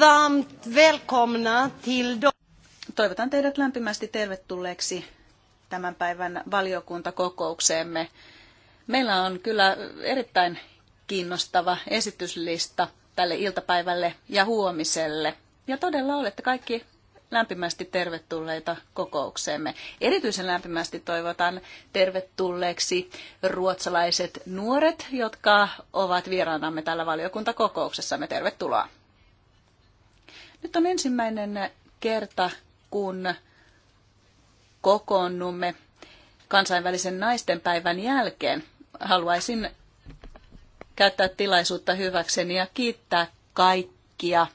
varmt välkomna till... Toivotan teidät lämpimästi tervetulleeksi tämän päivän valiokuntakokoukseemme. Meillä on kyllä erittäin kiinnostava esityslista tälle iltapäivälle ja huomiselle. Ja todella olette kaikki lämpimästi tervetulleita kokoukseemme. Erityisen lämpimästi toivotan tervetulleeksi ruotsalaiset nuoret, jotka ovat vieraanamme tällä valiokuntakokouksessamme. Tervetuloa. Nyt on ensimmäinen kerta, kun kokoonnumme kansainvälisen naistenpäivän jälkeen. Haluaisin käyttää tilaisuutta hyväkseni ja kiittää kaikkia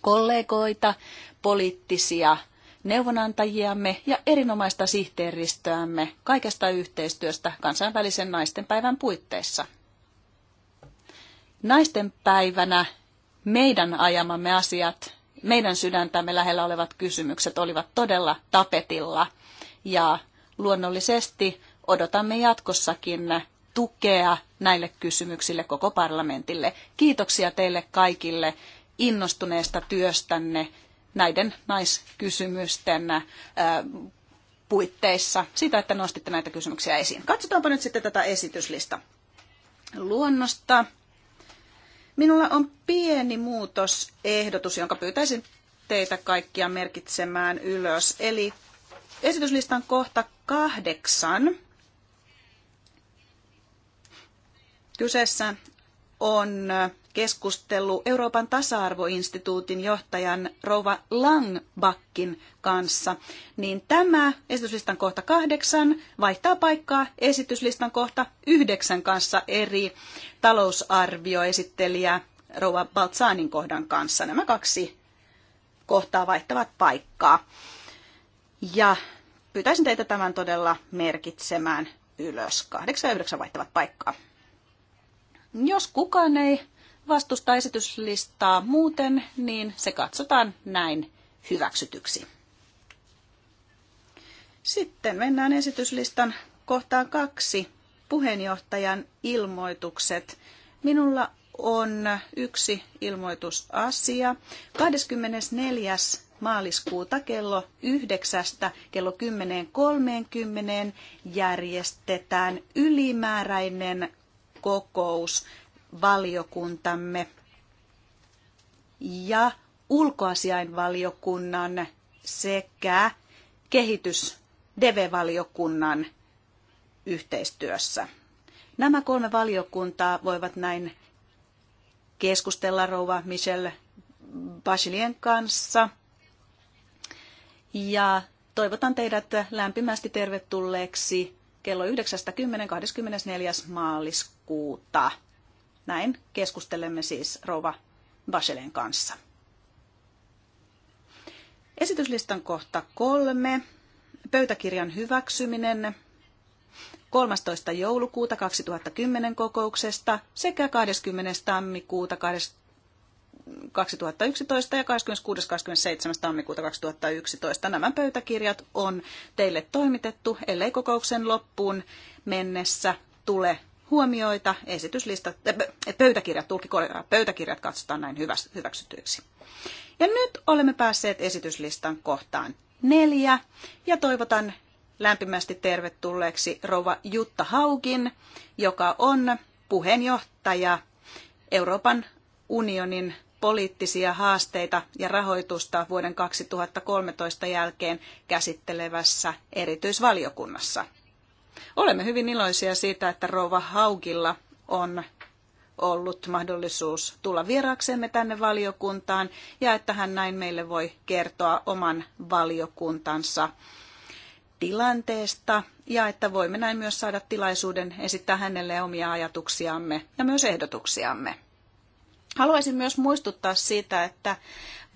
kollegoita, poliittisia neuvonantajiamme ja erinomaista sihteeristöämme kaikesta yhteistyöstä kansainvälisen naistenpäivän puitteissa. Naistenpäivänä meidän ajamamme asiat meidän sydäntämme lähellä olevat kysymykset olivat todella tapetilla. Ja luonnollisesti odotamme jatkossakin tukea näille kysymyksille koko parlamentille. Kiitoksia teille kaikille innostuneesta työstänne näiden naiskysymysten äh, puitteissa sitä, että nostitte näitä kysymyksiä esiin. Katsotaanpa nyt sitten tätä esityslista luonnosta. Minulla on pieni muutosehdotus, jonka pyytäisin teitä kaikkia merkitsemään ylös. Eli esityslistan kohta kahdeksan. Kyseessä on keskustelu Euroopan tasa-arvoinstituutin johtajan Rouva Langbakkin kanssa, niin tämä esityslistan kohta kahdeksan vaihtaa paikkaa esityslistan kohta yhdeksän kanssa eri talousarvioesittelijä Rouva Baltsanin kohdan kanssa. Nämä kaksi kohtaa vaihtavat paikkaa. Ja pyytäisin teitä tämän todella merkitsemään ylös. Kahdeksan ja yhdeksän vaihtavat paikkaa. Jos kukaan ei vastusta esityslistaa muuten, niin se katsotaan näin hyväksytyksi. Sitten mennään esityslistan kohtaan kaksi, puheenjohtajan ilmoitukset. Minulla on yksi ilmoitusasia. 24. maaliskuuta kello 9 kello 10.30 järjestetään ylimääräinen kokous valiokuntamme ja ulkoasiainvaliokunnan sekä kehitys DEVE-valiokunnan yhteistyössä. Nämä kolme valiokuntaa voivat näin keskustella rouva Michelle Bachelien kanssa. Ja toivotan teidät lämpimästi tervetulleeksi kello 9.10.24. maaliskuuta. Näin keskustelemme siis rouva Baselen kanssa. Esityslistan kohta kolme. Pöytäkirjan hyväksyminen 13. joulukuuta 2010 kokouksesta sekä 20. tammikuuta 2011 ja 26. 27. tammikuuta 2011. Nämä pöytäkirjat on teille toimitettu, ellei kokouksen loppuun mennessä tule huomioita, esityslistat, äh, pöytäkirjat, tulkikorjaa, pöytäkirjat katsotaan näin hyväksytyiksi. Ja nyt olemme päässeet esityslistan kohtaan neljä ja toivotan lämpimästi tervetulleeksi rouva Jutta Haukin, joka on puheenjohtaja Euroopan unionin poliittisia haasteita ja rahoitusta vuoden 2013 jälkeen käsittelevässä erityisvaliokunnassa. Olemme hyvin iloisia siitä, että Rouva Haukilla on ollut mahdollisuus tulla vieraaksemme tänne valiokuntaan ja että hän näin meille voi kertoa oman valiokuntansa tilanteesta ja että voimme näin myös saada tilaisuuden esittää hänelle omia ajatuksiamme ja myös ehdotuksiamme. Haluaisin myös muistuttaa siitä, että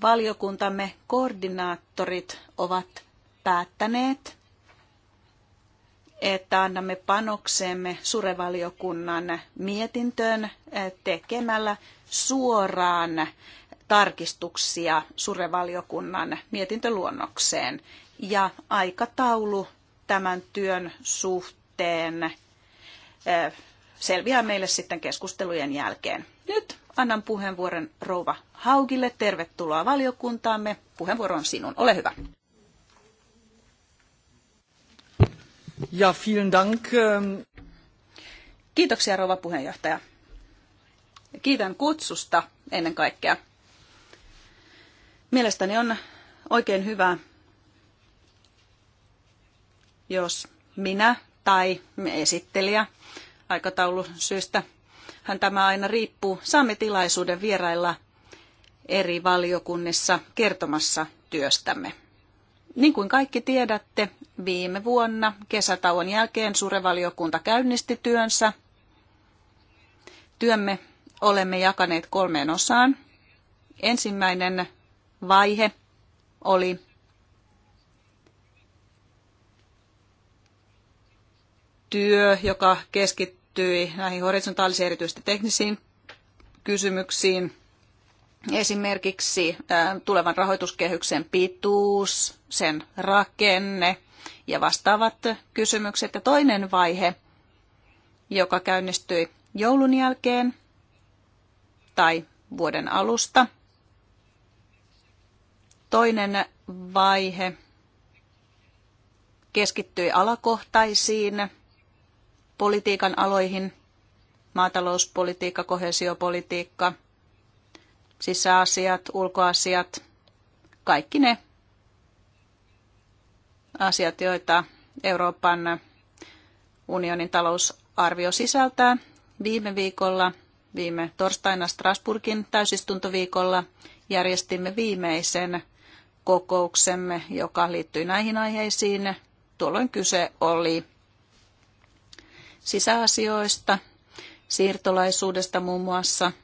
valiokuntamme koordinaattorit ovat päättäneet että annamme panoksemme surevaliokunnan mietintöön eh, tekemällä suoraan tarkistuksia surevaliokunnan mietintöluonnokseen. Ja aikataulu tämän työn suhteen eh, selviää meille sitten keskustelujen jälkeen. Nyt annan puheenvuoron rouva Haugille. Tervetuloa valiokuntaamme. Puheenvuoro on sinun. Ole hyvä. Ja vielen dank. Ähm, Kiitoksia rouva puheenjohtaja. Kiitän kutsusta ennen kaikkea. Mielestäni on oikein hyvä, jos minä tai esittelijä aikataulusyistä, syystä hän tämä aina riippuu, saamme tilaisuuden vierailla eri valiokunnissa kertomassa työstämme. Niin kuin kaikki tiedätte, viime vuonna kesätauon jälkeen surevaliokunta käynnisti työnsä. Työmme olemme jakaneet kolmeen osaan. Ensimmäinen vaihe oli työ, joka keskittyi näihin horisontaalisiin erityisesti teknisiin kysymyksiin esimerkiksi tulevan rahoituskehyksen pituus, sen rakenne ja vastaavat kysymykset. Ja toinen vaihe, joka käynnistyi joulun jälkeen tai vuoden alusta. Toinen vaihe keskittyi alakohtaisiin politiikan aloihin, maatalouspolitiikka, kohesiopolitiikka – sisäasiat, ulkoasiat, kaikki ne asiat, joita Euroopan unionin talousarvio sisältää. Viime viikolla, viime torstaina Strasburgin täysistuntoviikolla järjestimme viimeisen kokouksemme, joka liittyi näihin aiheisiin. Tuolloin kyse oli sisäasioista, siirtolaisuudesta muun muassa –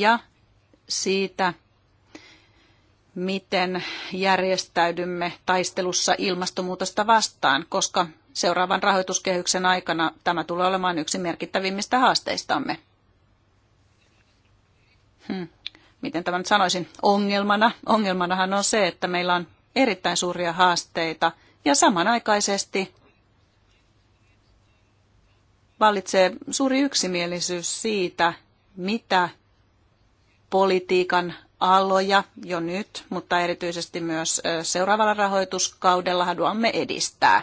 ja siitä, miten järjestäydymme taistelussa ilmastonmuutosta vastaan, koska seuraavan rahoituskehyksen aikana tämä tulee olemaan yksi merkittävimmistä haasteistamme. Hmm. Miten tämän sanoisin? Ongelmana. Ongelmanahan on se, että meillä on erittäin suuria haasteita ja samanaikaisesti vallitsee suuri yksimielisyys siitä, mitä politiikan aloja jo nyt, mutta erityisesti myös seuraavalla rahoituskaudella haluamme edistää.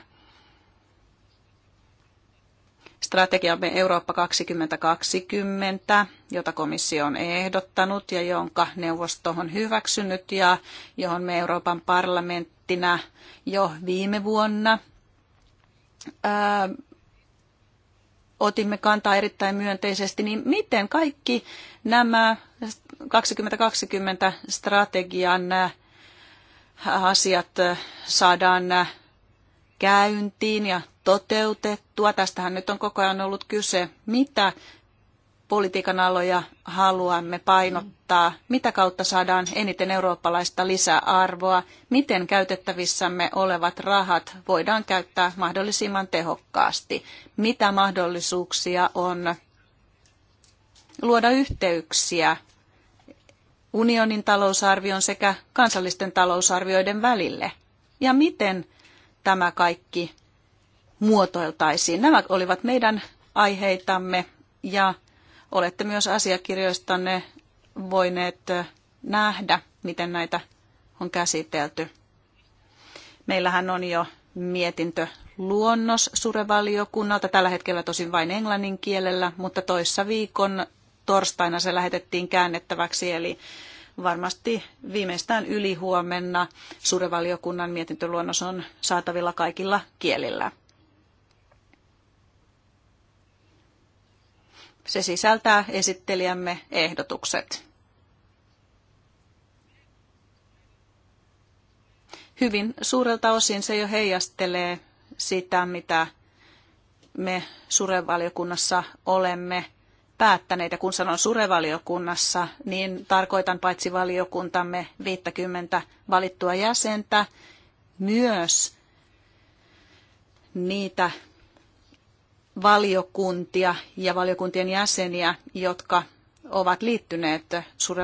Strategiamme Eurooppa 2020, jota komissio on ehdottanut ja jonka neuvosto on hyväksynyt ja johon me Euroopan parlamenttina jo viime vuonna otimme kantaa erittäin myönteisesti, niin miten kaikki nämä 2020 strategian äh, asiat äh, saadaan äh, käyntiin ja toteutettua? Tästähän nyt on koko ajan ollut kyse. Mitä politiikan aloja haluamme painottaa, mitä kautta saadaan eniten eurooppalaista lisäarvoa, miten käytettävissämme olevat rahat voidaan käyttää mahdollisimman tehokkaasti, mitä mahdollisuuksia on luoda yhteyksiä unionin talousarvion sekä kansallisten talousarvioiden välille ja miten tämä kaikki muotoiltaisiin. Nämä olivat meidän aiheitamme ja olette myös asiakirjoistanne voineet nähdä, miten näitä on käsitelty. Meillähän on jo mietintö luonnos surevaliokunnalta, tällä hetkellä tosin vain englannin kielellä, mutta toissa viikon torstaina se lähetettiin käännettäväksi, eli varmasti viimeistään ylihuomenna surevaliokunnan mietintöluonnos on saatavilla kaikilla kielillä. Se sisältää esittelijämme ehdotukset. Hyvin suurelta osin se jo heijastelee sitä, mitä me surevaliokunnassa olemme päättäneet. Ja kun sanon surevaliokunnassa, niin tarkoitan paitsi valiokuntamme 50 valittua jäsentä, myös niitä valiokuntia ja valiokuntien jäseniä, jotka ovat liittyneet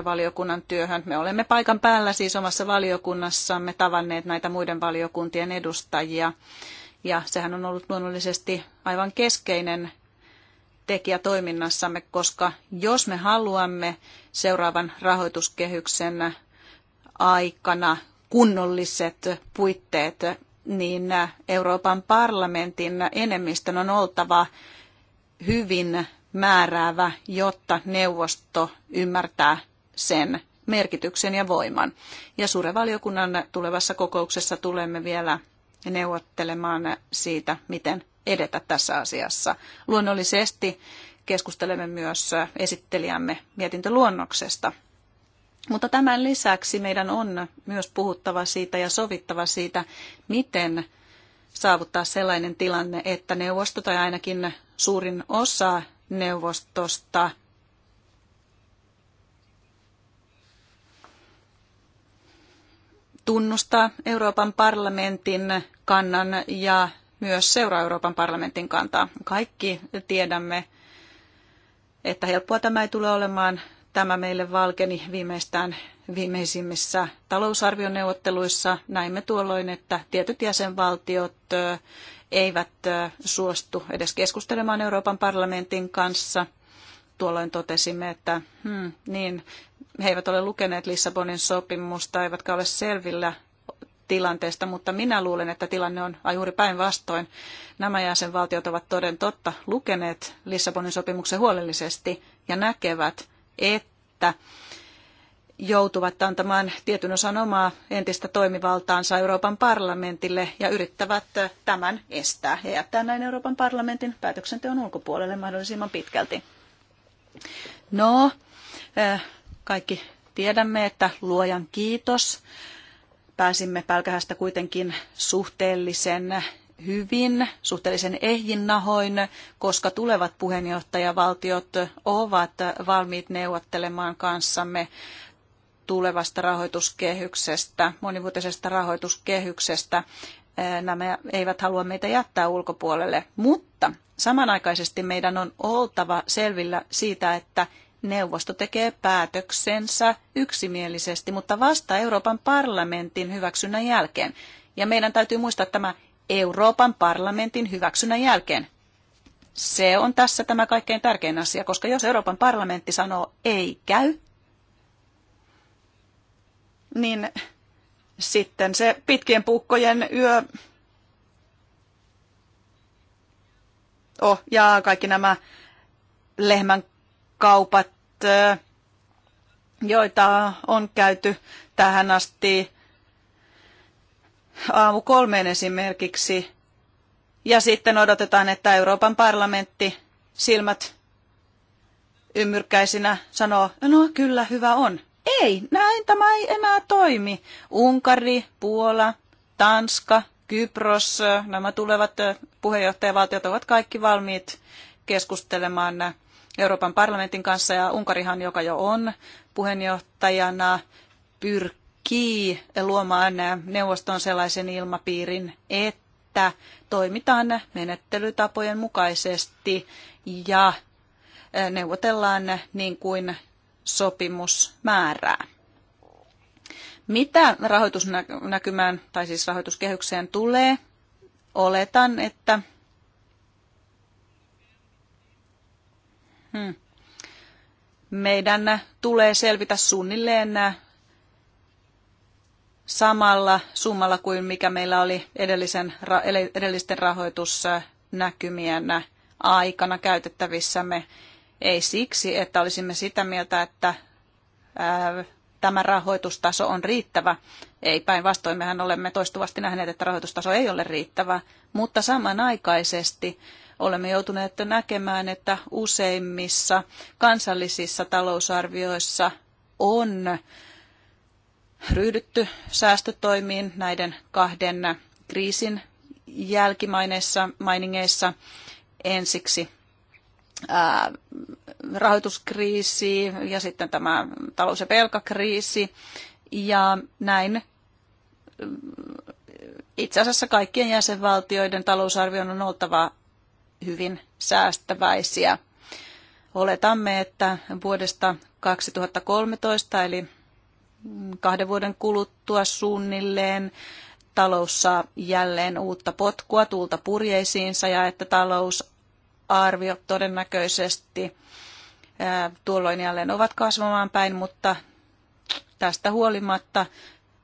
valiokunnan työhön. Me olemme paikan päällä siis omassa valiokunnassamme tavanneet näitä muiden valiokuntien edustajia. Ja sehän on ollut luonnollisesti aivan keskeinen tekijä toiminnassamme, koska jos me haluamme seuraavan rahoituskehyksen aikana kunnolliset puitteet niin Euroopan parlamentin enemmistön on oltava hyvin määräävä, jotta neuvosto ymmärtää sen merkityksen ja voiman. Ja suuren valiokunnan tulevassa kokouksessa tulemme vielä neuvottelemaan siitä, miten edetä tässä asiassa. Luonnollisesti keskustelemme myös esittelijämme mietintöluonnoksesta mutta tämän lisäksi meidän on myös puhuttava siitä ja sovittava siitä, miten saavuttaa sellainen tilanne, että neuvosto tai ainakin suurin osa neuvostosta tunnustaa Euroopan parlamentin kannan ja myös seuraa Euroopan parlamentin kantaa. Kaikki tiedämme, että helppoa tämä ei tule olemaan Tämä meille valkeni viimeistään viimeisimmissä talousarvioneuvotteluissa. Näimme tuolloin, että tietyt jäsenvaltiot eivät suostu edes keskustelemaan Euroopan parlamentin kanssa. Tuolloin totesimme, että hmm, niin, he eivät ole lukeneet Lissabonin sopimusta, eivätkä ole selvillä tilanteesta, mutta minä luulen, että tilanne on juuri päinvastoin. Nämä jäsenvaltiot ovat toden totta lukeneet Lissabonin sopimuksen huolellisesti ja näkevät, että joutuvat antamaan tietyn osan omaa entistä toimivaltaansa Euroopan parlamentille ja yrittävät tämän estää ja jättää näin Euroopan parlamentin päätöksenteon ulkopuolelle mahdollisimman pitkälti. No, eh, kaikki tiedämme, että luojan kiitos. Pääsimme pälkähästä kuitenkin suhteellisen hyvin, suhteellisen ehjin nahoin, koska tulevat puheenjohtajavaltiot ovat valmiit neuvottelemaan kanssamme tulevasta rahoituskehyksestä, monivuotisesta rahoituskehyksestä. Nämä eivät halua meitä jättää ulkopuolelle, mutta samanaikaisesti meidän on oltava selvillä siitä, että neuvosto tekee päätöksensä yksimielisesti, mutta vasta Euroopan parlamentin hyväksynnän jälkeen. Ja meidän täytyy muistaa tämä Euroopan parlamentin hyväksynnän jälkeen. Se on tässä tämä kaikkein tärkein asia, koska jos Euroopan parlamentti sanoo ei käy, niin sitten se pitkien puukkojen yö oh, ja kaikki nämä lehmän kaupat, joita on käyty tähän asti, aamu kolmeen esimerkiksi. Ja sitten odotetaan, että Euroopan parlamentti silmät ymmyrkäisinä sanoo, no kyllä hyvä on. Ei, näin tämä ei enää toimi. Unkari, Puola, Tanska, Kypros, nämä tulevat puheenjohtajavaltiot ovat kaikki valmiit keskustelemaan Euroopan parlamentin kanssa ja Unkarihan, joka jo on puheenjohtajana, pyrkii pyrkii luomaan neuvoston sellaisen ilmapiirin, että toimitaan menettelytapojen mukaisesti ja neuvotellaan niin kuin sopimus määrää. Mitä rahoitusnäkymään tai siis rahoituskehykseen tulee, oletan, että hmm. meidän tulee selvitä suunnilleen samalla summalla kuin mikä meillä oli edellisen, edellisten rahoitusnäkymien aikana käytettävissämme. Ei siksi, että olisimme sitä mieltä, että tämä rahoitustaso on riittävä. Ei päinvastoin, mehän olemme toistuvasti nähneet, että rahoitustaso ei ole riittävä, mutta samanaikaisesti olemme joutuneet näkemään, että useimmissa kansallisissa talousarvioissa on ryhdytty säästötoimiin näiden kahden kriisin jälkimaineissa mainingeissa ensiksi ää, rahoituskriisi ja sitten tämä talous- ja velkakriisi. Ja näin itse asiassa kaikkien jäsenvaltioiden talousarvion on oltava hyvin säästäväisiä. Oletamme, että vuodesta 2013 eli kahden vuoden kuluttua suunnilleen talous saa jälleen uutta potkua tuulta purjeisiinsa ja että talousarviot todennäköisesti tuolloin jälleen ovat kasvamaan päin, mutta tästä huolimatta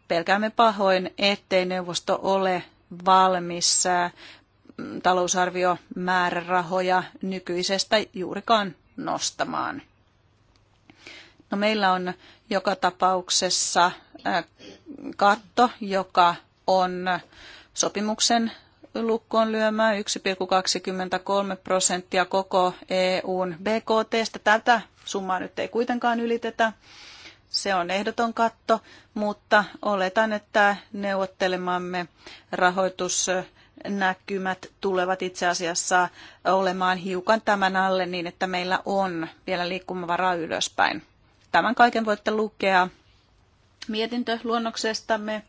pelkäämme pahoin, ettei neuvosto ole valmis talousarviomäärärahoja nykyisestä juurikaan nostamaan. No, meillä on joka tapauksessa katto, joka on sopimuksen lukkoon lyömään 1,23 prosenttia koko EUn BKTstä. Tätä summaa nyt ei kuitenkaan ylitetä. Se on ehdoton katto, mutta oletan, että neuvottelemamme rahoitusnäkymät tulevat itse asiassa olemaan hiukan tämän alle niin, että meillä on vielä liikkumavaraa ylöspäin. Tämän kaiken voitte lukea mietintöluonnoksestamme,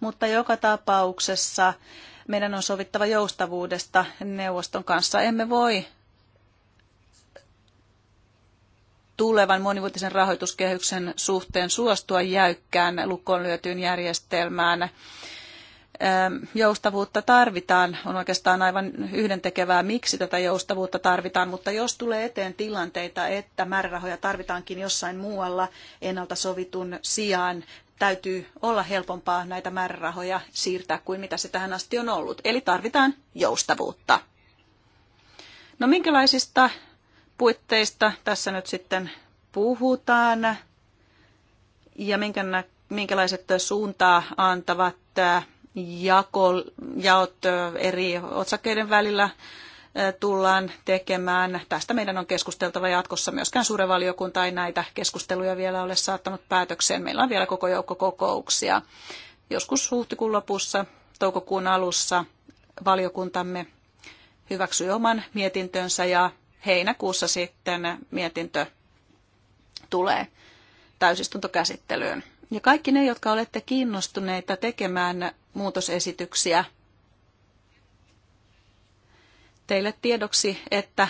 mutta joka tapauksessa meidän on sovittava joustavuudesta neuvoston kanssa. Emme voi tulevan monivuotisen rahoituskehyksen suhteen suostua jäykkään lukkoon lyötyyn järjestelmään joustavuutta tarvitaan. On oikeastaan aivan yhdentekevää, miksi tätä joustavuutta tarvitaan, mutta jos tulee eteen tilanteita, että määrärahoja tarvitaankin jossain muualla ennalta sovitun sijaan, täytyy olla helpompaa näitä määrärahoja siirtää kuin mitä se tähän asti on ollut. Eli tarvitaan joustavuutta. No minkälaisista puitteista tässä nyt sitten puhutaan ja minkälaiset suuntaa antavat äh, jako, jaot eri otsakkeiden välillä tullaan tekemään. Tästä meidän on keskusteltava jatkossa. Myöskään suuren valiokunta ei näitä keskusteluja vielä ole saattanut päätökseen. Meillä on vielä koko joukko kokouksia. Joskus huhtikuun lopussa, toukokuun alussa valiokuntamme hyväksyi oman mietintönsä ja heinäkuussa sitten mietintö tulee täysistuntokäsittelyyn. Ja kaikki ne, jotka olette kiinnostuneita tekemään muutosesityksiä, teille tiedoksi, että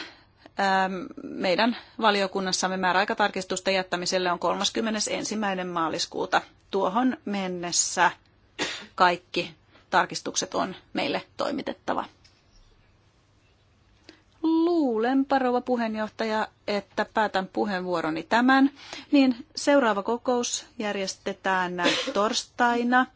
ähm, meidän valiokunnassamme määräaikatarkistusten jättämiselle on 31. maaliskuuta. Tuohon mennessä kaikki tarkistukset on meille toimitettava. Luulenpa, rouva puheenjohtaja, että päätän puheenvuoroni tämän. Niin seuraava kokous järjestetään torstaina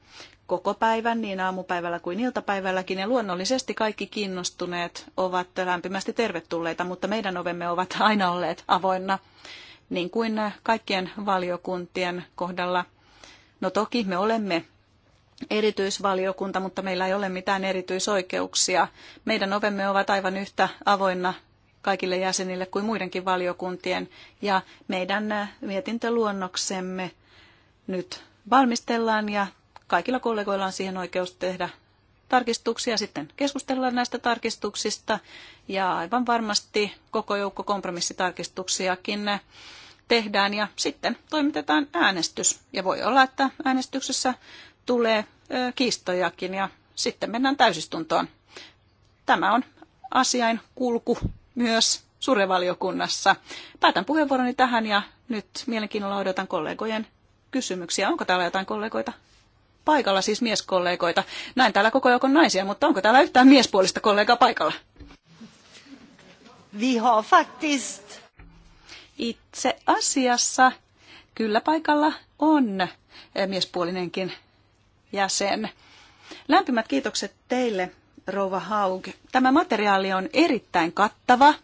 koko päivän, niin aamupäivällä kuin iltapäivälläkin. Ja luonnollisesti kaikki kiinnostuneet ovat lämpimästi tervetulleita, mutta meidän ovemme ovat aina olleet avoinna, niin kuin kaikkien valiokuntien kohdalla. No toki me olemme erityisvaliokunta, mutta meillä ei ole mitään erityisoikeuksia. Meidän ovemme ovat aivan yhtä avoinna kaikille jäsenille kuin muidenkin valiokuntien ja meidän mietintöluonnoksemme nyt valmistellaan ja kaikilla kollegoilla on siihen oikeus tehdä tarkistuksia. Sitten keskustellaan näistä tarkistuksista ja aivan varmasti koko joukko kompromissitarkistuksiakin tehdään ja sitten toimitetaan äänestys. Ja voi olla, että äänestyksessä tulee kiistojakin ja sitten mennään täysistuntoon. Tämä on asiain kulku myös surevaliokunnassa. Päätän puheenvuoroni tähän ja nyt mielenkiinnolla odotan kollegojen kysymyksiä. Onko täällä jotain kollegoita? Paikalla siis mieskollegoita. Näin täällä koko joukon naisia, mutta onko täällä yhtään miespuolista kollegaa paikalla? Vi faktist Itse asiassa kyllä paikalla on miespuolinenkin jäsen. Lämpimät kiitokset teille, Rouva Haug. Tämä materiaali on erittäin kattava.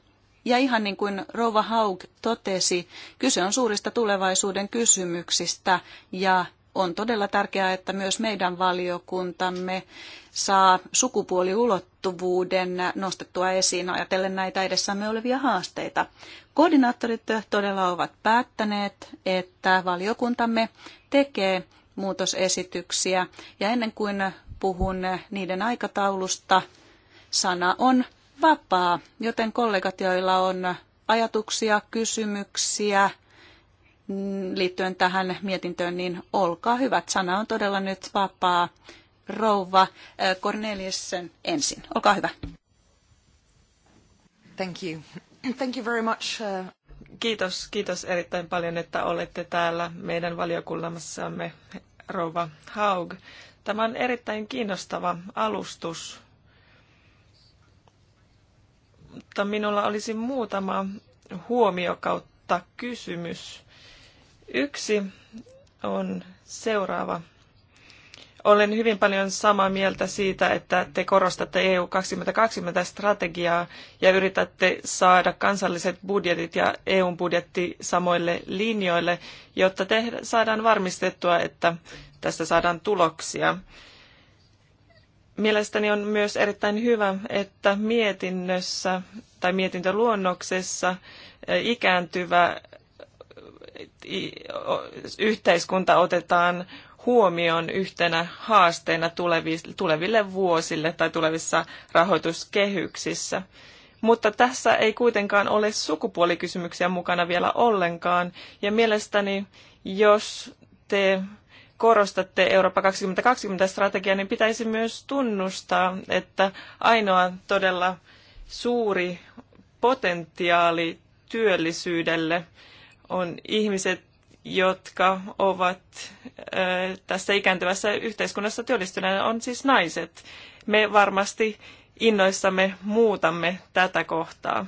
Ja ihan niin kuin Rouva Haug totesi, kyse on suurista tulevaisuuden kysymyksistä ja on todella tärkeää, että myös meidän valiokuntamme saa sukupuoliulottuvuuden nostettua esiin ajatellen näitä edessämme olevia haasteita. Koordinaattorit todella ovat päättäneet, että valiokuntamme tekee muutosesityksiä. Ja ennen kuin puhun niiden aikataulusta, sana on vapaa, joten kollegat, joilla on ajatuksia, kysymyksiä liittyen tähän mietintöön, niin olkaa hyvät. Sana on todella nyt vapaa. Rouva eh, Corneliusen ensin. Olkaa hyvä. Thank you. Thank you very much. Eh, Kiitos, kiitos erittäin paljon, että olette täällä meidän valiokunnassamme, rouva Haug. Tämä on erittäin kiinnostava alustus, mutta minulla olisi muutama huomio kautta kysymys. Yksi on seuraava. Olen hyvin paljon samaa mieltä siitä, että te korostatte EU 2020 strategiaa ja yritätte saada kansalliset budjetit ja EUn budjetti samoille linjoille, jotta te saadaan varmistettua, että tästä saadaan tuloksia. Mielestäni on myös erittäin hyvä, että mietinnössä tai mietintöluonnoksessa e, ikääntyvä e, yhteiskunta otetaan huomioon yhtenä haasteena tuleville vuosille tai tulevissa rahoituskehyksissä. Mutta tässä ei kuitenkaan ole sukupuolikysymyksiä mukana vielä ollenkaan, ja mielestäni jos te korostatte Eurooppa 2020-strategiaa, niin pitäisi myös tunnustaa, että ainoa todella suuri potentiaali työllisyydelle on ihmiset jotka ovat tässä ikääntyvässä yhteiskunnassa työllistyneenä, on siis naiset. Me varmasti innoissamme muutamme tätä kohtaa.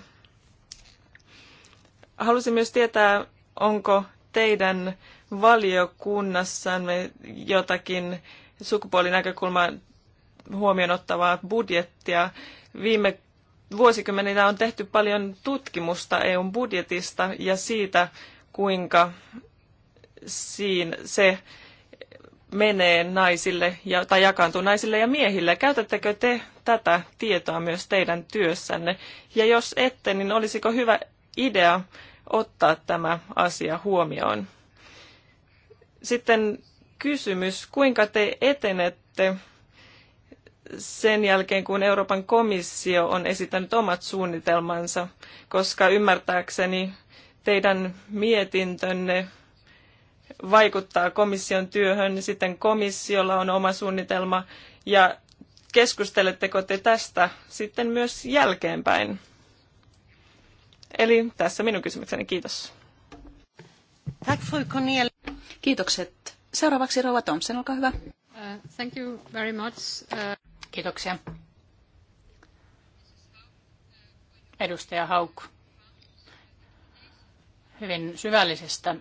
Haluaisin myös tietää, onko teidän valiokunnassanne jotakin sukupuolinäkökulmaa huomioon ottavaa budjettia. Viime vuosikymmeninä on tehty paljon tutkimusta EUn budjetista ja siitä, kuinka siinä se menee naisille ja, tai jakaantuu naisille ja miehille. Käytättekö te tätä tietoa myös teidän työssänne? Ja jos ette, niin olisiko hyvä idea ottaa tämä asia huomioon? Sitten kysymys, kuinka te etenette sen jälkeen, kun Euroopan komissio on esittänyt omat suunnitelmansa, koska ymmärtääkseni teidän mietintönne vaikuttaa komission työhön. niin Sitten komissiolla on oma suunnitelma ja keskusteletteko te tästä sitten myös jälkeenpäin? Eli tässä minun kysymykseni. Kiitos. Tack fru Cornel. Kiitokset. Seuraavaksi Rova Thompson, olkaa hyvä. Uh, thank you very much. Uh... Kiitoksia. Edustaja Hauk. Hyvin syvällisestä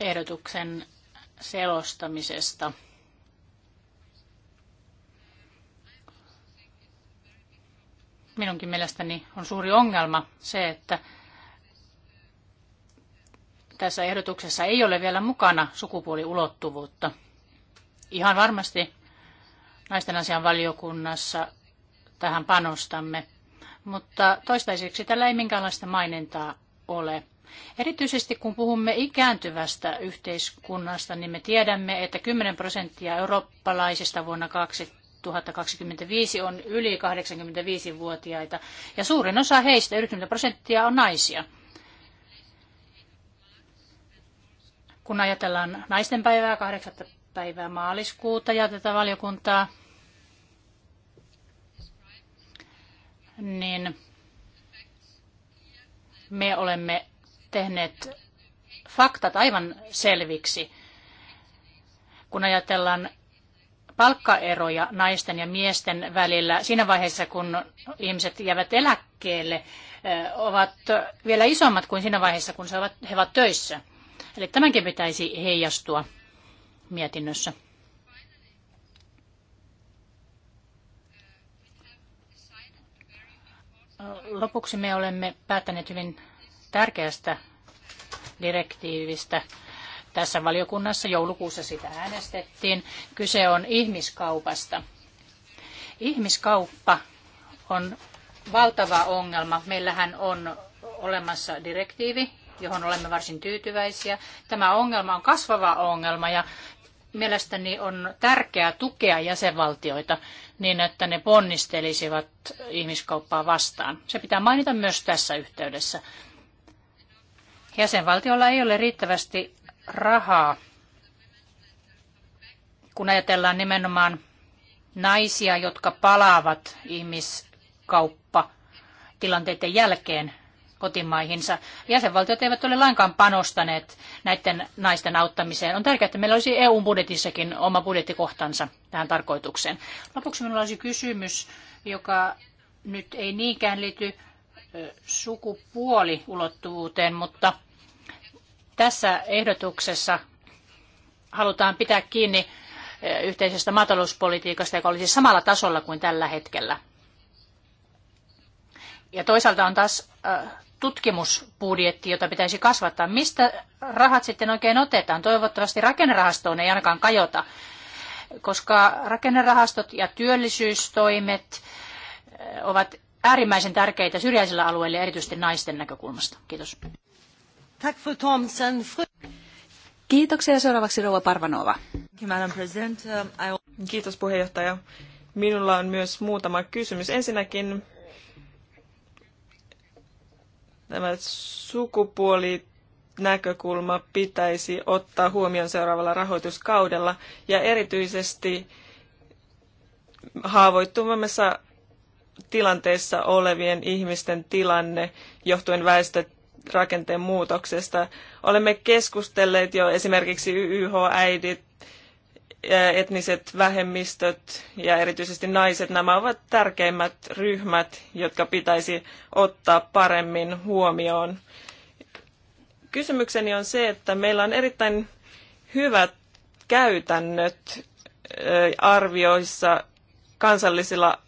ehdotuksen selostamisesta. Minunkin mielestäni on suuri ongelma se, että tässä ehdotuksessa ei ole vielä mukana sukupuoliulottuvuutta. Ihan varmasti naisten asian valiokunnassa tähän panostamme, mutta toistaiseksi tällä ei minkäänlaista mainintaa ole. Erityisesti kun puhumme ikääntyvästä yhteiskunnasta, niin me tiedämme, että 10 prosenttia eurooppalaisista vuonna 2025 on yli 85-vuotiaita ja suurin osa heistä, 90 prosenttia, on naisia. Kun ajatellaan naisten päivää 8. päivää maaliskuuta ja tätä valiokuntaa, niin me olemme tehneet faktat aivan selviksi. Kun ajatellaan palkkaeroja naisten ja miesten välillä siinä vaiheessa, kun ihmiset jäävät eläkkeelle, ovat vielä isommat kuin siinä vaiheessa, kun he ovat töissä. Eli tämänkin pitäisi heijastua mietinnössä. Lopuksi me olemme päättäneet hyvin tärkeästä direktiivistä. Tässä valiokunnassa joulukuussa sitä äänestettiin. Kyse on ihmiskaupasta. Ihmiskauppa on valtava ongelma. Meillähän on olemassa direktiivi, johon olemme varsin tyytyväisiä. Tämä ongelma on kasvava ongelma ja mielestäni on tärkeää tukea jäsenvaltioita niin, että ne ponnistelisivat ihmiskauppaa vastaan. Se pitää mainita myös tässä yhteydessä. Jäsenvaltiolla ei ole riittävästi rahaa, kun ajatellaan nimenomaan naisia, jotka palaavat ihmiskauppa tilanteiden jälkeen kotimaihinsa. Jäsenvaltiot eivät ole lainkaan panostaneet näiden naisten auttamiseen. On tärkeää, että meillä olisi EU-budjetissakin oma budjettikohtansa tähän tarkoitukseen. Lopuksi minulla olisi kysymys, joka nyt ei niinkään liity sukupuoliulottuvuuteen, mutta tässä ehdotuksessa halutaan pitää kiinni eh, yhteisestä maatalouspolitiikasta, joka olisi samalla tasolla kuin tällä hetkellä. Ja toisaalta on taas eh, tutkimusbudjetti, jota pitäisi kasvattaa. Mistä rahat sitten oikein otetaan? Toivottavasti rakennerahastoon ei ainakaan kajota, koska rakennerahastot ja työllisyystoimet eh, ovat äärimmäisen tärkeitä syrjäisillä alueilla, erityisesti naisten näkökulmasta. Kiitos. Tack fru Thomsen. Kiitoksia. Seuraavaksi rouva Parvanova. Um, Kiitos puheenjohtaja. Minulla on myös muutama kysymys. Ensinnäkin tämä sukupuolinäkökulma pitäisi ottaa huomioon seuraavalla rahoituskaudella ja erityisesti haavoittuvammassa tilanteessa olevien ihmisten tilanne johtuen väestö rakenteen muutoksesta. Olemme keskustelleet jo esimerkiksi YH-äidit, etniset vähemmistöt ja erityisesti naiset. Nämä ovat tärkeimmät ryhmät, jotka pitäisi ottaa paremmin huomioon. Kysymykseni on se, että meillä on erittäin hyvät käytännöt arvioissa kansallisilla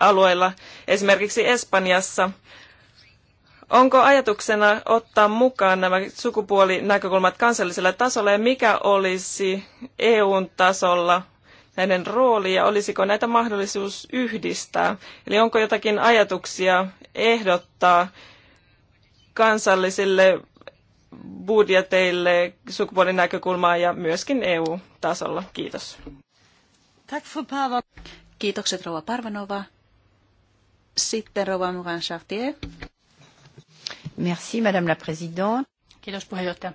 alueilla. Esimerkiksi Espanjassa Onko ajatuksena ottaa mukaan nämä sukupuolinäkökulmat kansallisella tasolla ja mikä olisi EUn tasolla näiden rooli ja olisiko näitä mahdollisuus yhdistää? Eli onko jotakin ajatuksia ehdottaa kansallisille budjeteille sukupuolinäkökulmaa ja myöskin EU-tasolla? Kiitos. Kiitokset rova Parvanova. Sitten rova Mugan Merci, Madame la Présidente. Kiitos puheenjohtaja.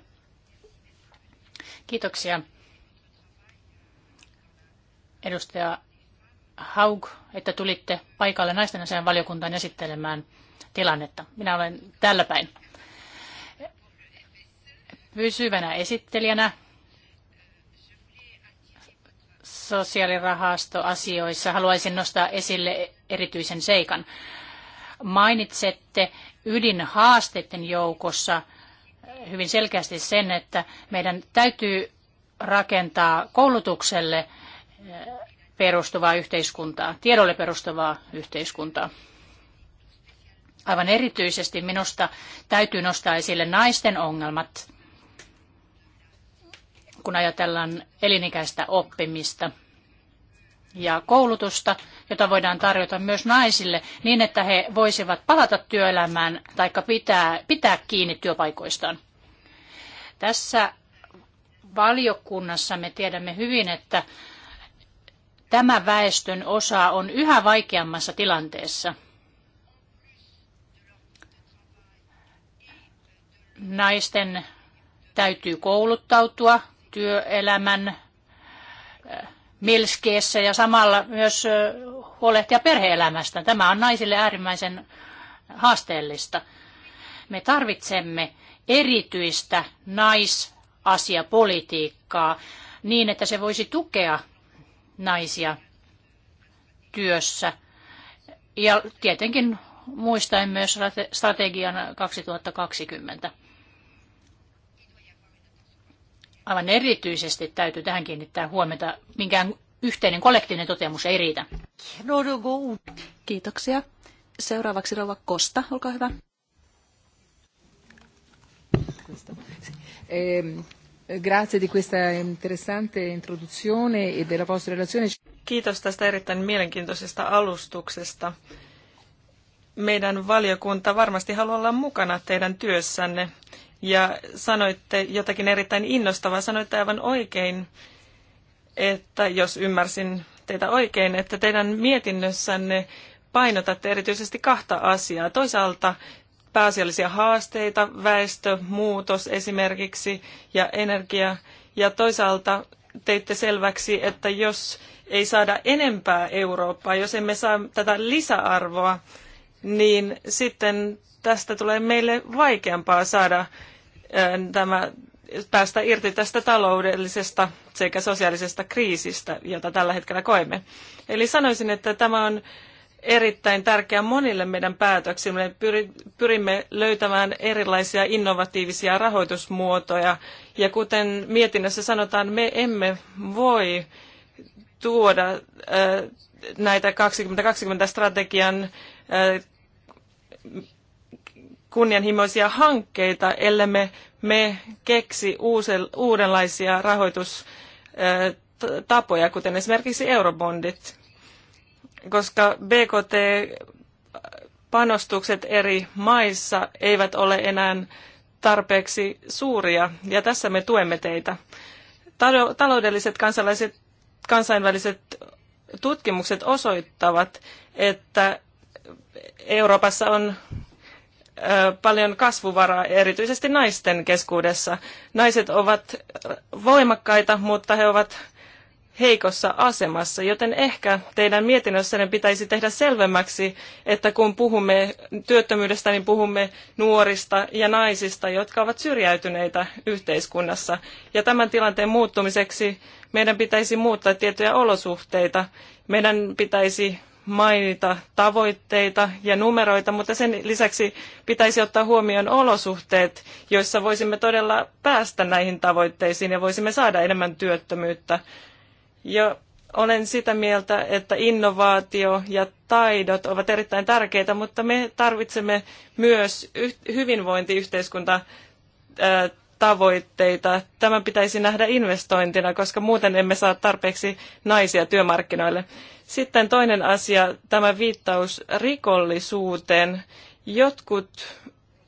Kiitoksia. Edustaja Haug, että tulitte paikalle naisten asian valiokuntaan esittelemään tilannetta. Minä olen täällä päin. Pysyvänä esittelijänä sosiaalirahastoasioissa haluaisin nostaa esille erityisen seikan. Mainitsette ydinhaasteiden joukossa hyvin selkeästi sen, että meidän täytyy rakentaa koulutukselle eh, perustuvaa yhteiskuntaa, tiedolle perustuvaa yhteiskuntaa. Aivan erityisesti minusta täytyy nostaa esille naisten ongelmat, kun ajatellaan elinikäistä oppimista – ja koulutusta, jota voidaan tarjota myös naisille niin, että he voisivat palata työelämään tai pitää, pitää kiinni työpaikoistaan. Tässä valiokunnassa me tiedämme hyvin, että tämä väestön osa on yhä vaikeammassa tilanteessa. Naisten täytyy kouluttautua työelämän milskiessä ja samalla myös huolehtia perheelämästä. Tämä on naisille äärimmäisen haasteellista. Me tarvitsemme erityistä naisasiapolitiikkaa niin, että se voisi tukea naisia työssä. Ja tietenkin muistaen myös strategian 2020 aivan erityisesti täytyy tähän kiinnittää huomiota. Minkään yhteinen kollektiivinen toteamus ei riitä. Kiitoksia. Seuraavaksi rouva Kosta, olkaa hyvä. Ehm, grazie di questa interessante introduzione e della vostra relazione. Kiitos tästä erittäin mielenkiintoisesta alustuksesta. Meidän valiokunta varmasti haluaa olla mukana teidän työssänne ja sanoitte jotakin erittäin innostavaa. Sanoitte aivan oikein, että jos ymmärsin teitä oikein, että teidän mietinnössänne painotatte erityisesti kahta asiaa. Toisaalta pääasiallisia haasteita, väestömuutos esimerkiksi ja energia. Ja toisaalta teitte selväksi, että jos ei saada enempää Eurooppaa, jos emme saa tätä lisäarvoa, niin sitten tästä tulee meille vaikeampaa saada tämä, päästä irti tästä taloudellisesta sekä sosiaalisesta kriisistä, jota tällä hetkellä koemme. Eli sanoisin, että tämä on erittäin tärkeä monille meidän päätöksille. Pyrimme löytämään erilaisia innovatiivisia rahoitusmuotoja. Ja kuten mietinnössä sanotaan, me emme voi tuoda näitä 2020 strategian kunnianhimoisia hankkeita, ellemme me keksi uudenlaisia rahoitustapoja, kuten esimerkiksi eurobondit, koska BKT-panostukset eri maissa eivät ole enää tarpeeksi suuria, ja tässä me tuemme teitä. Taloudelliset kansalaiset, kansainväliset tutkimukset osoittavat, että Euroopassa on paljon kasvuvaraa, erityisesti naisten keskuudessa. Naiset ovat voimakkaita, mutta he ovat heikossa asemassa, joten ehkä teidän mietinnössänne pitäisi tehdä selvemmäksi, että kun puhumme työttömyydestä, niin puhumme nuorista ja naisista, jotka ovat syrjäytyneitä yhteiskunnassa. Ja tämän tilanteen muuttumiseksi meidän pitäisi muuttaa tiettyjä olosuhteita. Meidän pitäisi mainita tavoitteita ja numeroita, mutta sen lisäksi pitäisi ottaa huomioon olosuhteet, joissa voisimme todella päästä näihin tavoitteisiin ja voisimme saada enemmän työttömyyttä. Ja olen sitä mieltä, että innovaatio ja taidot ovat erittäin tärkeitä, mutta me tarvitsemme myös hyvinvointiyhteiskunta tavoitteita. Tämä pitäisi nähdä investointina, koska muuten emme saa tarpeeksi naisia työmarkkinoille. Sitten toinen asia, tämä viittaus rikollisuuteen. Jotkut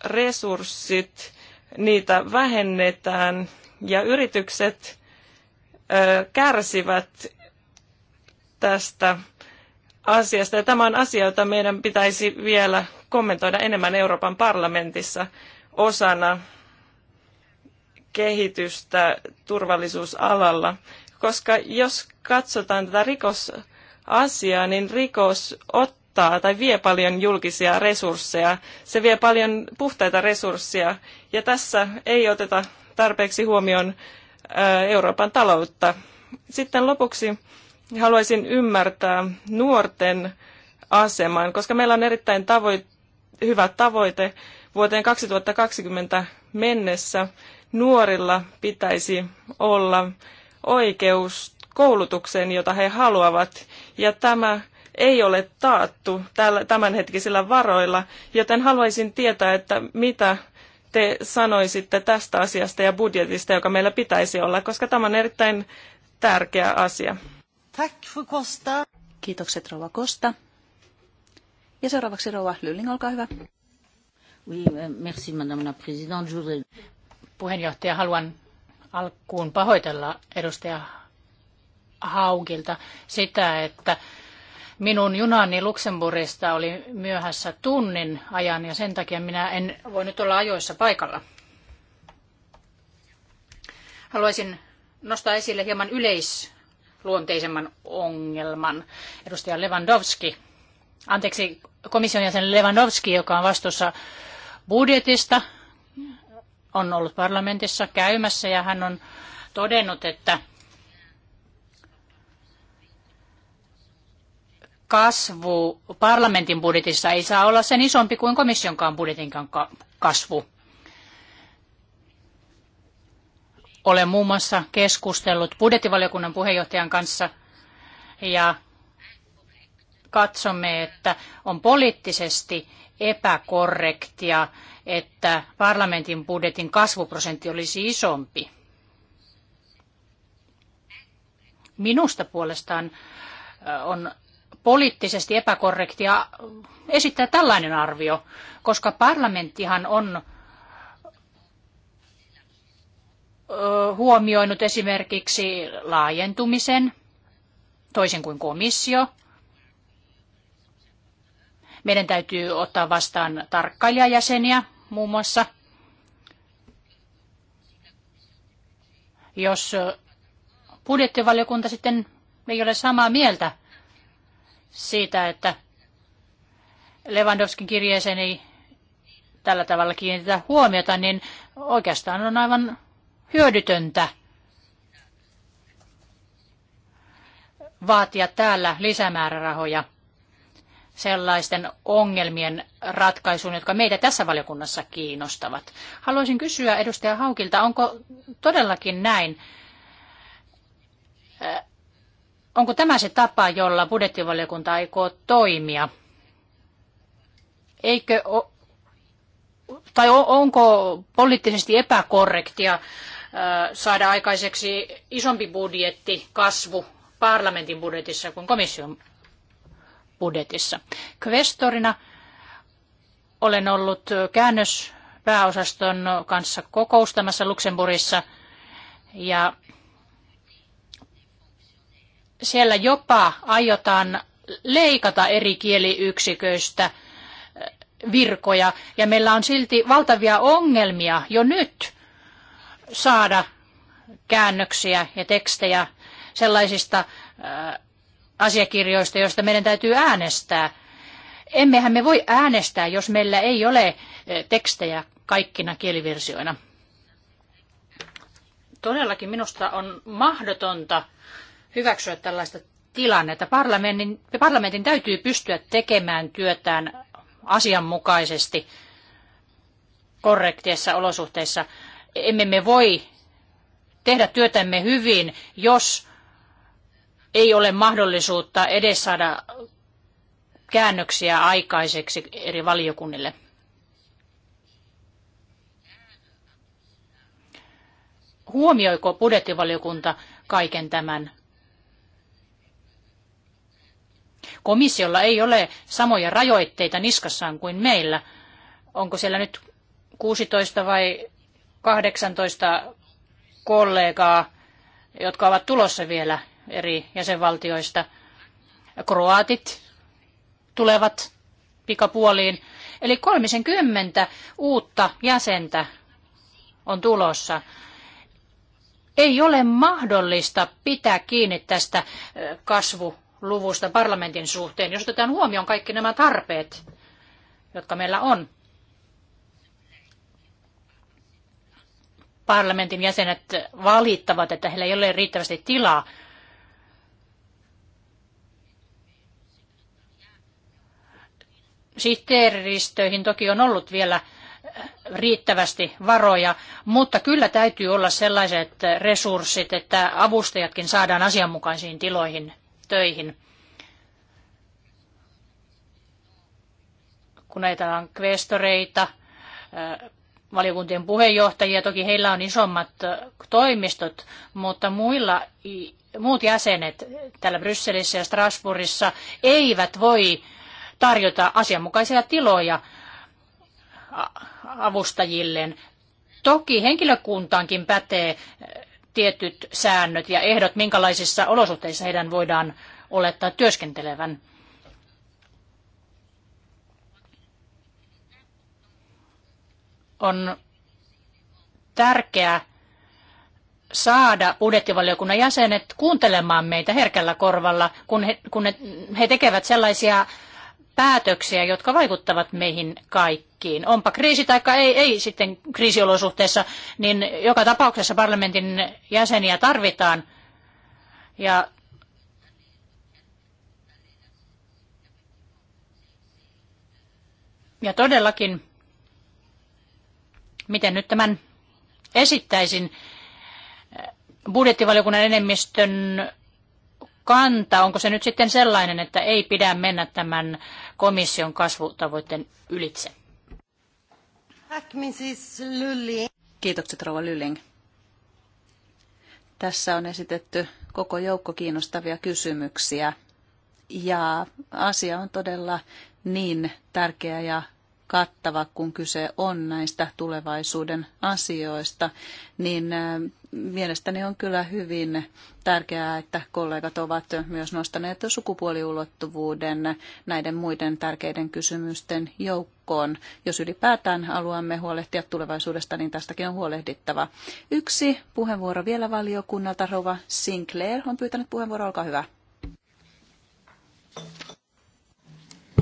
resurssit, niitä vähennetään ja yritykset ö, kärsivät tästä asiasta. Ja tämä on asia, jota meidän pitäisi vielä kommentoida enemmän Euroopan parlamentissa osana kehitystä turvallisuusalalla, koska jos katsotaan tätä rikosasiaa, niin rikos ottaa tai vie paljon julkisia resursseja. Se vie paljon puhtaita resursseja ja tässä ei oteta tarpeeksi huomioon Euroopan taloutta. Sitten lopuksi haluaisin ymmärtää nuorten aseman, koska meillä on erittäin tavoite, hyvä tavoite vuoteen 2020 mennessä nuorilla pitäisi olla oikeus koulutukseen, jota he haluavat, ja tämä ei ole taattu tämänhetkisillä varoilla, joten haluaisin tietää, että mitä te sanoisitte tästä asiasta ja budjetista, joka meillä pitäisi olla, koska tämä on erittäin tärkeä asia. Tack för Kosta. Kiitokset Rova Kosta. Ja seuraavaksi Rova Lylling, olkaa hyvä. Oui, euh, merci madame la présidente. Puheenjohtaja, haluan alkuun pahoitella edustaja Haugilta sitä, että minun junani Luxemburgista oli myöhässä tunnin ajan ja sen takia minä en voi nyt olla ajoissa paikalla. Haluaisin nostaa esille hieman yleisluonteisemman ongelman. Edustaja Lewandowski, anteeksi komission jäsen Lewandowski, joka on vastuussa budjetista, on ollut parlamentissa käymässä ja hän on todennut, että kasvu parlamentin budjetissa ei saa olla sen isompi kuin komissionkaan budjetin kasvu. Olen muun muassa keskustellut budjettivaliokunnan puheenjohtajan kanssa ja katsomme, että on poliittisesti epäkorrektia, että parlamentin budjetin kasvuprosentti olisi isompi. Minusta puolestaan äh, on poliittisesti epäkorrektia esittää tällainen arvio, koska parlamenttihan on äh, huomioinut esimerkiksi laajentumisen, toisin kuin komissio, meidän täytyy ottaa vastaan tarkkailijajäseniä muun muassa. Jos budjettivaliokunta sitten ei ole samaa mieltä siitä, että Lewandowskin kirjeeseen ei tällä tavalla kiinnitetä huomiota, niin oikeastaan on aivan hyödytöntä vaatia täällä lisämäärärahoja sellaisten ongelmien ratkaisuun, jotka meitä tässä valiokunnassa kiinnostavat. Haluaisin kysyä edustaja Haukilta, onko todellakin näin, äh, onko tämä se tapa, jolla budjettivaliokunta aikoo toimia? Eikö o, tai onko poliittisesti epäkorrektia äh, saada aikaiseksi isompi budjetti, kasvu parlamentin budjetissa kuin komission budjetissa. Kvestorina olen ollut käännöspääosaston kanssa kokoustamassa Luxemburgissa ja siellä jopa aiotaan leikata eri kieliyksiköistä virkoja ja meillä on silti valtavia ongelmia jo nyt saada käännöksiä ja tekstejä sellaisista asiakirjoista, joista meidän täytyy äänestää. Emmehän me voi äänestää, jos meillä ei ole eh, tekstejä kaikkina kieliversioina. Todellakin minusta on mahdotonta hyväksyä tällaista tilannetta. Parlamentin, parlamentin täytyy pystyä tekemään työtään asianmukaisesti korrektiessa olosuhteissa. Emme me voi tehdä työtämme hyvin, jos ei ole mahdollisuutta edes saada käännöksiä aikaiseksi eri valiokunnille. Huomioiko budjettivaliokunta kaiken tämän? Komissiolla ei ole samoja rajoitteita niskassaan kuin meillä. Onko siellä nyt 16 vai 18 kollegaa, jotka ovat tulossa vielä eri jäsenvaltioista. Kroatit tulevat pikapuoliin. Eli 30 uutta jäsentä on tulossa. Ei ole mahdollista pitää kiinni tästä kasvuluvusta parlamentin suhteen, jos otetaan huomioon kaikki nämä tarpeet, jotka meillä on. Parlamentin jäsenet valittavat, että heillä ei ole riittävästi tilaa sihteeristöihin toki on ollut vielä riittävästi varoja, mutta kyllä täytyy olla sellaiset resurssit, että avustajatkin saadaan asianmukaisiin tiloihin töihin. Kun ajatellaan kvestoreita, valiokuntien puheenjohtajia, toki heillä on isommat toimistot, mutta muilla, muut jäsenet täällä Brysselissä ja Strasbourgissa eivät voi tarjota asianmukaisia tiloja avustajilleen. Toki henkilökuntaankin pätee eh, tietyt säännöt ja ehdot, minkälaisissa olosuhteissa heidän voidaan olettaa työskentelevän. On tärkeää saada budjettivaliokunnan jäsenet kuuntelemaan meitä herkällä korvalla, kun he, kun he tekevät sellaisia päätöksiä, jotka vaikuttavat meihin kaikkiin. Onpa kriisi tai ei, ei sitten kriisiolosuhteessa, niin joka tapauksessa parlamentin jäseniä tarvitaan. Ja Ja todellakin, miten nyt tämän esittäisin, budjettivaliokunnan enemmistön kanta, onko se nyt sitten sellainen, että ei pidä mennä tämän komission kasvutavoitteen ylitse? Kiitokset Rova Lyling. Tässä on esitetty koko joukko kiinnostavia kysymyksiä ja asia on todella niin tärkeä ja kattava, kun kyse on näistä tulevaisuuden asioista, niin mielestäni on kyllä hyvin tärkeää, että kollegat ovat myös nostaneet sukupuoliulottuvuuden näiden muiden tärkeiden kysymysten joukkoon. Jos ylipäätään haluamme huolehtia tulevaisuudesta, niin tästäkin on huolehdittava. Yksi puheenvuoro vielä valiokunnalta. Rova Sinclair on pyytänyt puheenvuoroa. Olkaa hyvä.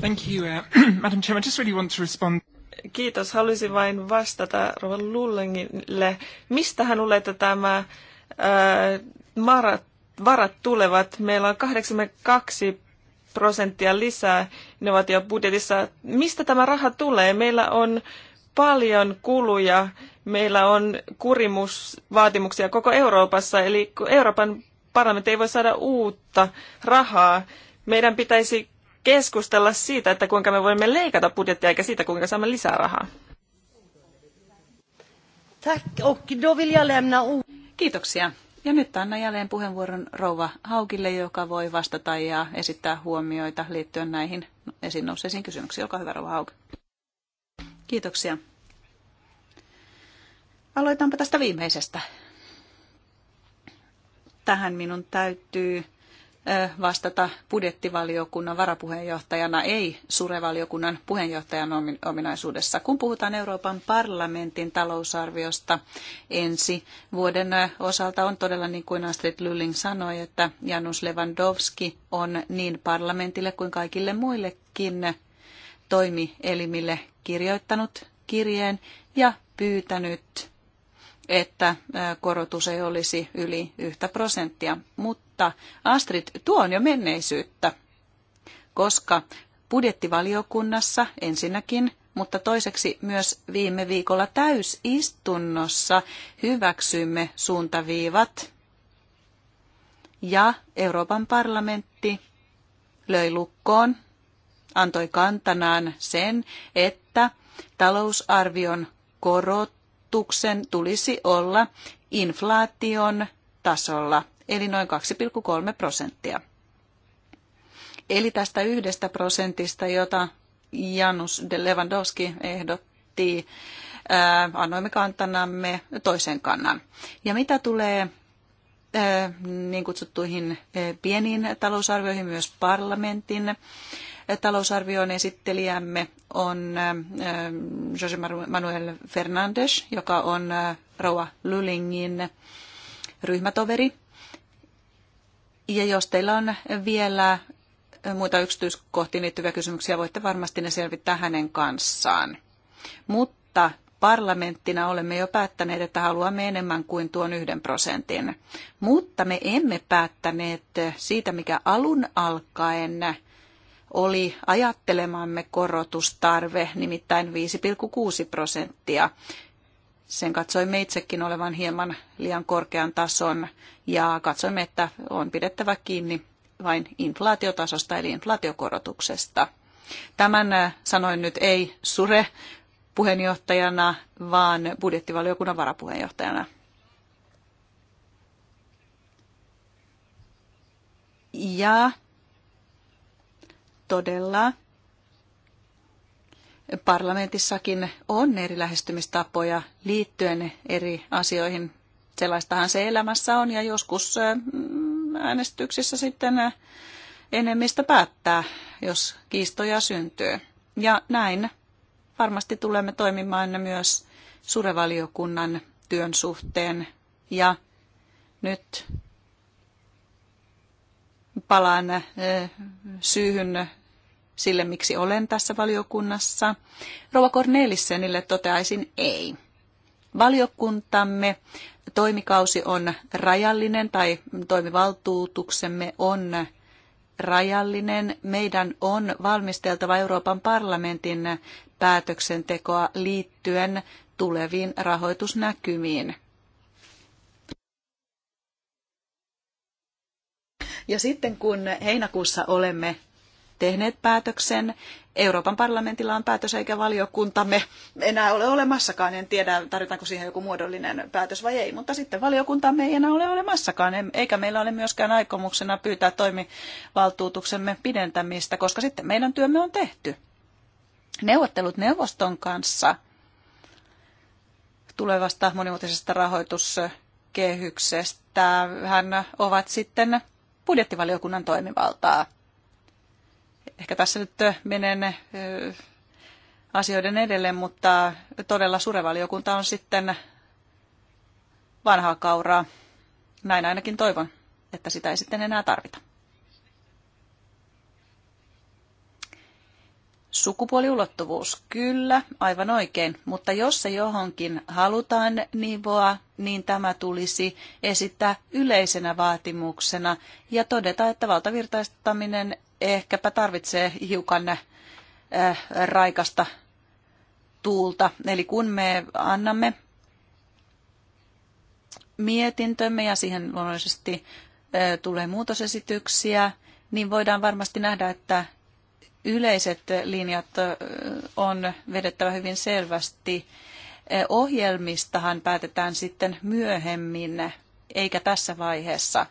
Thank you, uh, Madam Chairman. I just really want to respond. Kiitos. Haluaisin vain vastata Rova Lullingille. Mistä hän että tämä ää, marat, varat tulevat? Meillä on 82 prosenttia lisää innovaatiobudjetissa. Mistä tämä raha tulee? Meillä on paljon kuluja, meillä on kurimusvaatimuksia koko Euroopassa, eli Euroopan parlamentti ei voi saada uutta rahaa. Meidän pitäisi keskustella siitä, että kuinka me voimme leikata budjettia, eikä siitä, kuinka saamme lisää rahaa. Kiitoksia. Ja nyt annan jälleen puheenvuoron rouva Haukille, joka voi vastata ja esittää huomioita liittyen näihin esiin nousseisiin kysymyksiin. Olkaa hyvä, rouva Hauk. Kiitoksia. Aloitanpa tästä viimeisestä. Tähän minun täytyy vastata budjettivaliokunnan varapuheenjohtajana, ei surevaliokunnan puheenjohtajan ominaisuudessa. Kun puhutaan Euroopan parlamentin talousarviosta ensi vuoden osalta, on todella niin kuin Astrid Lylling sanoi, että Janus Lewandowski on niin parlamentille kuin kaikille muillekin toimielimille kirjoittanut kirjeen ja pyytänyt että korotus ei olisi yli yhtä prosenttia. Mutta Astrid, tuo on jo menneisyyttä, koska budjettivaliokunnassa ensinnäkin, mutta toiseksi myös viime viikolla täysistunnossa hyväksymme suuntaviivat ja Euroopan parlamentti löi lukkoon, antoi kantanaan sen, että talousarvion korot kulutuksen tulisi olla inflaation tasolla, eli noin 2,3 prosenttia. Eli tästä yhdestä prosentista, jota Janus de Lewandowski ehdotti, annoimme kantanamme toisen kannan. Ja mitä tulee niin kutsuttuihin pieniin talousarvioihin, myös parlamentin talousarvion esittelijämme on eh, José Manuel Fernandes, joka on eh, Roa Lulingin ryhmätoveri. Ja jos teillä on vielä muita yksityiskohtiin liittyviä kysymyksiä, voitte varmasti ne selvittää hänen kanssaan. Mutta parlamenttina olemme jo päättäneet, että haluamme enemmän kuin tuon yhden prosentin. Mutta me emme päättäneet siitä, mikä alun alkaen oli ajattelemamme korotustarve, nimittäin 5,6 prosenttia. Sen katsoimme itsekin olevan hieman liian korkean tason ja katsoimme, että on pidettävä kiinni vain inflaatiotasosta eli inflaatiokorotuksesta. Tämän äh, sanoin nyt ei Sure puheenjohtajana, vaan budjettivaliokunnan varapuheenjohtajana. Ja todella parlamentissakin on eri lähestymistapoja liittyen eri asioihin. Sellaistahan se elämässä on ja joskus mm, äänestyksissä sitten enemmistö päättää, jos kiistoja syntyy. Ja näin varmasti tulemme toimimaan myös surevaliokunnan työn suhteen. Ja nyt palaan eh, syyhyn sille, miksi olen tässä valiokunnassa. Rova Cornelissenille toteaisin ei. Valiokuntamme toimikausi on rajallinen tai toimivaltuutuksemme on rajallinen. Meidän on valmisteltava Euroopan parlamentin päätöksentekoa liittyen tuleviin rahoitusnäkymiin. Ja sitten kun heinäkuussa olemme tehneet päätöksen, Euroopan parlamentilla on päätös eikä valiokuntamme enää ole olemassakaan. En tiedä, tarvitaanko siihen joku muodollinen päätös vai ei, mutta sitten valiokuntamme ei enää ole olemassakaan, eikä meillä ole myöskään aikomuksena pyytää toimivaltuutuksemme pidentämistä, koska sitten meidän työmme on tehty. Neuvottelut neuvoston kanssa tulevasta monimuotoisesta rahoituskehyksestä hän ovat sitten budjettivaliokunnan toimivaltaa. Ehkä tässä nyt menen asioiden edelleen, mutta todella surevaliokunta on sitten vanhaa kauraa. Näin ainakin toivon, että sitä ei sitten enää tarvita. Sukupuoliulottuvuus, kyllä, aivan oikein, mutta jos se johonkin halutaan nivoa, niin tämä tulisi esittää yleisenä vaatimuksena ja todeta, että valtavirtaistaminen ehkäpä tarvitsee hiukan äh, raikasta tuulta. Eli kun me annamme mietintömme ja siihen luonnollisesti äh, tulee muutosesityksiä, niin voidaan varmasti nähdä, että yleiset linjat on vedettävä hyvin selvästi. Ohjelmistahan päätetään sitten myöhemmin, eikä tässä vaiheessa.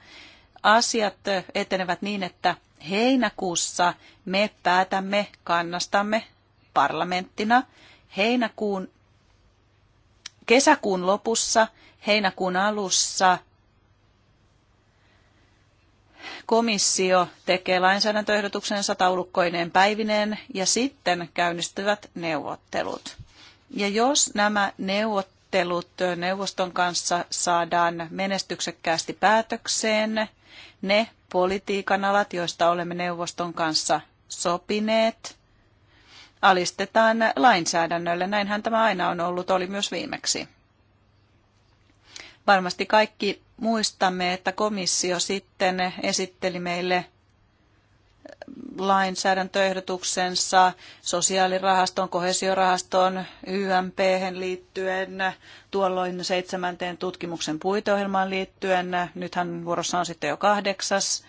Asiat etenevät niin, että heinäkuussa me päätämme kannastamme parlamenttina. Heinäkuun, kesäkuun lopussa, heinäkuun alussa – Komissio tekee lainsäädäntöehdotuksensa taulukkoineen päivineen ja sitten käynnistyvät neuvottelut. Ja jos nämä neuvottelut neuvoston kanssa saadaan menestyksekkäästi päätökseen, ne politiikan alat, joista olemme neuvoston kanssa sopineet, alistetaan lainsäädännölle. Näinhän tämä aina on ollut, oli myös viimeksi. Varmasti kaikki muistamme, että komissio sitten esitteli meille lainsäädäntöehdotuksensa sosiaalirahaston, kohesiorahaston, YMP liittyen, tuolloin seitsemänteen tutkimuksen puiteohjelmaan liittyen. Nythän vuorossa on sitten jo kahdeksas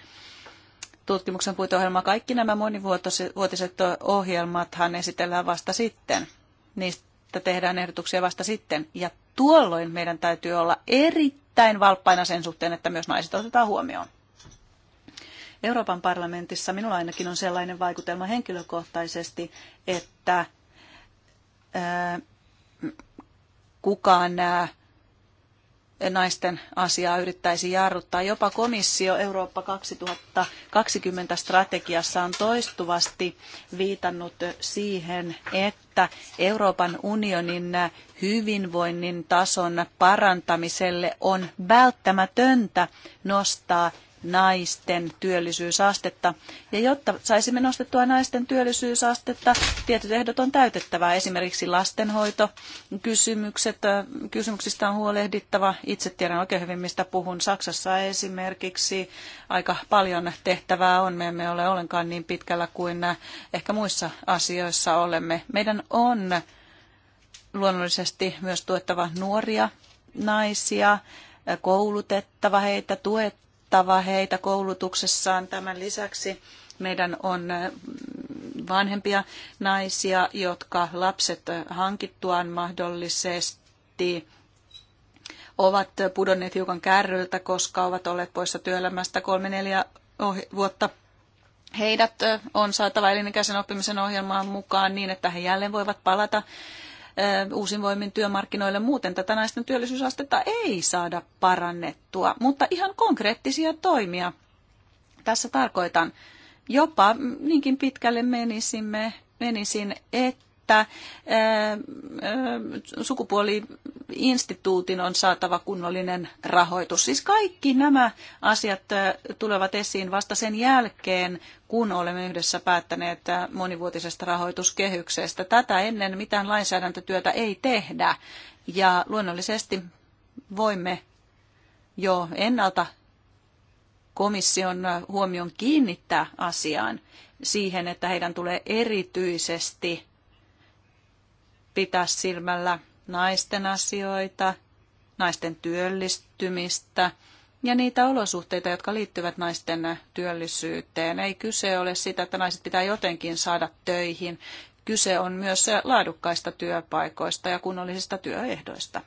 tutkimuksen puiteohjelma. Kaikki nämä monivuotiset ohjelmathan esitellään vasta sitten. Niistä tehdään ehdotuksia vasta sitten. Ja tuolloin meidän täytyy olla erittäin erittäin valppaina sen suhteen, että myös naiset otetaan huomioon. Euroopan parlamentissa minulla ainakin on sellainen vaikutelma henkilökohtaisesti, että kukaan naisten asiaa yrittäisi jarruttaa. Jopa komissio Eurooppa 2020 strategiassa on toistuvasti viitannut siihen, että Euroopan unionin hyvinvoinnin tason parantamiselle on välttämätöntä nostaa naisten työllisyysastetta. Ja jotta saisimme nostettua naisten työllisyysastetta, tietyt ehdot on täytettävä. Esimerkiksi lastenhoito, kysymykset, kysymyksistä on huolehdittava. Itse tiedän oikein hyvin, mistä puhun. Saksassa esimerkiksi aika paljon tehtävää on. Me emme ole ollenkaan niin pitkällä kuin ehkä muissa asioissa olemme. Meidän on luonnollisesti myös tuettava nuoria naisia, koulutettava heitä, tuettava autettava heitä koulutuksessaan. Tämän lisäksi meidän on vanhempia naisia, jotka lapset hankittuaan mahdollisesti ovat pudonneet hiukan kärryltä, koska ovat olleet poissa työelämästä kolme neljä vuotta. Heidät on saatava elinikäisen oppimisen ohjelmaan mukaan niin, että he jälleen voivat palata uusin voimin työmarkkinoille. Muuten tätä naisten työllisyysastetta ei saada parannettua, mutta ihan konkreettisia toimia. Tässä tarkoitan, jopa niinkin pitkälle menisimme, menisin, että että eh, eh, sukupuoliinstituutin on saatava kunnollinen rahoitus. Siis kaikki nämä asiat eh, tulevat esiin vasta sen jälkeen, kun olemme yhdessä päättäneet monivuotisesta rahoituskehyksestä. Tätä ennen mitään lainsäädäntötyötä ei tehdä ja luonnollisesti voimme jo ennalta komission huomion kiinnittää asiaan siihen, että heidän tulee erityisesti pitää silmällä naisten asioita, naisten työllistymistä ja niitä olosuhteita, jotka liittyvät naisten työllisyyteen. Ei kyse ole siitä, että naiset pitää jotenkin saada töihin. Kyse on myös laadukkaista työpaikoista ja kunnollisista työehdoista.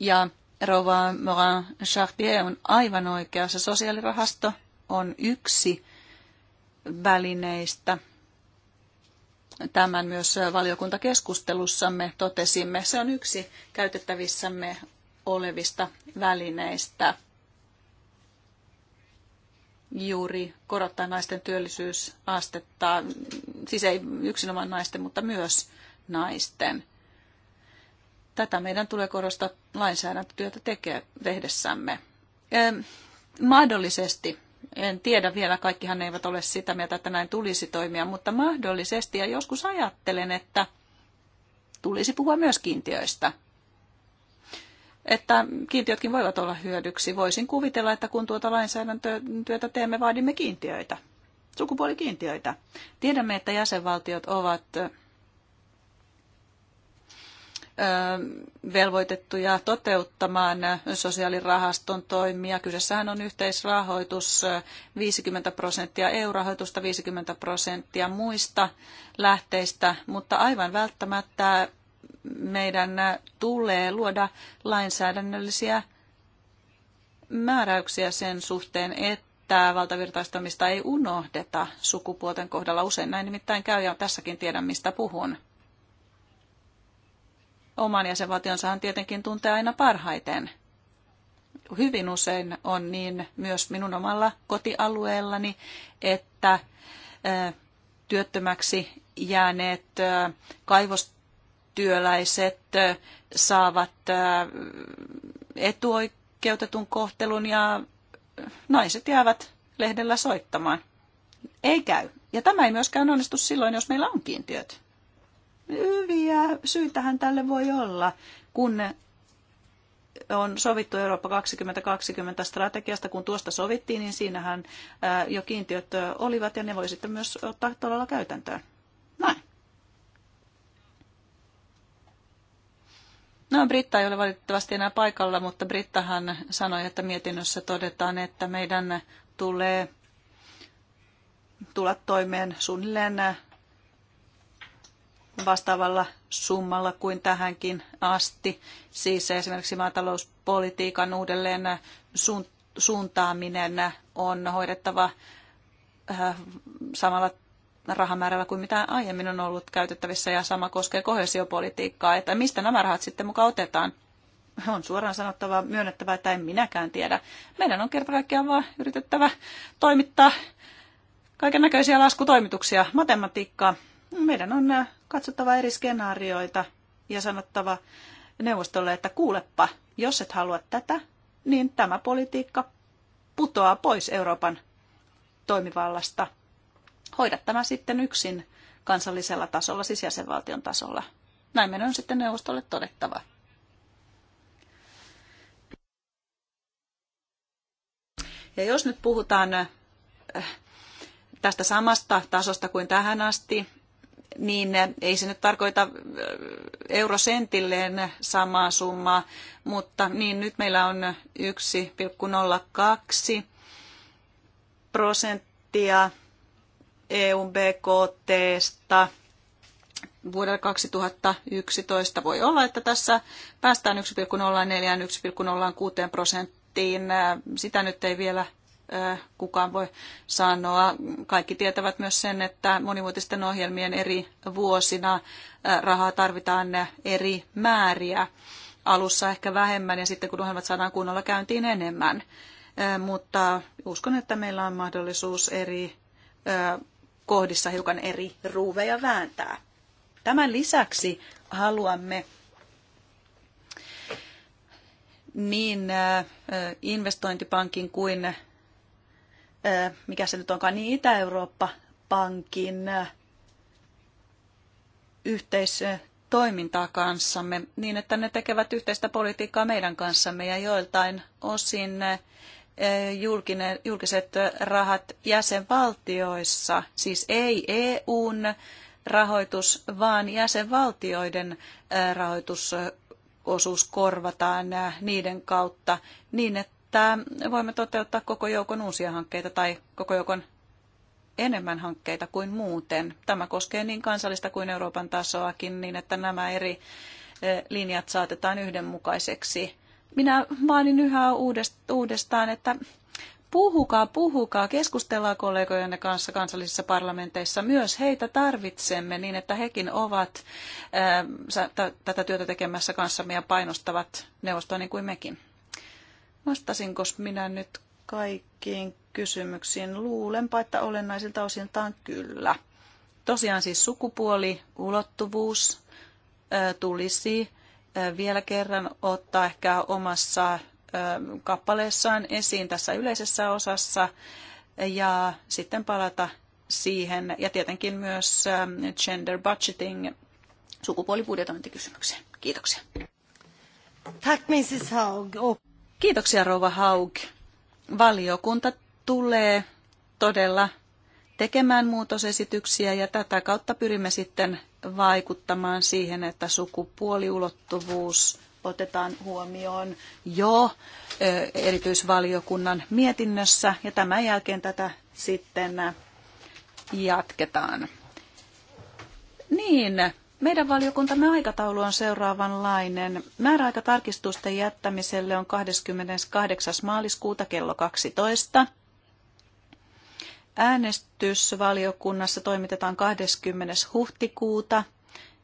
Ja Rova Morin Chartier on aivan oikeassa. Sosiaalirahasto on yksi välineistä, tämän myös valiokuntakeskustelussamme totesimme. Se on yksi käytettävissämme olevista välineistä juuri korottaa naisten työllisyysastetta, siis ei yksinomaan naisten, mutta myös naisten. Tätä meidän tulee korostaa lainsäädäntötyötä teke, tehdessämme. Eh, mahdollisesti en tiedä vielä, kaikkihan eivät ole sitä mieltä, että näin tulisi toimia, mutta mahdollisesti ja joskus ajattelen, että tulisi puhua myös kiintiöistä. Että kiintiötkin voivat olla hyödyksi. Voisin kuvitella, että kun tuota lainsäädäntötyötä teemme, vaadimme kiintiöitä, sukupuolikiintiöitä. Tiedämme, että jäsenvaltiot ovat velvoitettuja toteuttamaan sosiaalirahaston toimia. Kyseessähän on yhteisrahoitus 50 prosenttia EU-rahoitusta, 50 prosenttia muista lähteistä, mutta aivan välttämättä meidän tulee luoda lainsäädännöllisiä määräyksiä sen suhteen, että valtavirtaistamista ei unohdeta sukupuolten kohdalla. Usein näin nimittäin käy ja tässäkin tiedän, mistä puhun oman jäsenvaltionsa hän tietenkin tuntee aina parhaiten. Hyvin usein on niin myös minun omalla kotialueellani, että työttömäksi jääneet kaivostyöläiset saavat etuoikeutetun kohtelun ja naiset jäävät lehdellä soittamaan. Ei käy. Ja tämä ei myöskään onnistu silloin, jos meillä on kiintiöt hyviä syitähän tälle voi olla, kun on sovittu Eurooppa 2020 strategiasta, kun tuosta sovittiin, niin siinähän jo kiintiöt olivat ja ne voi sitten myös ottaa todella käytäntöön. Näin. No, Britta ei ole valitettavasti enää paikalla, mutta Brittahan sanoi, että mietinnössä todetaan, että meidän tulee tulla toimeen suunnilleen vastaavalla summalla kuin tähänkin asti. Siis esimerkiksi maatalouspolitiikan uudelleen suuntaaminen on hoidettava äh, samalla rahamäärällä kuin mitä aiemmin on ollut käytettävissä ja sama koskee kohesiopolitiikkaa, että mistä nämä rahat sitten mukaan otetaan. On suoraan sanottava myönnettävä, että en minäkään tiedä. Meidän on kerta kaikkiaan vaan yritettävä toimittaa kaiken näköisiä laskutoimituksia, matematiikkaa meidän on äh, katsottava eri skenaarioita ja sanottava neuvostolle, että kuulepa, jos et halua tätä, niin tämä politiikka putoaa pois Euroopan toimivallasta. Hoida tämä sitten yksin kansallisella tasolla, siis jäsenvaltion tasolla. Näin meidän on sitten neuvostolle todettava. Ja jos nyt puhutaan äh, tästä samasta tasosta kuin tähän asti, niin ei se nyt tarkoita äh, eurosentilleen samaa summaa, mutta niin nyt meillä on 1,02 prosenttia EUn BKTstä vuodelle 2011. Voi olla, että tässä päästään 1,04-1,06 prosenttiin. Äh, sitä nyt ei vielä kukaan voi sanoa. Kaikki tietävät myös sen, että monimuotisten ohjelmien eri vuosina rahaa tarvitaan eri määriä. Alussa ehkä vähemmän ja sitten kun ohjelmat saadaan kunnolla käyntiin enemmän. Mutta uskon, että meillä on mahdollisuus eri kohdissa hiukan eri ruuveja vääntää. Tämän lisäksi haluamme niin investointipankin kuin mikä se nyt onkaan, niin Itä-Eurooppa-pankin yhteistoimintaa kanssamme niin, että ne tekevät yhteistä politiikkaa meidän kanssamme ja joiltain osin julkinen, julkiset rahat jäsenvaltioissa, siis ei EUn rahoitus, vaan jäsenvaltioiden rahoitusosuus korvataan niiden kautta niin, että että voimme toteuttaa koko joukon uusia hankkeita tai koko joukon enemmän hankkeita kuin muuten. Tämä koskee niin kansallista kuin Euroopan tasoakin niin, että nämä eri eh, linjat saatetaan yhdenmukaiseksi. Minä vaanin yhä uudestaan, että puhukaa, puhukaa, keskustellaan kollegojenne kanssa kansallisissa parlamenteissa. Myös heitä tarvitsemme niin, että hekin ovat eh, tätä työtä tekemässä kanssamme ja painostavat neuvostoa niin kuin mekin. Vastasinko minä nyt kaikkiin kysymyksiin? Luulenpa, että olennaisilta osiltaan kyllä. Tosiaan siis sukupuoli, ulottuvuus tulisi vielä kerran ottaa ehkä omassa kappaleessaan esiin tässä yleisessä osassa ja sitten palata siihen ja tietenkin myös gender budgeting sukupuolibudjetointikysymykseen. Kiitoksia. Tack Mrs Haug. Kiitoksia Rouva Haug. Valiokunta tulee todella tekemään muutosesityksiä ja tätä kautta pyrimme sitten vaikuttamaan siihen, että sukupuoliulottuvuus otetaan huomioon jo erityisvaliokunnan mietinnössä ja tämän jälkeen tätä sitten jatketaan. Niin, meidän valiokuntamme aikataulu on seuraavanlainen. Määräaika tarkistusten jättämiselle on 28. maaliskuuta kello 12. Äänestys valiokunnassa toimitetaan 20. huhtikuuta.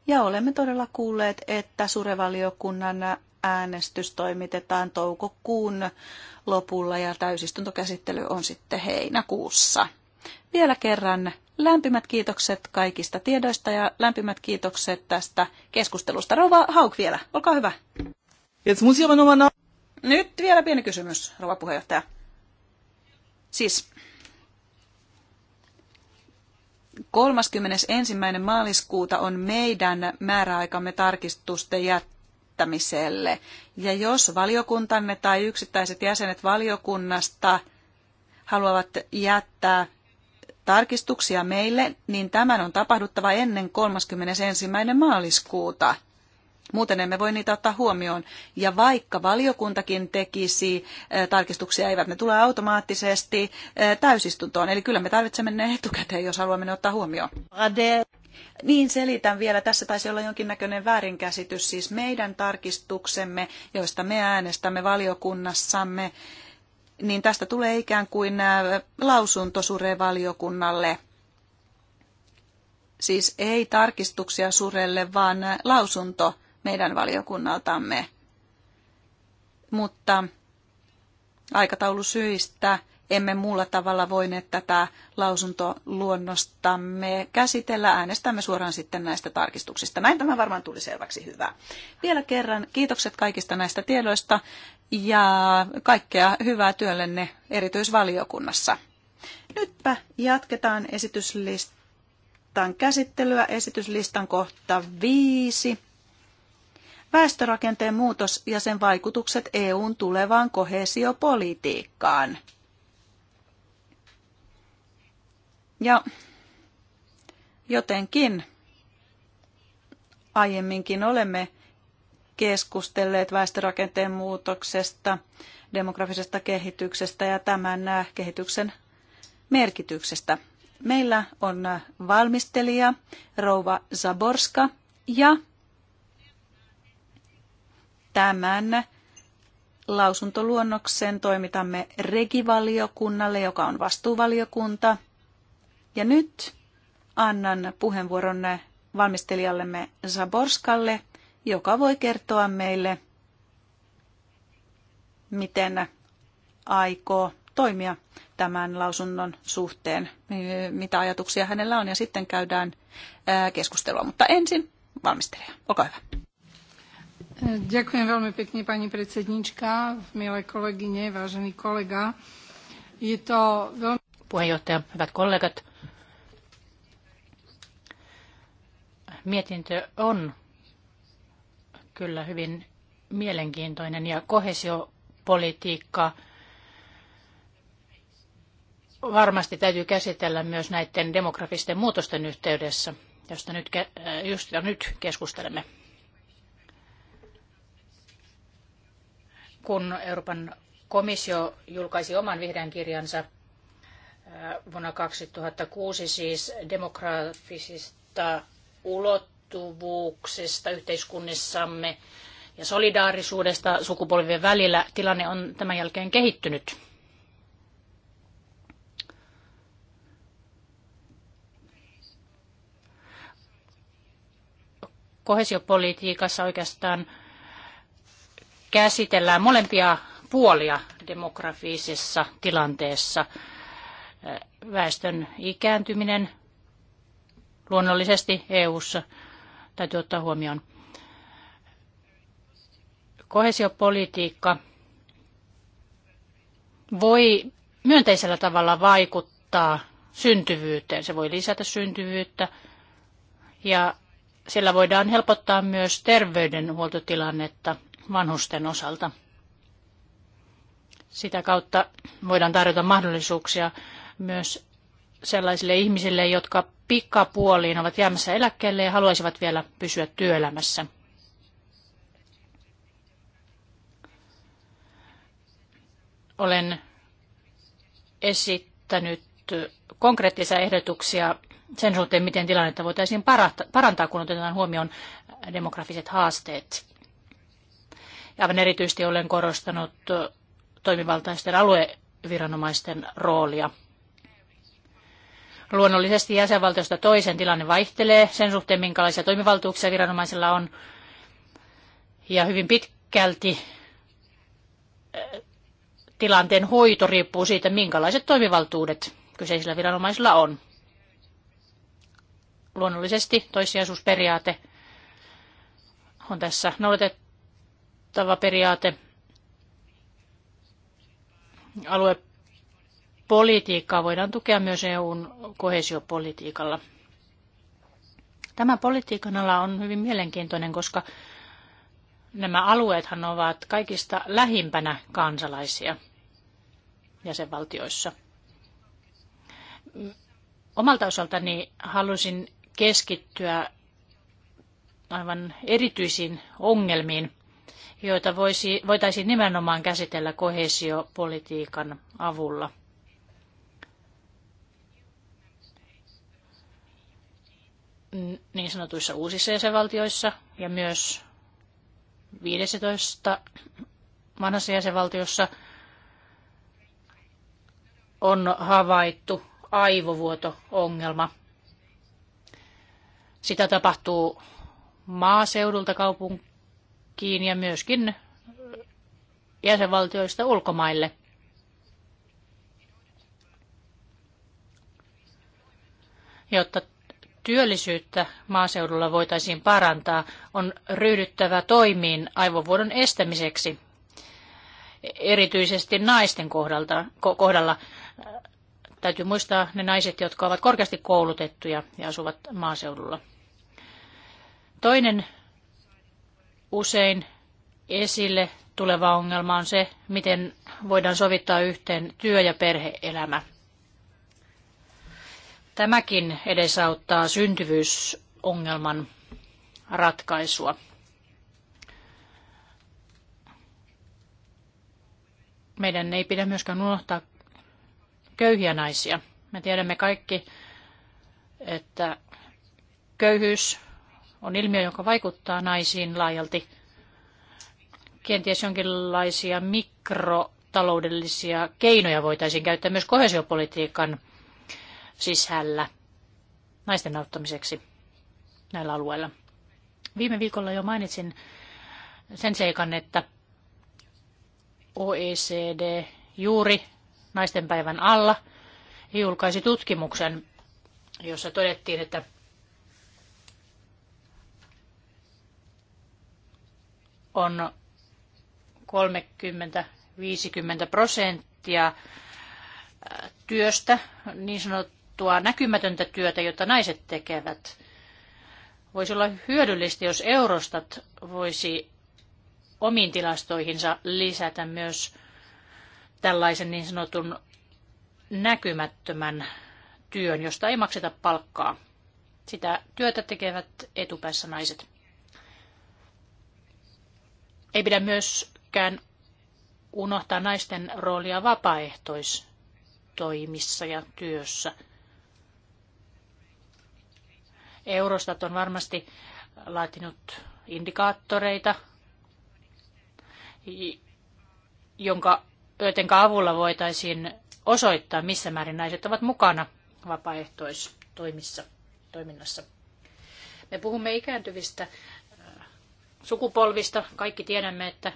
Ja olemme todella kuulleet, että surevaliokunnan äänestys toimitetaan toukokuun lopulla ja täysistuntokäsittely on sitten heinäkuussa. Vielä kerran lämpimät kiitokset kaikista tiedoista ja lämpimät kiitokset tästä keskustelusta. Rova Hauk vielä, olkaa hyvä. Nyt vielä pieni kysymys, rouva puheenjohtaja. Siis 31. maaliskuuta on meidän määräaikamme tarkistusten jättämiselle. Ja jos valiokuntanne tai yksittäiset jäsenet valiokunnasta haluavat jättää tarkistuksia meille, niin tämän on tapahduttava ennen 31. maaliskuuta. Muuten emme voi niitä ottaa huomioon. Ja vaikka valiokuntakin tekisi eh, tarkistuksia, eivät ne tule automaattisesti eh, täysistuntoon. Eli kyllä me tarvitsemme ne etukäteen, jos haluamme ne ottaa huomioon. Niin selitän vielä. Tässä taisi olla jonkinnäköinen väärinkäsitys. Siis meidän tarkistuksemme, joista me äänestämme valiokunnassamme, niin tästä tulee ikään kuin äh, lausunto Sure-valiokunnalle. Siis ei tarkistuksia Surelle, vaan äh, lausunto meidän valiokunnaltamme. Mutta aikataulusyistä syistä emme muulla tavalla voineet tätä lausuntoluonnostamme käsitellä. Äänestämme suoraan sitten näistä tarkistuksista. Näin tämä varmaan tuli selväksi hyvää. Vielä kerran kiitokset kaikista näistä tiedoista ja kaikkea hyvää työllenne erityisvaliokunnassa. Nytpä jatketaan esityslistan käsittelyä. Esityslistan kohta viisi. Väestörakenteen muutos ja sen vaikutukset EUn tulevaan kohesiopolitiikkaan. Ja jotenkin aiemminkin olemme keskustelleet väestörakenteen muutoksesta, demografisesta kehityksestä ja tämän äh, kehityksen merkityksestä. Meillä on äh, valmistelija Rouva Zaborska ja tämän lausuntoluonnoksen toimitamme regivaliokunnalle, joka on vastuuvaliokunta – ja nyt annan puheenvuoron valmistelijallemme Zaborskalle, joka voi kertoa meille, miten aikoo toimia tämän lausunnon suhteen, mitä ajatuksia hänellä on, ja sitten käydään keskustelua. Mutta ensin valmistelija, olkaa hyvä. Ďakujem veľmi pekne, pani predsednička, milé kolegyne, vážený kolega. Je to veľmi... Puheenjohtaja, hyvät kollegat. mietintö on kyllä hyvin mielenkiintoinen ja kohesiopolitiikka varmasti täytyy käsitellä myös näiden demografisten muutosten yhteydessä, josta nyt, äh, jo nyt keskustelemme. Kun Euroopan komissio julkaisi oman vihreän kirjansa äh, vuonna 2006 siis demografisista ulottuvuuksista yhteiskunnissamme ja solidaarisuudesta sukupolvien välillä tilanne on tämän jälkeen kehittynyt. Kohesiopolitiikassa oikeastaan käsitellään molempia puolia demografisessa tilanteessa. Väestön ikääntyminen luonnollisesti EU:ssa täytyy ottaa huomioon. Kohesiopolitiikka voi myönteisellä tavalla vaikuttaa syntyvyyteen. Se voi lisätä syntyvyyttä ja sillä voidaan helpottaa myös terveydenhuoltotilannetta vanhusten osalta. Sitä kautta voidaan tarjota mahdollisuuksia myös sellaisille ihmisille, jotka pikapuoliin ovat jäämässä eläkkeelle ja haluaisivat vielä pysyä työelämässä. Olen esittänyt konkreettisia ehdotuksia sen suhteen, miten tilannetta voitaisiin parantaa, kun otetaan huomioon demografiset haasteet. Ja aivan erityisesti olen korostanut toimivaltaisten alueviranomaisten roolia – Luonnollisesti jäsenvaltiosta toisen tilanne vaihtelee sen suhteen, minkälaisia toimivaltuuksia viranomaisilla on. Ja hyvin pitkälti eh, tilanteen hoito riippuu siitä, minkälaiset toimivaltuudet kyseisillä viranomaisilla on. Luonnollisesti toissijaisuusperiaate on tässä noudatettava periaate. Alue politiikkaa voidaan tukea myös EUn kohesiopolitiikalla. Tämä politiikan ala on hyvin mielenkiintoinen, koska nämä alueethan ovat kaikista lähimpänä kansalaisia jäsenvaltioissa. Omalta osaltani halusin keskittyä aivan erityisiin ongelmiin, joita voisi, voitaisiin nimenomaan käsitellä kohesiopolitiikan avulla – niin sanotuissa uusissa jäsenvaltioissa ja myös 15 vanhassa jäsenvaltiossa on havaittu aivovuoto-ongelma. Sitä tapahtuu maaseudulta kaupunkiin ja myöskin jäsenvaltioista ulkomaille. Jotta työllisyyttä maaseudulla voitaisiin parantaa, on ryhdyttävä toimiin aivovuodon estämiseksi, erityisesti naisten kohdalta, kohdalla. Täytyy muistaa ne naiset, jotka ovat korkeasti koulutettuja ja asuvat maaseudulla. Toinen usein esille tuleva ongelma on se, miten voidaan sovittaa yhteen työ- ja perheelämä. Tämäkin edesauttaa syntyvyysongelman ratkaisua. Meidän ei pidä myöskään unohtaa köyhiä naisia. Me tiedämme kaikki, että köyhyys on ilmiö, joka vaikuttaa naisiin laajalti. Kenties jonkinlaisia mikrotaloudellisia keinoja voitaisiin käyttää myös kohesiopolitiikan sisällä naisten auttamiseksi näillä alueilla. Viime viikolla jo mainitsin sen seikan, että OECD juuri naistenpäivän alla julkaisi tutkimuksen, jossa todettiin, että on 30-50 prosenttia työstä, niin sanot, sanottua näkymätöntä työtä, jota naiset tekevät. Voisi olla hyödyllistä, jos Eurostat voisi omiin tilastoihinsa lisätä myös tällaisen niin sanotun näkymättömän työn, josta ei makseta palkkaa. Sitä työtä tekevät etupäässä naiset. Ei pidä myöskään unohtaa naisten roolia vapaaehtoistoimissa ja työssä – Eurostat on varmasti laatinut indikaattoreita, jonka, joiden avulla voitaisiin osoittaa, missä määrin naiset ovat mukana vapaaehtoistoimissa, toiminnassa. Me puhumme ikääntyvistä sukupolvista. Kaikki tiedämme, että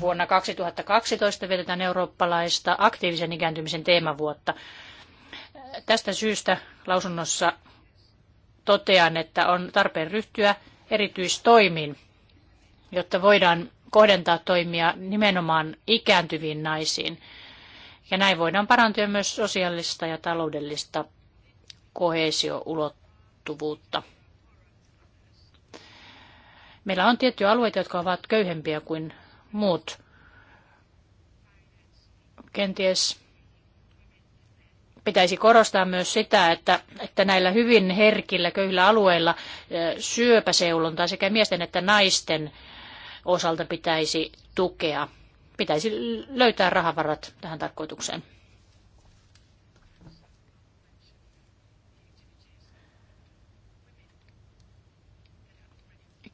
vuonna 2012 vietetään eurooppalaista aktiivisen ikääntymisen teemavuotta. Tästä syystä lausunnossa totean, että on tarpeen ryhtyä erityistoimiin, jotta voidaan kohdentaa toimia nimenomaan ikääntyviin naisiin. Ja näin voidaan parantaa myös sosiaalista ja taloudellista kohesioulottuvuutta. Meillä on tiettyjä alueita, jotka ovat köyhempiä kuin muut. Kenties pitäisi korostaa myös sitä, että, että näillä hyvin herkillä köyhillä alueilla syöpäseulontaa sekä miesten että naisten osalta pitäisi tukea. Pitäisi löytää rahavarat tähän tarkoitukseen.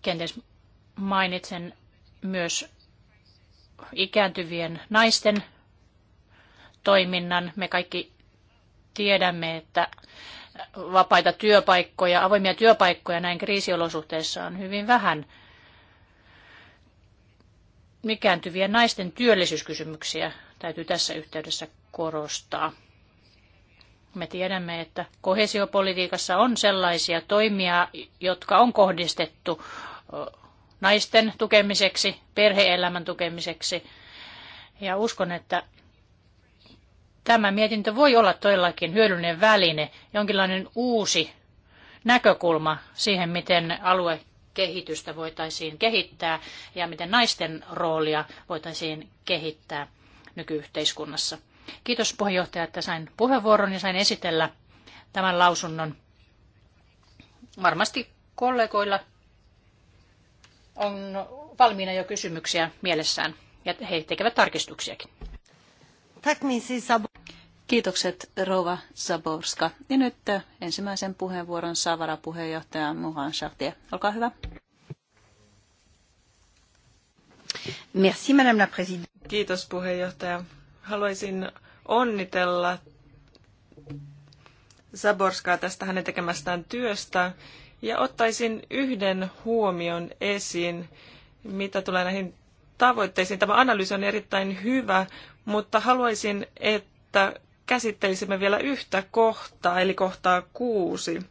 Kenties mainitsen myös ikääntyvien naisten toiminnan. Me kaikki Tiedämme, että vapaita työpaikkoja, avoimia työpaikkoja näin kriisiolosuhteissa on hyvin vähän. Mikääntyviä naisten työllisyyskysymyksiä täytyy tässä yhteydessä korostaa. Me tiedämme, että kohesiopolitiikassa on sellaisia toimia, jotka on kohdistettu naisten tukemiseksi, perheelämän tukemiseksi. Ja uskon, että Tämä mietintö voi olla todellakin hyödyllinen väline, jonkinlainen uusi näkökulma siihen, miten aluekehitystä voitaisiin kehittää ja miten naisten roolia voitaisiin kehittää nykyyhteiskunnassa. Kiitos puheenjohtaja, että sain puheenvuoron ja sain esitellä tämän lausunnon. Varmasti kollegoilla on valmiina jo kysymyksiä mielessään ja he tekevät tarkistuksiakin. Kiitokset Rova Zaborska. Ja nyt ensimmäisen puheenvuoron saa varapuheenjohtaja Muhan Chartier. Olkaa hyvä. Merci, Madame la Présidente. Kiitos puheenjohtaja. Haluaisin onnitella Zaborskaa tästä hänen tekemästään työstä ja ottaisin yhden huomion esiin, mitä tulee näihin tavoitteisiin. Tämä analyysi on erittäin hyvä, mutta haluaisin, että käsittelisimme vielä yhtä kohtaa, eli kohtaa kuusi.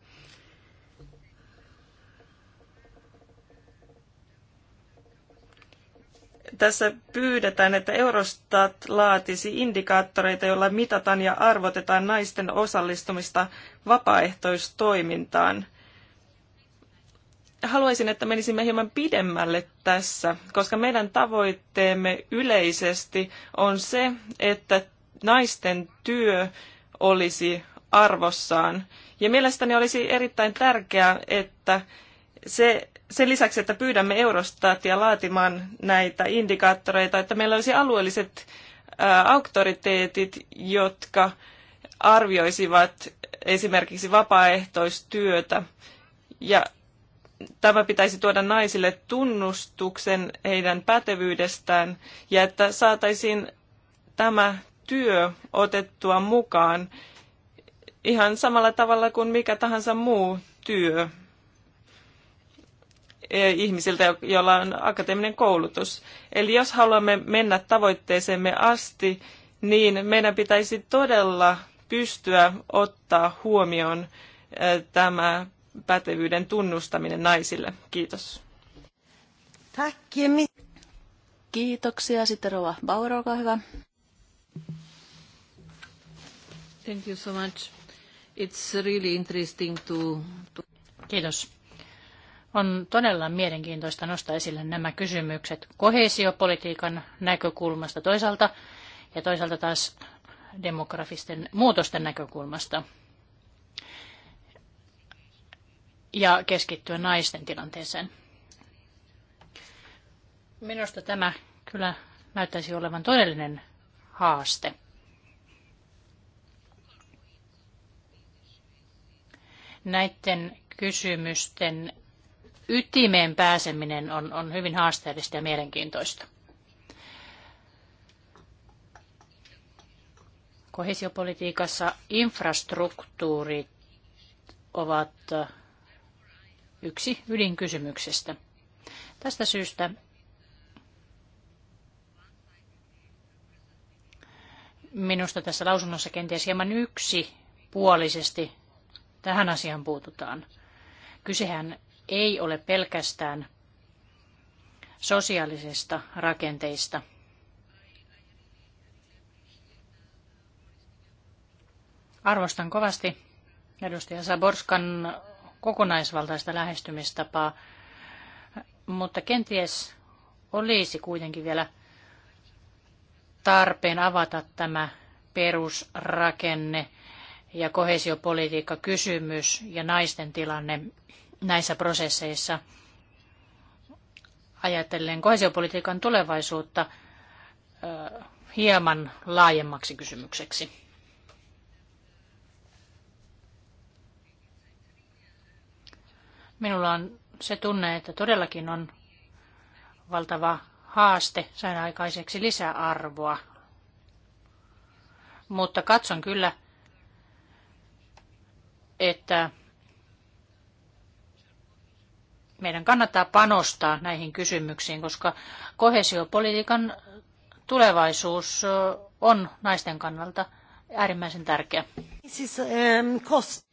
Tässä pyydetään, että Eurostat laatisi indikaattoreita, joilla mitataan ja arvotetaan naisten osallistumista vapaaehtoistoimintaan. Haluaisin, että menisimme hieman pidemmälle tässä, koska meidän tavoitteemme yleisesti on se, että naisten työ olisi arvossaan. Ja mielestäni olisi erittäin tärkeää, että se, sen lisäksi, että pyydämme Eurostatia laatimaan näitä indikaattoreita, että meillä olisi alueelliset auktoriteetit, jotka arvioisivat esimerkiksi vapaaehtoistyötä. Ja tämä pitäisi tuoda naisille tunnustuksen heidän pätevyydestään ja että saataisiin tämä työ otettua mukaan ihan samalla tavalla kuin mikä tahansa muu työ e, ihmisiltä, joilla on akateeminen koulutus. Eli jos haluamme mennä tavoitteeseemme asti, niin meidän pitäisi todella pystyä ottaa huomioon e, tämä pätevyyden tunnustaminen naisille. Kiitos. Kiitoksia. Sitten Rova Bauro, olkaa hyvä. Thank you so much. It's really interesting to, to... Kiitos. On todella mielenkiintoista nostaa esille nämä kysymykset kohesiopolitiikan näkökulmasta toisaalta ja toisaalta taas demografisten muutosten näkökulmasta ja keskittyä naisten tilanteeseen. Minusta tämä kyllä näyttäisi olevan todellinen haaste – näiden kysymysten ytimeen pääseminen on, on hyvin haasteellista ja mielenkiintoista. Kohesiopolitiikassa infrastruktuurit ovat yksi ydinkysymyksestä. Tästä syystä minusta tässä lausunnossa kenties hieman yksi puolisesti tähän asiaan puututaan. Kysehän ei ole pelkästään sosiaalisista rakenteista. Arvostan kovasti edustaja Saborskan kokonaisvaltaista lähestymistapaa, mutta kenties olisi kuitenkin vielä tarpeen avata tämä perusrakenne – ja kohesiopolitiikka kysymys ja naisten tilanne näissä prosesseissa. Ajatellen kohesiopolitiikan tulevaisuutta hieman laajemmaksi kysymykseksi. Minulla on se tunne, että todellakin on valtava haaste saada aikaiseksi lisäarvoa. Mutta katson kyllä että meidän kannattaa panostaa näihin kysymyksiin, koska kohesiopolitiikan tulevaisuus on naisten kannalta äärimmäisen tärkeä. Siis, ähm, kost.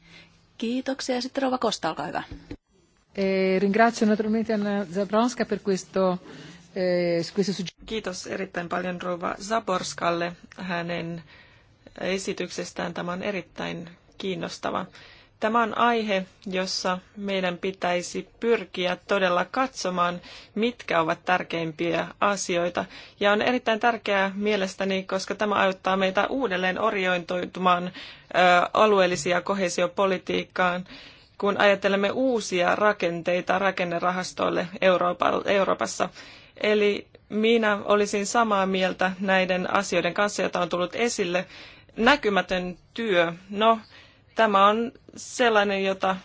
Kiitoksia. Sitten Rova Kosta, olkaa hyvä. E, ringrazio naturalmente Anna Zabronska per questo e, Kiitos erittäin paljon Rova Zaborskalle hänen esityksestään. Tämä on erittäin kiinnostava. Tämä on aihe, jossa meidän pitäisi pyrkiä todella katsomaan, mitkä ovat tärkeimpiä asioita. Ja on erittäin tärkeää mielestäni, koska tämä auttaa meitä uudelleen orientoitumaan alueellisia kohesiopolitiikkaan, kun ajattelemme uusia rakenteita rakennerahastoille Euroopassa. Eli minä olisin samaa mieltä näiden asioiden kanssa, joita on tullut esille. Näkymätön työ. No, Tämä on sellainen, jota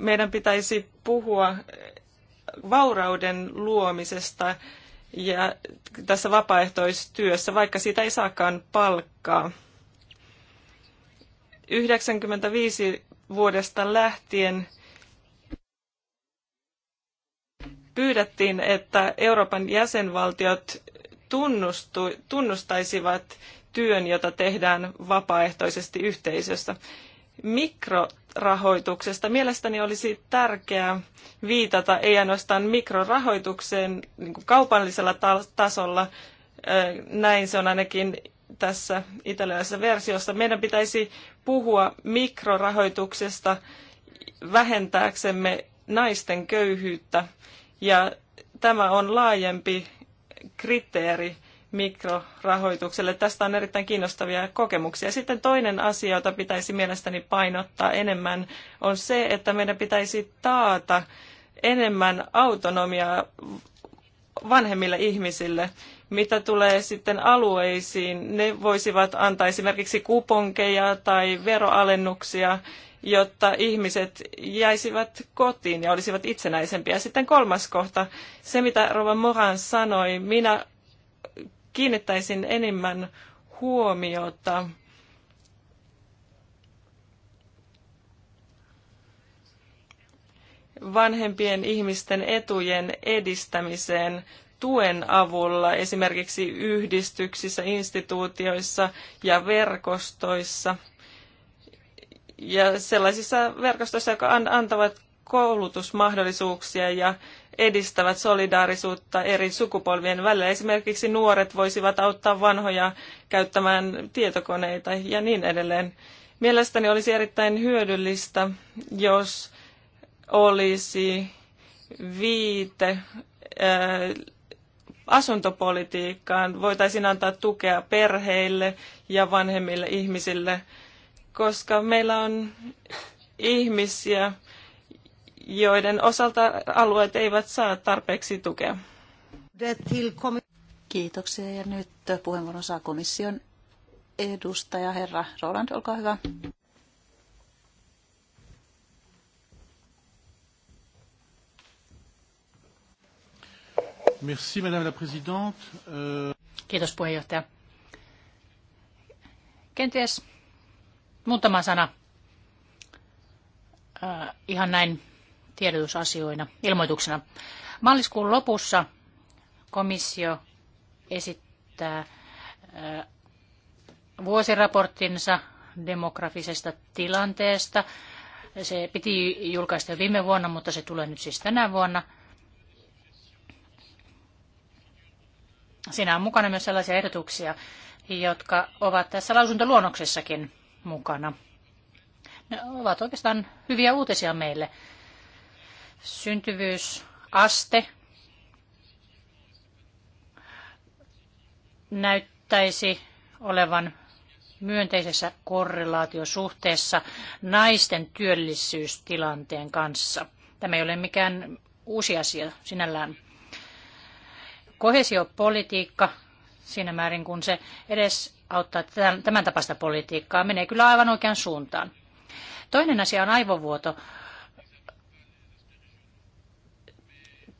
meidän pitäisi puhua vaurauden luomisesta ja tässä vapaaehtoistyössä, vaikka siitä ei saakaan palkkaa. 95 vuodesta lähtien pyydettiin, että Euroopan jäsenvaltiot tunnustaisivat työn, jota tehdään vapaaehtoisesti yhteisössä. Mikrorahoituksesta mielestäni olisi tärkeää viitata ei ainoastaan mikrorahoitukseen niin kuin kaupallisella tasolla, näin se on ainakin tässä italialaisessa versiossa. Meidän pitäisi puhua mikrorahoituksesta vähentääksemme naisten köyhyyttä ja tämä on laajempi kriteeri mikrorahoitukselle. Tästä on erittäin kiinnostavia kokemuksia. Sitten toinen asia, jota pitäisi mielestäni painottaa enemmän, on se, että meidän pitäisi taata enemmän autonomiaa vanhemmille ihmisille. Mitä tulee sitten alueisiin, ne voisivat antaa esimerkiksi kuponkeja tai veroalennuksia, jotta ihmiset jäisivät kotiin ja olisivat itsenäisempiä. Sitten kolmas kohta, se mitä Rova Moran sanoi, minä kiinnittäisin enemmän huomiota vanhempien ihmisten etujen edistämiseen tuen avulla esimerkiksi yhdistyksissä, instituutioissa ja verkostoissa ja sellaisissa verkostoissa, jotka antavat koulutusmahdollisuuksia ja edistävät solidaarisuutta eri sukupolvien välillä. Esimerkiksi nuoret voisivat auttaa vanhoja käyttämään tietokoneita ja niin edelleen. Mielestäni olisi erittäin hyödyllistä, jos olisi viite asuntopolitiikkaan. Voitaisiin antaa tukea perheille ja vanhemmille ihmisille, koska meillä on ihmisiä, joiden osalta alueet eivät saa tarpeeksi tukea. Kiitoksia ja nyt puheenvuoron saa komission edustaja herra Roland, olkaa hyvä. Merci, madame la présidente. Euh, Kiitos puheenjohtaja. Kenties muutama sana äh, ihan näin tiedotusasioina, ilmoituksena. Maaliskuun lopussa komissio esittää vuosiraporttinsa demografisesta tilanteesta. Se piti julkaista jo viime vuonna, mutta se tulee nyt siis tänä vuonna. Siinä on mukana myös sellaisia ehdotuksia, jotka ovat tässä lausuntoluonnoksessakin mukana. Ne ovat oikeastaan hyviä uutisia meille syntyvyysaste näyttäisi olevan myönteisessä korrelaatiosuhteessa naisten työllisyystilanteen kanssa. Tämä ei ole mikään uusi asia sinällään. Kohesiopolitiikka siinä määrin, kun se edes auttaa tämän tapaista politiikkaa, menee kyllä aivan oikean suuntaan. Toinen asia on aivovuoto.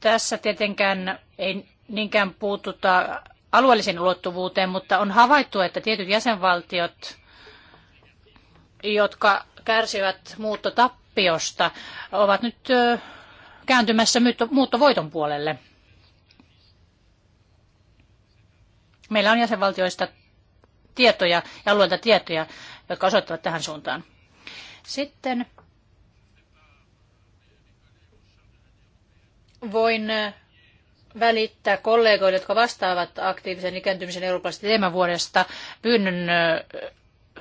Tässä tietenkään ei niinkään puututa alueelliseen ulottuvuuteen, mutta on havaittu, että tietyt jäsenvaltiot, jotka kärsivät muuttotappiosta, ovat nyt kääntymässä muuttovoiton puolelle. Meillä on jäsenvaltioista tietoja ja alueelta tietoja, jotka osoittavat tähän suuntaan. Sitten voin äh, välittää kollegoille, jotka vastaavat aktiivisen ikääntymisen eurooppalaisesta teemavuodesta, pyynnön äh,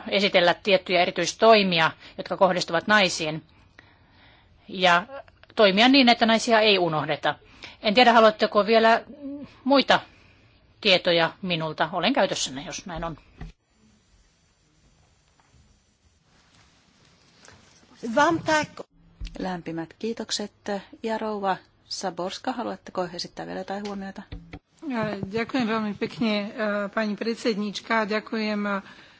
esitellä tiettyjä erityistoimia, jotka kohdistuvat naisiin. Ja toimia niin, että naisia ei unohdeta. En tiedä, haluatteko vielä muita tietoja minulta. Olen käytössänne, jos näin on. Lämpimät kiitokset ja rouva Saborska, haluatteko esittää vielä jotain huomiota? Ďakujem veľmi pekne, e, pani predsednička. Ďakujem e,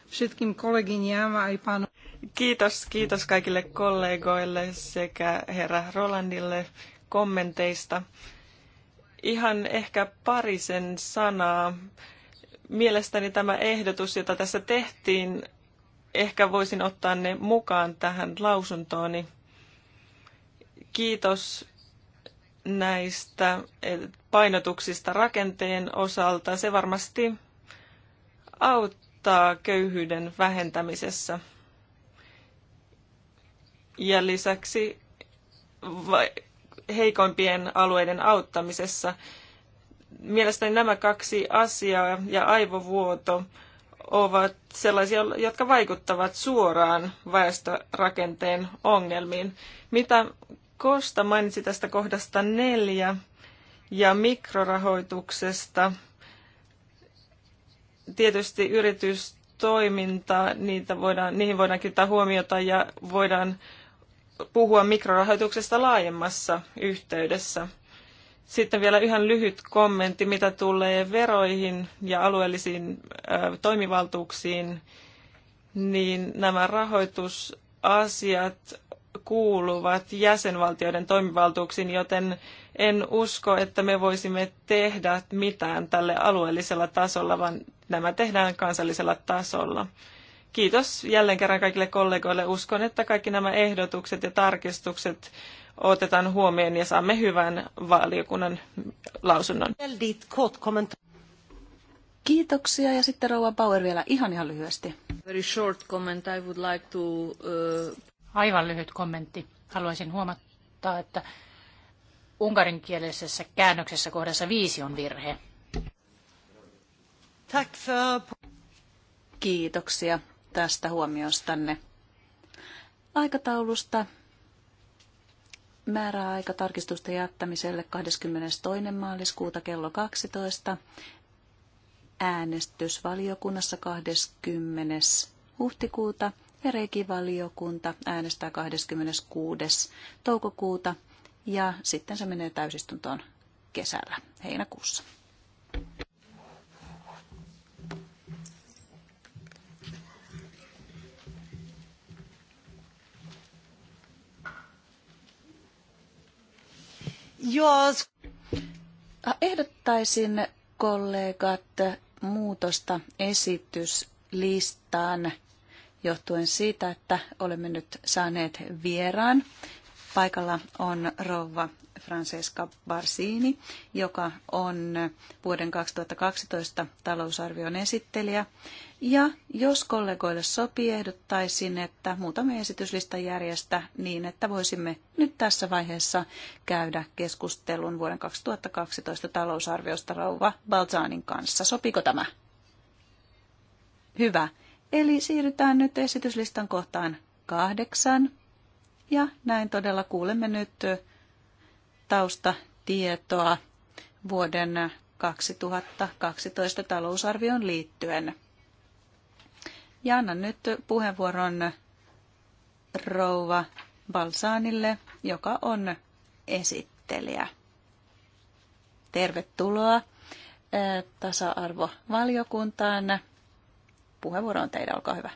všetkým kolegyňam aj pánu. Kiitos, kiitos kaikille kollegoille sekä herra Rolandille kommenteista. Ihan ehkä parisen sanaa. Mielestäni tämä ehdotus, jota tässä tehtiin, ehkä voisin ottaa ne mukaan tähän lausuntooni. Kiitos näistä eh, painotuksista rakenteen osalta. Se varmasti auttaa köyhyyden vähentämisessä. Ja lisäksi heikoimpien alueiden auttamisessa. Mielestäni nämä kaksi asiaa ja aivovuoto ovat sellaisia, jotka vaikuttavat suoraan väestörakenteen ongelmiin. Mitä Kosta mainitsi tästä kohdasta neljä ja mikrorahoituksesta. Tietysti yritystoiminta, niitä voidaan, niihin voidaan kiinnittää huomiota ja voidaan puhua mikrorahoituksesta laajemmassa yhteydessä. Sitten vielä yhä lyhyt kommentti, mitä tulee veroihin ja alueellisiin toimivaltuuksiin, niin nämä rahoitusasiat kuuluvat jäsenvaltioiden toimivaltuuksiin, joten en usko, että me voisimme tehdä mitään tälle alueellisella tasolla, vaan nämä tehdään kansallisella tasolla. Kiitos jälleen kerran kaikille kollegoille. Uskon, että kaikki nämä ehdotukset ja tarkistukset otetaan huomioon ja saamme hyvän valiokunnan lausunnon. Kiitoksia ja sitten Rouva Bauer vielä ihan ihan lyhyesti. Very short comment. I would like to, uh... Aivan lyhyt kommentti. Haluaisin huomattaa, että unkarinkielisessä käännöksessä kohdassa viisi on virhe. Kiitoksia tästä huomiostanne. Aikataulusta määräaika tarkistusta jättämiselle 22. maaliskuuta kello 12. Äänestys valiokunnassa 20. huhtikuuta ja rekivaliokunta äänestää 26. toukokuuta ja sitten se menee täysistuntoon kesällä, heinäkuussa. Jos... Ehdottaisin kollegat muutosta esityslistaan johtuen siitä, että olemme nyt saaneet vieraan. Paikalla on rouva Francesca Barsini, joka on vuoden 2012 talousarvion esittelijä. Ja jos kollegoille sopii, ehdottaisin, että muutamme esityslistan järjestä niin, että voisimme nyt tässä vaiheessa käydä keskustelun vuoden 2012 talousarviosta rouva Balzanin kanssa. Sopiiko tämä? Hyvä. Eli siirrytään nyt esityslistan kohtaan kahdeksan. Ja näin todella kuulemme nyt taustatietoa vuoden 2012 talousarvion liittyen. Ja annan nyt puheenvuoron rouva Balsaanille, joka on esittelijä. Tervetuloa tasa-arvovaliokuntaan Puheenvuoro on teidän, olkaa hyvä.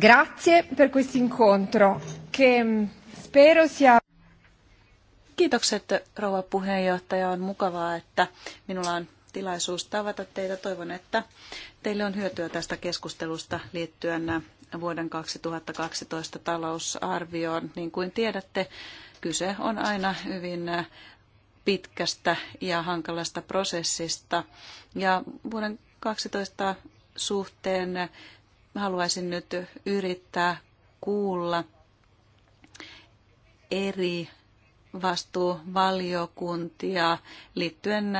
Grazie per questo incontro, che mm, spero sia... Kiitokset, rouva puheenjohtaja. On mukavaa, että minulla on tilaisuus tavata teitä. Toivon, että teille on hyötyä tästä keskustelusta liittyen vuoden 2012 talousarvioon. Niin kuin tiedätte, kyse on aina hyvin pitkästä ja hankalasta prosessista. Ja vuoden 12 suhteen haluaisin nyt yrittää kuulla eri vastuuvaliokuntia liittyen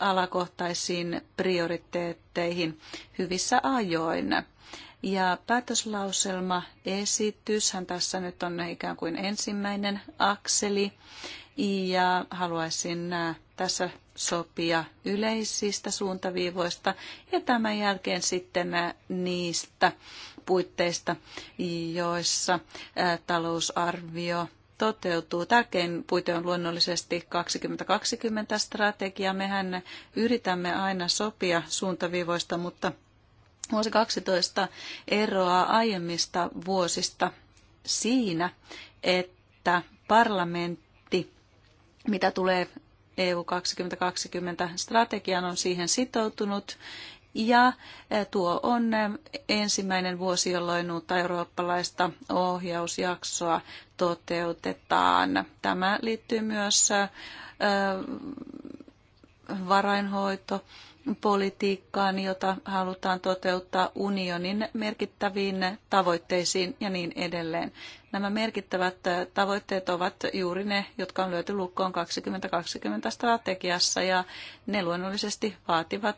alakohtaisiin prioriteetteihin hyvissä ajoin. Ja päätöslauselma esityshän tässä nyt on ikään kuin ensimmäinen akseli ja haluaisin äh, tässä sopia yleisistä suuntaviivoista ja tämän jälkeen sitten äh, niistä puitteista, joissa äh, talousarvio toteutuu. Tärkein puite on luonnollisesti 2020-strategia. Mehän yritämme aina sopia suuntaviivoista, mutta vuosi 12 eroaa aiemmista vuosista siinä, että parlament mitä tulee EU 2020 strategian on siihen sitoutunut. Ja e, tuo on e, ensimmäinen vuosi, jolloin uutta eurooppalaista ohjausjaksoa toteutetaan. Tämä liittyy myös e, varainhoito politiikkaan, jota halutaan toteuttaa unionin merkittäviin tavoitteisiin ja niin edelleen. Nämä merkittävät tavoitteet ovat juuri ne, jotka on lyöty lukkoon 2020 strategiassa ja ne luonnollisesti vaativat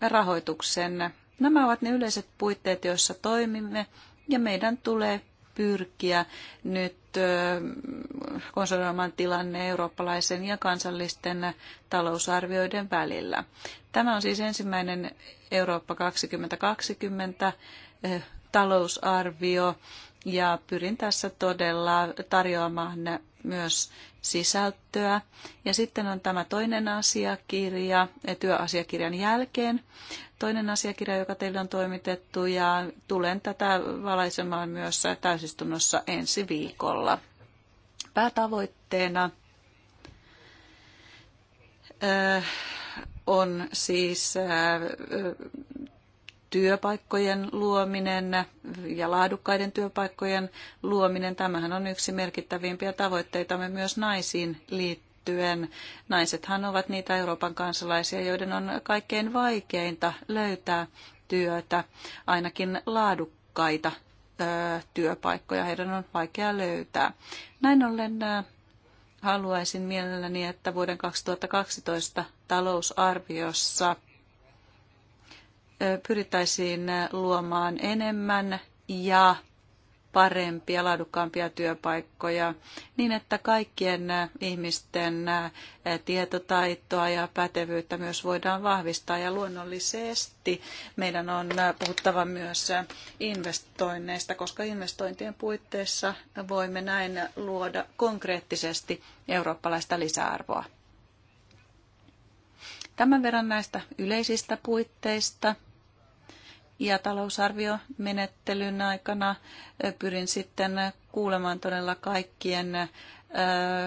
rahoituksen. Nämä ovat ne yleiset puitteet, joissa toimimme ja meidän tulee pyrkiä nyt konsolidoimaan tilanne eurooppalaisen ja kansallisten talousarvioiden välillä. Tämä on siis ensimmäinen Eurooppa 2020 talousarvio ja pyrin tässä todella tarjoamaan myös sisältöä. Ja sitten on tämä toinen asiakirja työasiakirjan jälkeen toinen asiakirja, joka teille on toimitettu ja tulen tätä valaisemaan myös täysistunnossa ensi viikolla. Päätavoitteena äh, on siis äh, työpaikkojen luominen ja laadukkaiden työpaikkojen luominen. Tämähän on yksi merkittävimpiä tavoitteitamme myös naisiin liittyen liittyen. Naisethan ovat niitä Euroopan kansalaisia, joiden on kaikkein vaikeinta löytää työtä, ainakin laadukkaita työpaikkoja heidän on vaikea löytää. Näin ollen haluaisin mielelläni, että vuoden 2012 talousarviossa pyrittäisiin luomaan enemmän ja parempia, laadukkaampia työpaikkoja niin, että kaikkien ihmisten tietotaitoa ja pätevyyttä myös voidaan vahvistaa. Ja luonnollisesti meidän on puhuttava myös investoinneista, koska investointien puitteissa voimme näin luoda konkreettisesti eurooppalaista lisäarvoa. Tämän verran näistä yleisistä puitteista. Ja talousarviomenettelyn aikana pyrin sitten kuulemaan todella kaikkien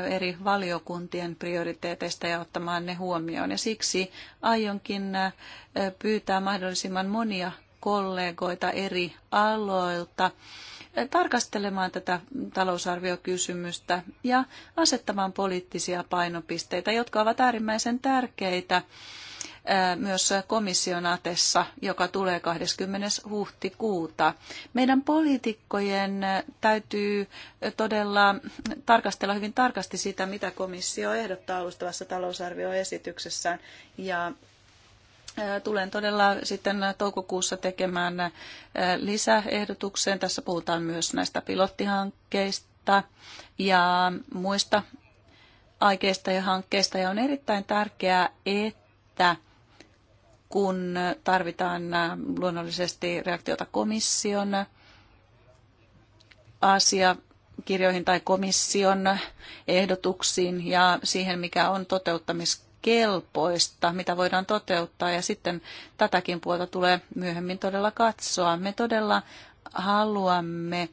eri valiokuntien prioriteeteista ja ottamaan ne huomioon. Ja siksi aionkin pyytää mahdollisimman monia kollegoita eri aloilta tarkastelemaan tätä talousarviokysymystä ja asettamaan poliittisia painopisteitä, jotka ovat äärimmäisen tärkeitä myös komissionatessa, joka tulee 20. huhtikuuta. Meidän poliitikkojen täytyy todella tarkastella hyvin tarkasti sitä, mitä komissio ehdottaa alustavassa talousarvioesityksessään. Ja Tulen todella sitten toukokuussa tekemään lisäehdotuksen. Tässä puhutaan myös näistä pilottihankkeista ja muista aikeista ja hankkeista. Ja on erittäin tärkeää, että kun tarvitaan luonnollisesti reaktiota komission asiakirjoihin tai komission ehdotuksiin ja siihen, mikä on toteuttamiskelpoista, mitä voidaan toteuttaa. Ja sitten tätäkin puolta tulee myöhemmin todella katsoa. Me todella haluamme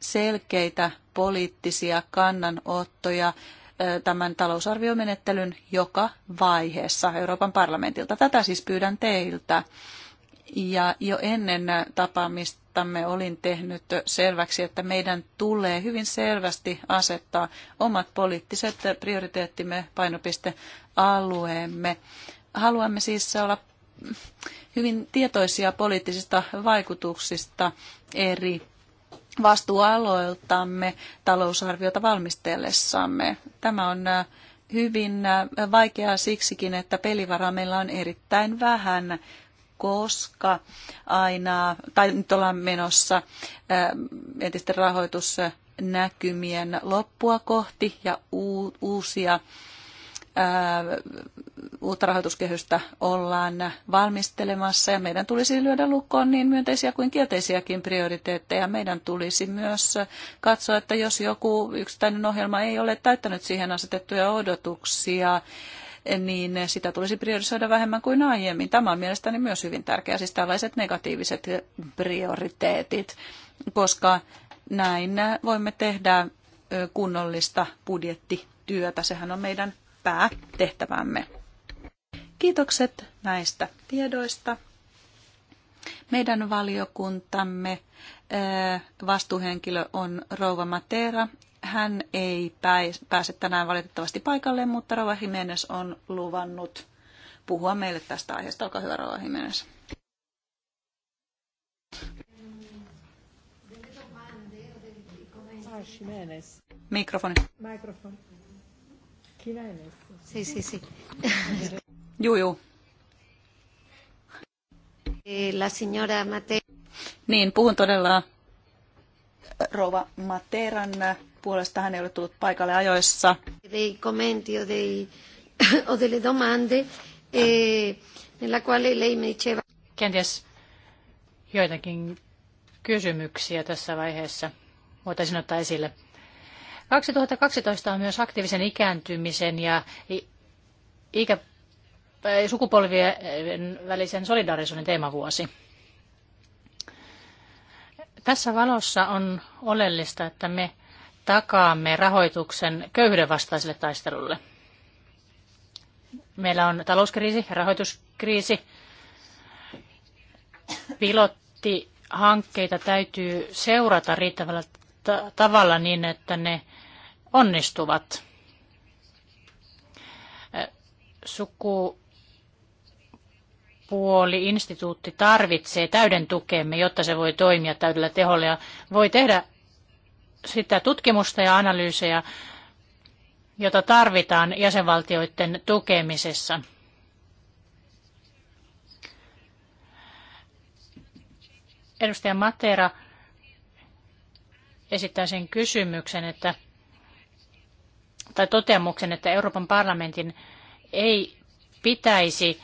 selkeitä poliittisia kannanottoja tämän talousarviomenettelyn joka vaiheessa Euroopan parlamentilta. Tätä siis pyydän teiltä. Ja jo ennen tapaamistamme olin tehnyt selväksi, että meidän tulee hyvin selvästi asettaa omat poliittiset prioriteettimme, painopistealueemme. Haluamme siis olla hyvin tietoisia poliittisista vaikutuksista eri vastuualoiltamme talousarviota valmistellessamme. Tämä on äh, hyvin äh, vaikeaa siksikin, että pelivaraa meillä on erittäin vähän, koska aina, tai nyt ollaan menossa äh, entisten rahoitusnäkymien näkymien loppua kohti ja uusia uutta rahoituskehystä ollaan valmistelemassa ja meidän tulisi lyödä lukkoon niin myönteisiä kuin kielteisiäkin prioriteetteja. Meidän tulisi myös katsoa, että jos joku yksittäinen ohjelma ei ole täyttänyt siihen asetettuja odotuksia, niin sitä tulisi priorisoida vähemmän kuin aiemmin. Tämä on mielestäni myös hyvin tärkeää, siis tällaiset negatiiviset prioriteetit, koska näin voimme tehdä kunnollista budjettityötä. Sehän on meidän päätehtävämme. Kiitokset näistä tiedoista. Meidän valiokuntamme eh, vastuuhenkilö on Rouva Matera. Hän ei pääse tänään valitettavasti paikalle, mutta Rouva Jimenez on luvannut puhua meille tästä aiheesta. Olkaa hyvä, Rouva Jimenez. Mikrofoni. Mikrofoni. Chi l'ha emesso? Sì, La signora Mate... Niin, puhun todella rouva Materan puolesta. Hän ei ole tullut paikalle ajoissa. Dei commenti o, dei, o delle domande eh, nella quale lei mi diceva... Kenties joitakin kysymyksiä tässä vaiheessa voitaisiin ottaa esille. 2012 on myös aktiivisen ikääntymisen ja ikä, sukupolvien välisen solidaarisuuden teemavuosi. Tässä valossa on oleellista, että me takaamme rahoituksen köyhyyden vastaiselle taistelulle. Meillä on talouskriisi, rahoituskriisi. Pilottihankkeita täytyy seurata riittävällä tavalla niin, että ne onnistuvat. Suku puoli-instituutti tarvitsee täyden tukemme, jotta se voi toimia täydellä teholla ja voi tehdä sitä tutkimusta ja analyysejä, jota tarvitaan jäsenvaltioiden tukemisessa. Edustaja Matera esittää sen kysymyksen, että tai toteamuksen, että Euroopan parlamentin ei pitäisi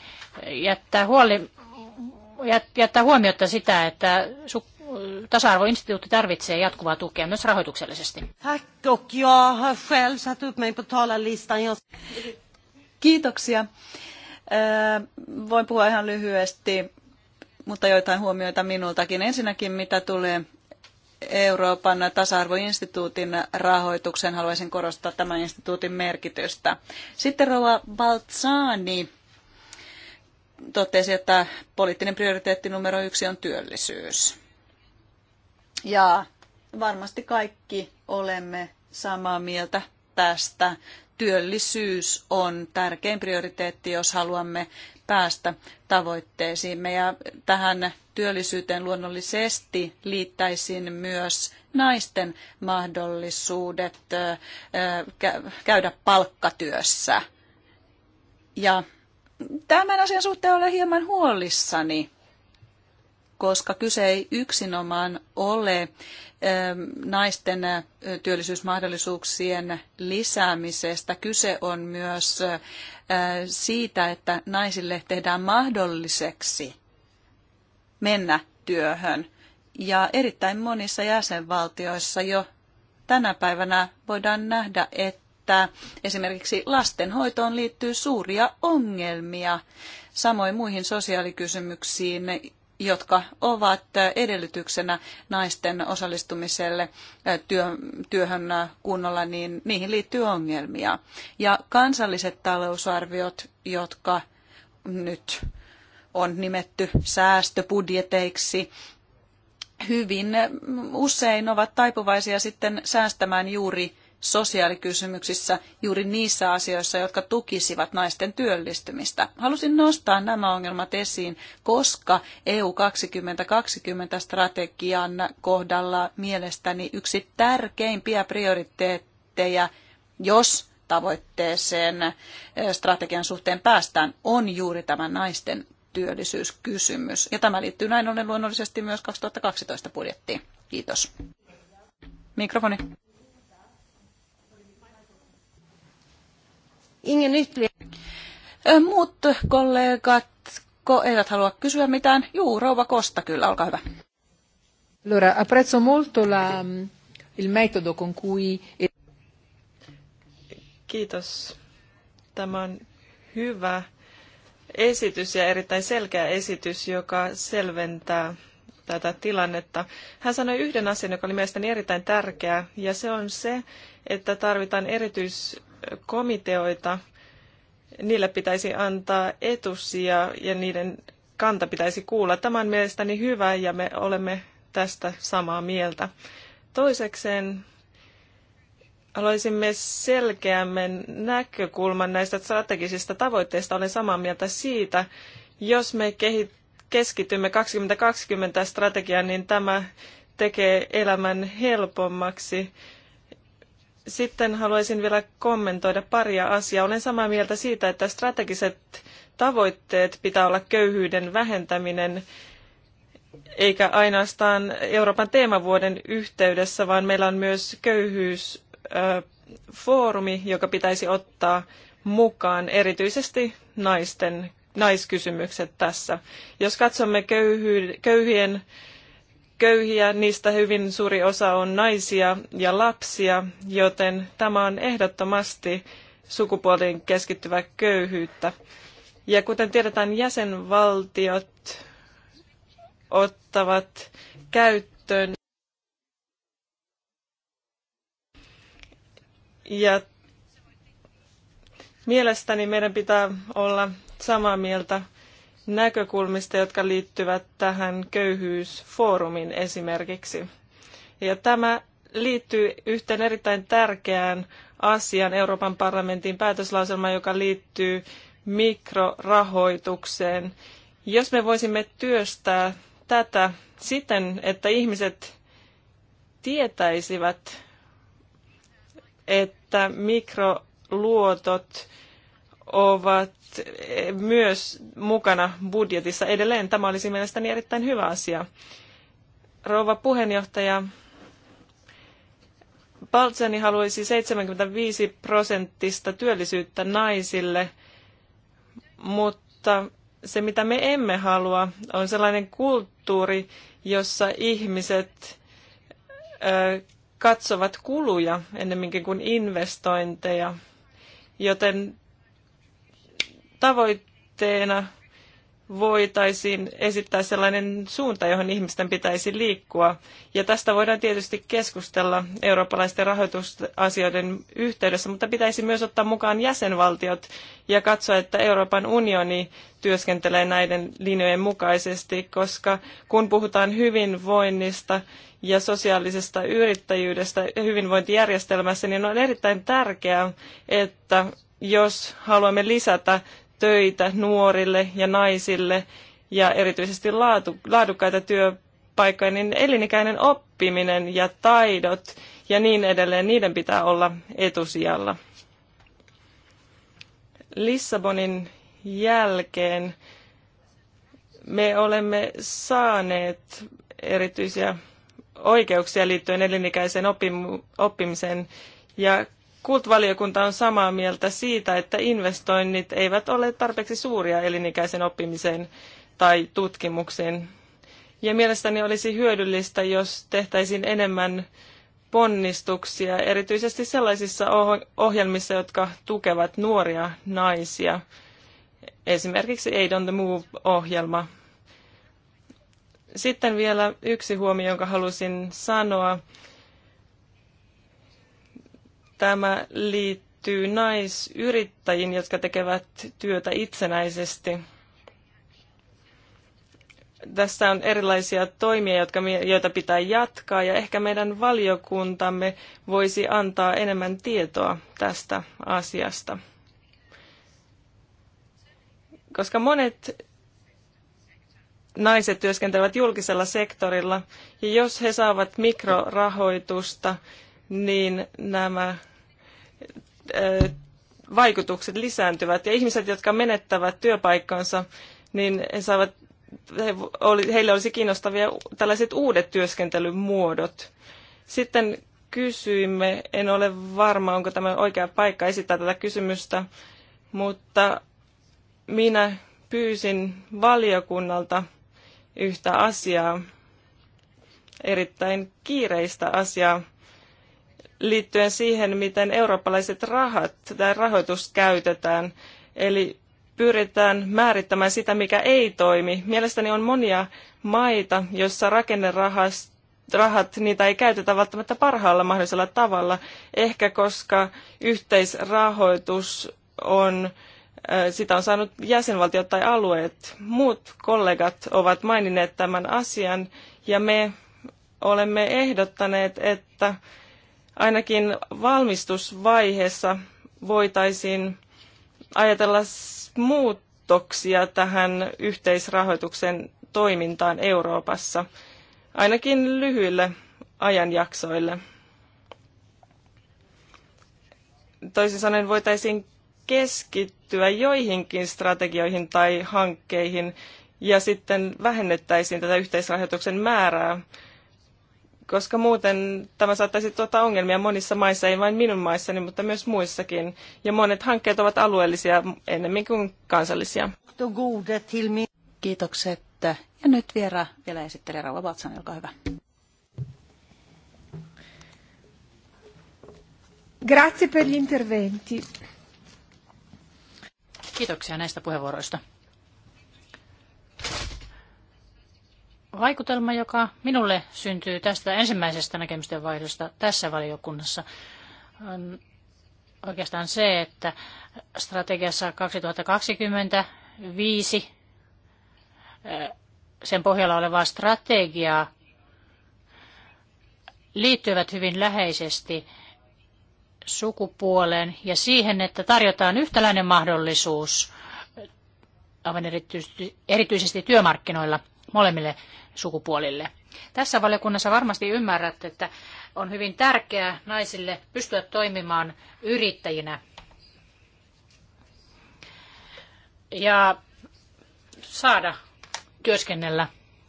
jättää, huoli, jättää huomiota sitä, että tasa-arvoinstituutti tarvitsee jatkuvaa tukea myös rahoituksellisesti. Tack och jag har själv satt upp Kiitoksia. Voin puhua ihan lyhyesti, mutta joitain huomioita minultakin. Ensinnäkin mitä tulee Euroopan tasa-arvoinstituutin rahoituksen. Haluaisin korostaa tämän instituutin merkitystä. Sitten Rova Baltsani totesi, että poliittinen prioriteetti numero yksi on työllisyys. Ja varmasti kaikki olemme samaa mieltä tästä työllisyys on tärkein prioriteetti, jos haluamme päästä tavoitteisiimme. Ja tähän työllisyyteen luonnollisesti liittäisin myös naisten mahdollisuudet käydä palkkatyössä. Ja tämän asian suhteen olen hieman huolissani koska kyse ei yksinomaan ole ähm, naisten äh, työllisyysmahdollisuuksien lisäämisestä. Kyse on myös äh, siitä, että naisille tehdään mahdolliseksi mennä työhön. Ja erittäin monissa jäsenvaltioissa jo tänä päivänä voidaan nähdä, että esimerkiksi lastenhoitoon liittyy suuria ongelmia, samoin muihin sosiaalikysymyksiin, jotka ovat edellytyksenä naisten osallistumiselle työhön kunnolla, niin niihin liittyy ongelmia. Ja kansalliset talousarviot, jotka nyt on nimetty säästöbudjeteiksi, hyvin usein ovat taipuvaisia sitten säästämään juuri sosiaalikysymyksissä juuri niissä asioissa, jotka tukisivat naisten työllistymistä. Halusin nostaa nämä ongelmat esiin, koska EU 2020-strategian kohdalla mielestäni yksi tärkeimpiä prioriteetteja, jos tavoitteeseen strategian suhteen päästään, on juuri tämä naisten työllisyyskysymys. Ja tämä liittyy näin ollen luonnollisesti myös 2012 budjettiin. Kiitos. Mikrofoni. Ingen ytterligare. Muut kollegat ko, eivät halua kysyä mitään. Juu, rouva Kosta kyllä, olkaa hyvä. Allora, apprezzo molto la, il metodo con cui... Kiitos. Tämä on hyvä esitys ja erittäin selkeä esitys, joka selventää tätä tilannetta. Hän sanoi yhden asian, joka oli mielestäni erittäin tärkeä, ja se on se, että tarvitaan erityis komiteoita, niille pitäisi antaa etusia ja niiden kanta pitäisi kuulla. Tämä on mielestäni hyvä ja me olemme tästä samaa mieltä. Toisekseen haluaisimme selkeämmän näkökulman näistä strategisista tavoitteista. Olen samaa mieltä siitä, jos me keskitymme 2020 strategiaan, niin tämä tekee elämän helpommaksi sitten haluaisin vielä kommentoida paria asiaa. Olen samaa mieltä siitä, että strategiset tavoitteet pitää olla köyhyyden vähentäminen, eikä ainoastaan Euroopan teemavuoden yhteydessä, vaan meillä on myös köyhyysfoorumi, joka pitäisi ottaa mukaan, erityisesti naisten naiskysymykset tässä. Jos katsomme köyhy, köyhien köyhiä, niistä hyvin suuri osa on naisia ja lapsia, joten tämä on ehdottomasti sukupuoliin keskittyvä köyhyyttä. Ja kuten tiedetään, jäsenvaltiot ottavat käyttöön ja mielestäni meidän pitää olla samaa mieltä näkökulmista, jotka liittyvät tähän köyhyysfoorumin esimerkiksi. Ja tämä liittyy yhteen erittäin tärkeään asiaan Euroopan parlamentin päätöslauselma, joka liittyy mikrorahoitukseen. Jos me voisimme työstää tätä siten, että ihmiset tietäisivät, että mikroluotot ovat myös mukana budjetissa edelleen. Tämä olisi mielestäni erittäin hyvä asia. Rouva puheenjohtaja, Baltseni haluaisi 75 prosenttista työllisyyttä naisille, mutta se mitä me emme halua on sellainen kulttuuri, jossa ihmiset ö, katsovat kuluja ennemminkin kuin investointeja. Joten tavoitteena voitaisiin esittää sellainen suunta, johon ihmisten pitäisi liikkua. Ja tästä voidaan tietysti keskustella eurooppalaisten rahoitusasioiden yhteydessä, mutta pitäisi myös ottaa mukaan jäsenvaltiot ja katsoa, että Euroopan unioni työskentelee näiden linjojen mukaisesti, koska kun puhutaan hyvinvoinnista ja sosiaalisesta yrittäjyydestä hyvinvointijärjestelmässä, niin on erittäin tärkeää, että jos haluamme lisätä töitä nuorille ja naisille ja erityisesti laatu, laadukkaita työpaikkoja, niin elinikäinen oppiminen ja taidot ja niin edelleen, niiden pitää olla etusijalla. Lissabonin jälkeen me olemme saaneet erityisiä oikeuksia liittyen elinikäiseen oppimiseen ja Kultvaliokunta on samaa mieltä siitä, että investoinnit eivät ole tarpeeksi suuria elinikäisen oppimiseen tai tutkimukseen. Ja mielestäni olisi hyödyllistä, jos tehtäisiin enemmän ponnistuksia, erityisesti sellaisissa ohjelmissa, jotka tukevat nuoria naisia. Esimerkiksi Aid on the Move-ohjelma. Sitten vielä yksi huomio, jonka halusin sanoa. Tämä liittyy naisyrittäjiin, jotka tekevät työtä itsenäisesti. Tässä on erilaisia toimia, jotka, joita pitää jatkaa, ja ehkä meidän valiokuntamme voisi antaa enemmän tietoa tästä asiasta. Koska monet naiset työskentelevät julkisella sektorilla, ja jos he saavat mikrorahoitusta, niin nämä vaikutukset lisääntyvät ja ihmiset, jotka menettävät työpaikkansa, niin he saavat, he oli, heille olisi kiinnostavia tällaiset uudet työskentelymuodot. Sitten kysyimme, en ole varma, onko tämä oikea paikka esittää tätä kysymystä, mutta minä pyysin valiokunnalta yhtä asiaa, erittäin kiireistä asiaa, liittyen siihen, miten eurooppalaiset rahat tai rahoitus käytetään. Eli pyritään määrittämään sitä, mikä ei toimi. Mielestäni on monia maita, joissa rakennerahat, niitä ei käytetä välttämättä parhaalla mahdollisella tavalla, ehkä koska yhteisrahoitus on, äh, sitä on saanut jäsenvaltiot tai alueet. Muut kollegat ovat maininneet tämän asian ja me olemme ehdottaneet, että ainakin valmistusvaiheessa voitaisiin ajatella muutoksia tähän yhteisrahoituksen toimintaan Euroopassa, ainakin lyhyille ajanjaksoille. Toisin sanoen voitaisiin keskittyä joihinkin strategioihin tai hankkeihin ja sitten vähennettäisiin tätä yhteisrahoituksen määrää koska muuten tämä saattaisi tuottaa ongelmia monissa maissa, ei vain minun maissani, mutta myös muissakin. Ja monet hankkeet ovat alueellisia ennemmin kuin kansallisia. Kiitokset. Ja nyt vielä, vielä esittelee Rauha Vatsan, olkaa hyvä. Grazie per gli interventi. Kiitoksia näistä puheenvuoroista. vaikutelma, joka minulle syntyy tästä ensimmäisestä näkemysten vaihdosta tässä valiokunnassa, on oikeastaan se, että strategiassa 2025 eh, sen pohjalla olevaa strategiaa liittyvät hyvin läheisesti sukupuoleen ja siihen, että tarjotaan yhtäläinen mahdollisuus aivan erityisesti, erityisesti työmarkkinoilla molemmille sukupuolille. Tässä valiokunnassa varmasti ymmärrät, että on hyvin tärkeää naisille pystyä toimimaan yrittäjinä. Ja saada työskennellä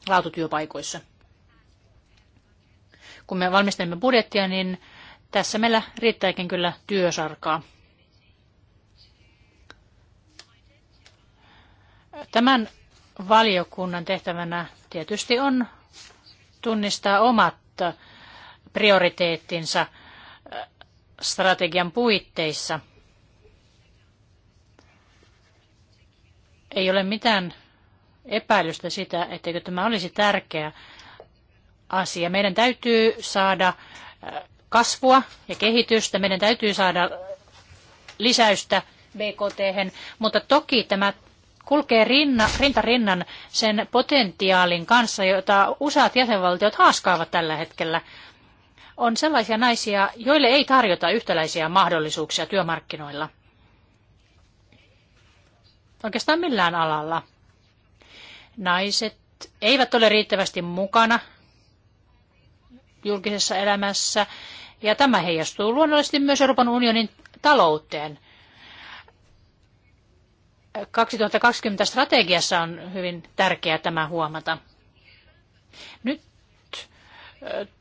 laatutyöpaikoissa. Kun me valmistelemme budjettia, niin tässä meillä riittääkin kyllä työsarkaa. Tämän valiokunnan tehtävänä tietysti on tunnistaa omat prioriteettinsa äh, strategian puitteissa. Ei ole mitään epäilystä sitä, etteikö tämä olisi tärkeä asia. Meidän täytyy saada äh, kasvua ja kehitystä, meidän täytyy saada äh, lisäystä BKT, mutta toki tämä kulkee rinna, rinnan sen potentiaalin kanssa, jota useat jäsenvaltiot haaskaavat tällä hetkellä. On sellaisia naisia, joille ei tarjota yhtäläisiä mahdollisuuksia työmarkkinoilla. Oikeastaan millään alalla. Naiset eivät ole riittävästi mukana julkisessa elämässä, ja tämä heijastuu luonnollisesti myös Euroopan unionin talouteen – 2020 strategiassa on hyvin tärkeää tämä huomata. Nyt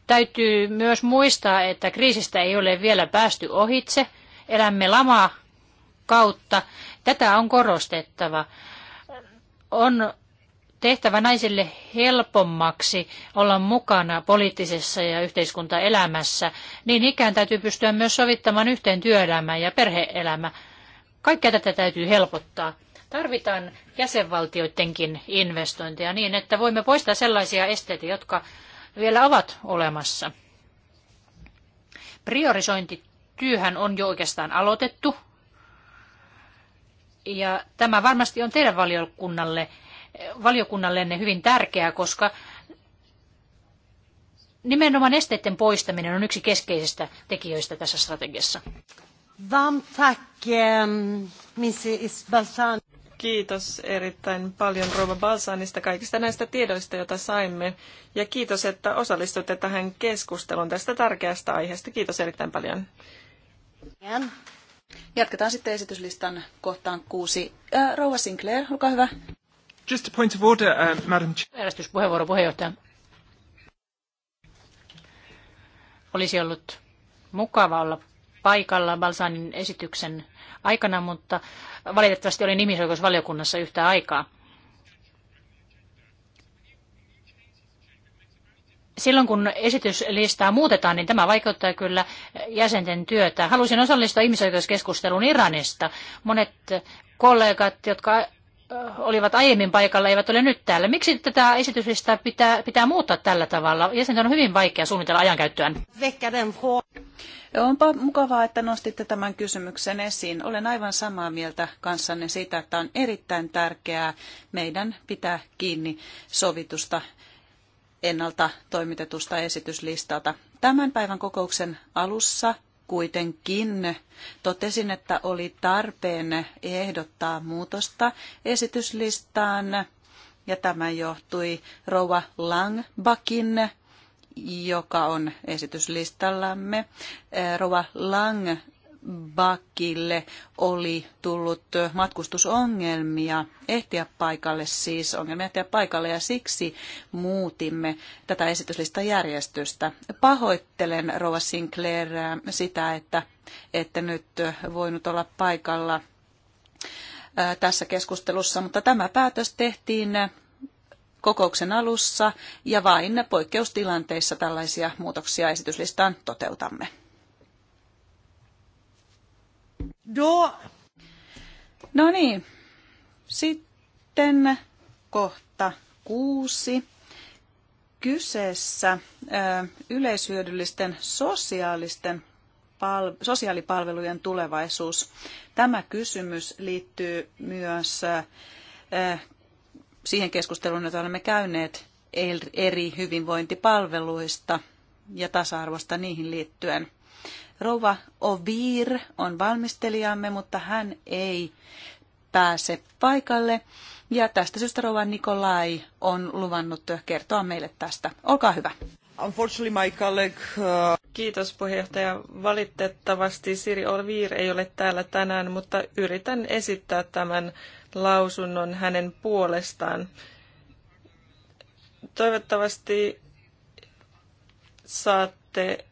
täytyy myös muistaa, että kriisistä ei ole vielä päästy ohitse. Elämme lamaa kautta. Tätä on korostettava. On tehtävä naisille helpommaksi olla mukana poliittisessa ja yhteiskuntaelämässä. Niin ikään täytyy pystyä myös sovittamaan yhteen työelämä ja perheelämä. elämä Kaikkea tätä täytyy helpottaa. Tarvitaan jäsenvaltioidenkin investointeja niin, että voimme poistaa sellaisia esteitä, jotka vielä ovat olemassa. Priorisointityöhän on jo oikeastaan aloitettu. Ja tämä varmasti on teidän valiokunnalle, valiokunnallenne hyvin tärkeää, koska nimenomaan esteiden poistaminen on yksi keskeisistä tekijöistä tässä strategiassa. Vam tack, Mrs. Ehm, Balsan. Kiitos erittäin paljon Rova Balsanista kaikista näistä tiedoista, joita saimme. Ja kiitos, että osallistutte tähän keskusteluun tästä tärkeästä aiheesta. Kiitos erittäin paljon. Jatketaan sitten esityslistan kohtaan kuusi. Äh, Rouva Sinclair, olkaa hyvä. Just a point of order, uh, Madam Järjestyspuheenvuoro puheenjohtaja. Olisi ollut mukava olla paikalla Balsanin esityksen aikana, mutta valitettavasti olin ihmisoikeusvaliokunnassa yhtä aikaa. silloin kun esityslistaa muutetaan, niin tämä vaikeuttaa kyllä jäsenten työtä. Halusin osallistua ihmisoikeuskeskusteluun Iranista. Monet kollegat, jotka olivat aiemmin paikalla, eivät ole nyt täällä. Miksi tätä esityslistaa pitää, pitää muuttaa tällä tavalla? Jäsenten on hyvin vaikea suunnitella ajankäyttöään. Onpa mukavaa, että nostitte tämän kysymyksen esiin. Olen aivan samaa mieltä kanssanne siitä, että on erittäin tärkeää meidän pitää kiinni sovitusta ennalta toimitetusta esityslistalta. Tämän päivän kokouksen alussa kuitenkin totesin, että oli tarpeen ehdottaa muutosta esityslistaan ja tämä johtui Rouva Langbakin joka on esityslistallamme. Rova Lang Bakille oli tullut matkustusongelmia ehtiä paikalle, siis ongelmia ehtiä paikalle ja siksi muutimme tätä järjestystä. Pahoittelen Rova Sinclair sitä, että, että nyt voinut olla paikalla tässä keskustelussa, mutta tämä päätös tehtiin kokouksen alussa ja vain poikkeustilanteissa tällaisia muutoksia esityslistaan toteutamme. Do. No niin, sitten kohta kuusi. Kyseessä yleishyödyllisten sosiaalisten pal- sosiaalipalvelujen tulevaisuus. Tämä kysymys liittyy myös siihen keskusteluun, jota olemme käyneet eri hyvinvointipalveluista ja tasa-arvosta niihin liittyen. Rouva Ovir on valmistelijamme, mutta hän ei pääse paikalle. Ja tästä syystä rouva Nikolai on luvannut kertoa meille tästä. Olkaa hyvä. Unfortunately my colleague... Uh, Kiitos puheenjohtaja. Valitettavasti Siri Olviir ei ole täällä tänään, mutta yritän esittää tämän lausunnon hänen puolestaan. Toivottavasti saatte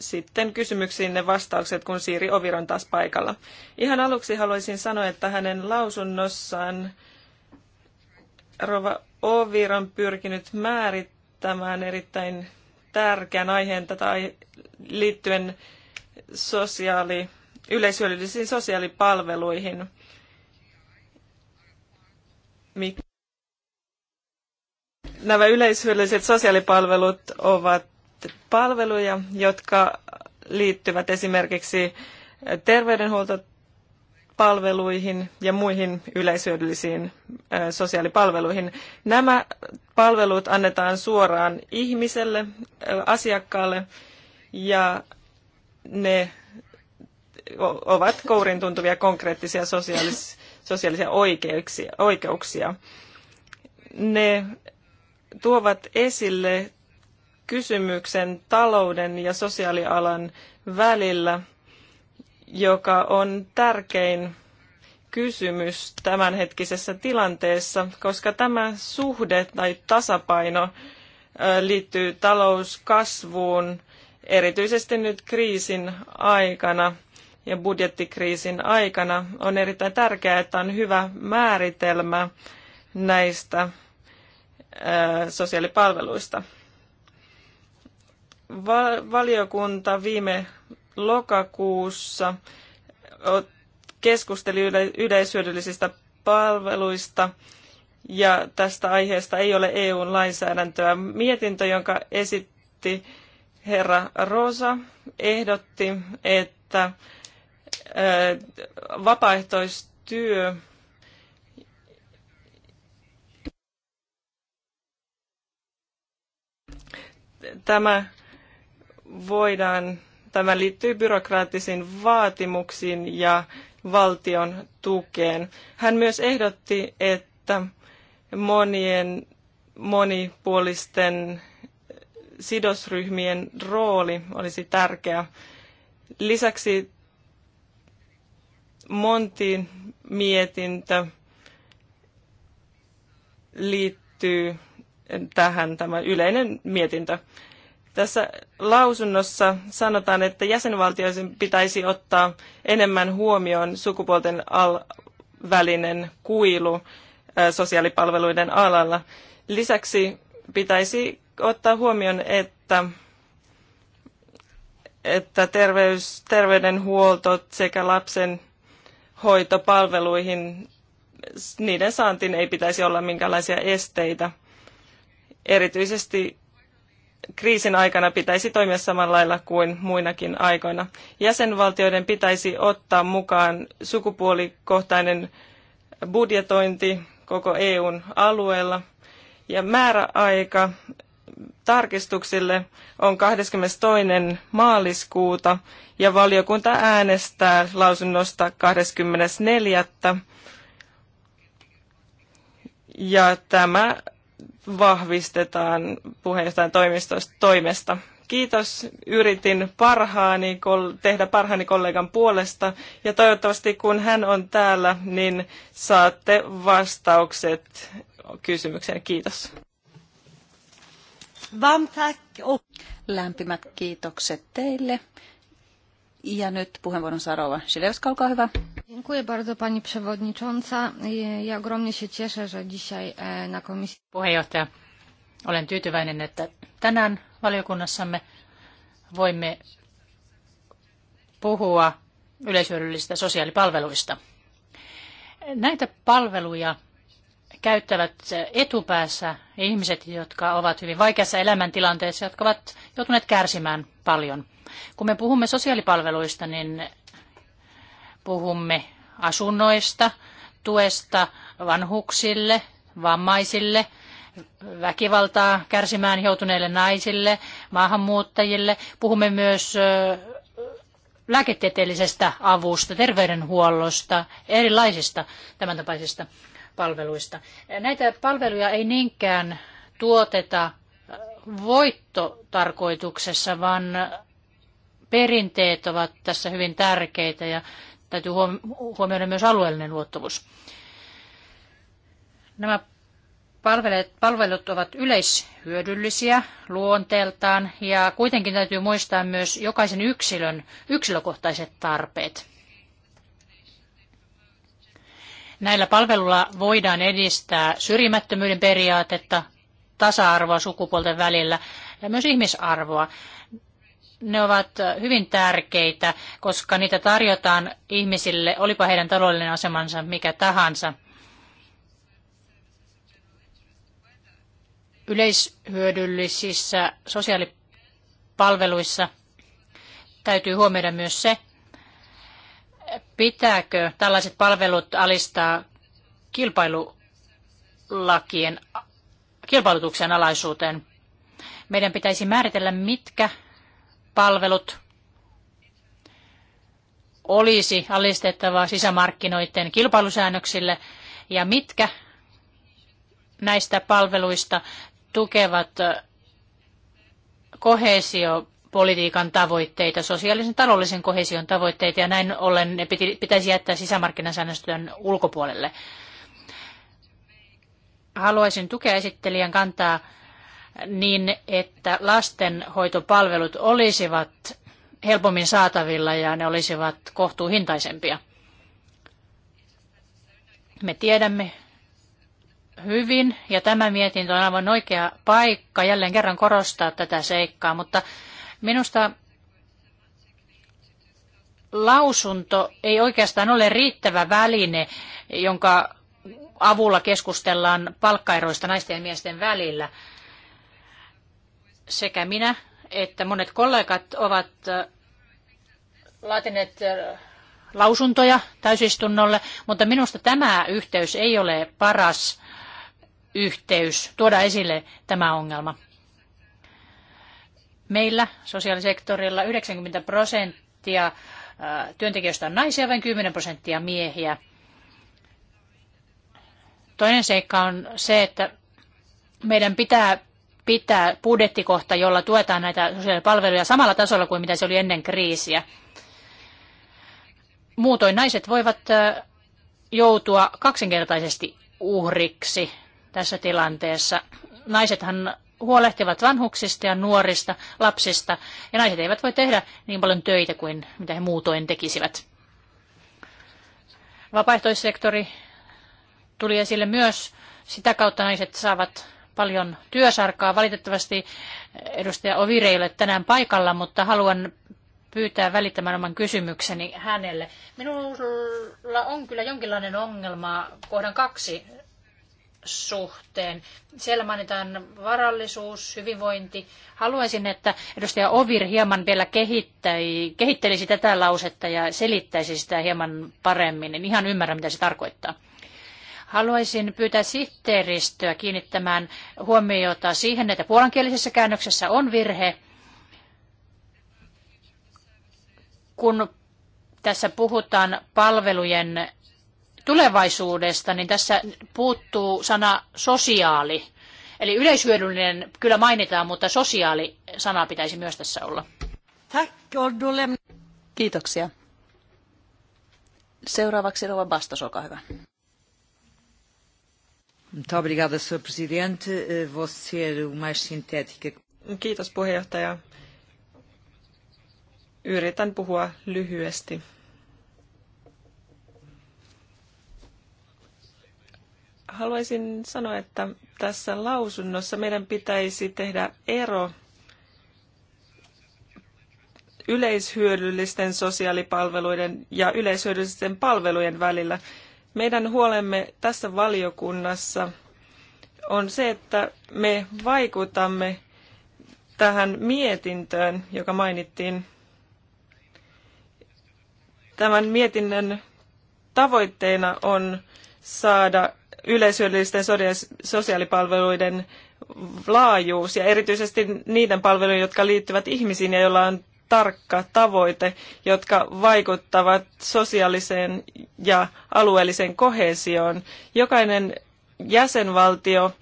sitten kysymyksiinne vastaukset, kun Siiri Ovir on taas paikalla. Ihan aluksi haluaisin sanoa, että hänen lausunnossaan Rova Ovir on pyrkinyt määrittämään erittäin tärkeän aiheen tätä liittyen sosiaali, yleishyödyllisiin sosiaalipalveluihin. Nämä yleishyödylliset sosiaalipalvelut ovat palveluja, jotka liittyvät esimerkiksi terveydenhuoltopalveluihin ja muihin yleishyödyllisiin sosiaalipalveluihin. Nämä palvelut annetaan suoraan ihmiselle, asiakkaalle ja ne ovat kourin tuntuvia konkreettisia sosiaalis- sosiaalisia oikeuksia. Ne tuovat esille kysymyksen talouden ja sosiaalialan välillä, joka on tärkein kysymys tämänhetkisessä tilanteessa, koska tämä suhde tai tasapaino liittyy talouskasvuun erityisesti nyt kriisin aikana ja budjettikriisin aikana. On erittäin tärkeää, että on hyvä määritelmä näistä sosiaalipalveluista valiokunta viime lokakuussa keskusteli yleishyödyllisistä palveluista ja tästä aiheesta ei ole EUn lainsäädäntöä. Mietintö, jonka esitti herra Rosa, ehdotti, että vapaaehtoistyö tämä voidaan, tämä liittyy byrokraattisiin vaatimuksiin ja valtion tukeen. Hän myös ehdotti, että monien monipuolisten sidosryhmien rooli olisi tärkeä. Lisäksi Montin mietintö liittyy tähän, tämä yleinen mietintö. Tässä lausunnossa sanotaan, että jäsenvaltioiden pitäisi ottaa enemmän huomioon sukupuolten al- välinen kuilu sosiaalipalveluiden alalla. Lisäksi pitäisi ottaa huomioon, että, että terveys, terveydenhuolto sekä lapsen hoitopalveluihin, niiden saantiin ei pitäisi olla minkälaisia esteitä. Erityisesti kriisin aikana pitäisi toimia samalla lailla kuin muinakin aikoina. Jäsenvaltioiden pitäisi ottaa mukaan sukupuolikohtainen budjetointi koko EUn alueella ja määräaika tarkistuksille on 22. maaliskuuta ja valiokunta äänestää lausunnosta 24. Ja tämä vahvistetaan puheenjohtajan toimesta. Kiitos, yritin parhaani, tehdä parhaani kollegan puolesta ja toivottavasti kun hän on täällä, niin saatte vastaukset kysymykseen. Kiitos. Lämpimät kiitokset teille. Ja nyt puheenvuoron Sarova. Sileuska, olkaa hyvä. Dziękuję bardzo pani przewodnicząca. Ja ogromnie się cieszę, że dzisiaj e, na komisji... Puheenjohtaja, olen tyytyväinen, että tänään valiokunnassamme voimme puhua yleishyödyllisistä sosiaalipalveluista. Näitä palveluja käyttävät etupäässä ihmiset, jotka ovat hyvin vaikeassa elämäntilanteessa, jotka ovat joutuneet kärsimään paljon. Kun me puhumme sosiaalipalveluista, niin Puhumme asunnoista, tuesta vanhuksille, vammaisille, väkivaltaa kärsimään joutuneille naisille, maahanmuuttajille. Puhumme myös lääketieteellisestä avusta, terveydenhuollosta, erilaisista tämän tapaisista palveluista. Näitä palveluja ei niinkään tuoteta voittotarkoituksessa, vaan perinteet ovat tässä hyvin tärkeitä ja Täytyy huomioida myös alueellinen luottavuus. Nämä palvelut, palvelut ovat yleishyödyllisiä luonteeltaan ja kuitenkin täytyy muistaa myös jokaisen yksilön yksilökohtaiset tarpeet. Näillä palveluilla voidaan edistää syrjimättömyyden periaatetta, tasa-arvoa sukupuolten välillä ja myös ihmisarvoa ne ovat hyvin tärkeitä, koska niitä tarjotaan ihmisille, olipa heidän taloudellinen asemansa mikä tahansa. Yleishyödyllisissä sosiaalipalveluissa täytyy huomioida myös se, pitääkö tällaiset palvelut alistaa kilpailulakien kilpailutuksen alaisuuteen. Meidän pitäisi määritellä, mitkä palvelut olisi alistettava sisämarkkinoiden kilpailusäännöksille ja mitkä näistä palveluista tukevat kohesiopolitiikan tavoitteita, sosiaalisen taloudellisen kohesion tavoitteita ja näin ollen ne pitäisi jättää sisämarkkinasäännöstön ulkopuolelle. Haluaisin tukea esittelijän kantaa niin, että lastenhoitopalvelut olisivat helpommin saatavilla ja ne olisivat kohtuuhintaisempia. Me tiedämme hyvin ja tämä mietintö on aivan oikea paikka jälleen kerran korostaa tätä seikkaa, mutta minusta lausunto ei oikeastaan ole riittävä väline, jonka avulla keskustellaan palkkaeroista naisten ja miesten välillä – sekä minä että monet kollegat ovat äh, laatineet äh, lausuntoja täysistunnolle, mutta minusta tämä yhteys ei ole paras yhteys tuoda esille tämä ongelma. Meillä sosiaalisektorilla 90 prosenttia äh, työntekijöistä on naisia, vain 10 prosenttia miehiä. Toinen seikka on se, että meidän pitää pitää budjettikohta, jolla tuetaan näitä sosiaalipalveluja samalla tasolla kuin mitä se oli ennen kriisiä. Muutoin naiset voivat joutua kaksinkertaisesti uhriksi tässä tilanteessa. Naisethan huolehtivat vanhuksista ja nuorista lapsista, ja naiset eivät voi tehdä niin paljon töitä kuin mitä he muutoin tekisivät. Vapaaehtoissektori tuli esille myös. Sitä kautta naiset saavat paljon työsarkaa. Valitettavasti edustaja ovireille ei ole tänään paikalla, mutta haluan pyytää välittämään oman kysymykseni hänelle. Minulla on kyllä jonkinlainen ongelma kohdan kaksi suhteen. Siellä mainitaan varallisuus, hyvinvointi. Haluaisin, että edustaja Ovir hieman vielä kehittäi, kehittelisi tätä lausetta ja selittäisi sitä hieman paremmin. En ihan ymmärrä, mitä se tarkoittaa. Haluaisin pyytää sihteeristöä kiinnittämään huomiota siihen, että puolankielisessä käännöksessä on virhe, kun tässä puhutaan palvelujen tulevaisuudesta, niin tässä puuttuu sana sosiaali. Eli yleishyödyllinen kyllä mainitaan, mutta sosiaali-sana pitäisi myös tässä olla. Kiitoksia. Seuraavaksi Rova Bastos, olkaa hyvä. Muito obrigada, Sr. Presidente. Eh, vou ser o mais sintética. Kiitos puheenjohtaja. Yritän puhua lyhyesti. Haluaisin sanoa, että tässä lausunnossa meidän pitäisi tehdä ero yleishyödyllisten sosiaalipalveluiden ja yleishyödyllisten palvelujen välillä – meidän huolemme tässä valiokunnassa on se, että me vaikutamme tähän mietintöön, joka mainittiin. Tämän mietinnön tavoitteena on saada yleishyödyllisten sosiaalipalveluiden laajuus ja erityisesti niiden palvelujen, jotka liittyvät ihmisiin ja joilla on tarkka tavoite, jotka vaikuttavat sosiaaliseen ja alueelliseen kohesioon. Jokainen jäsenvaltio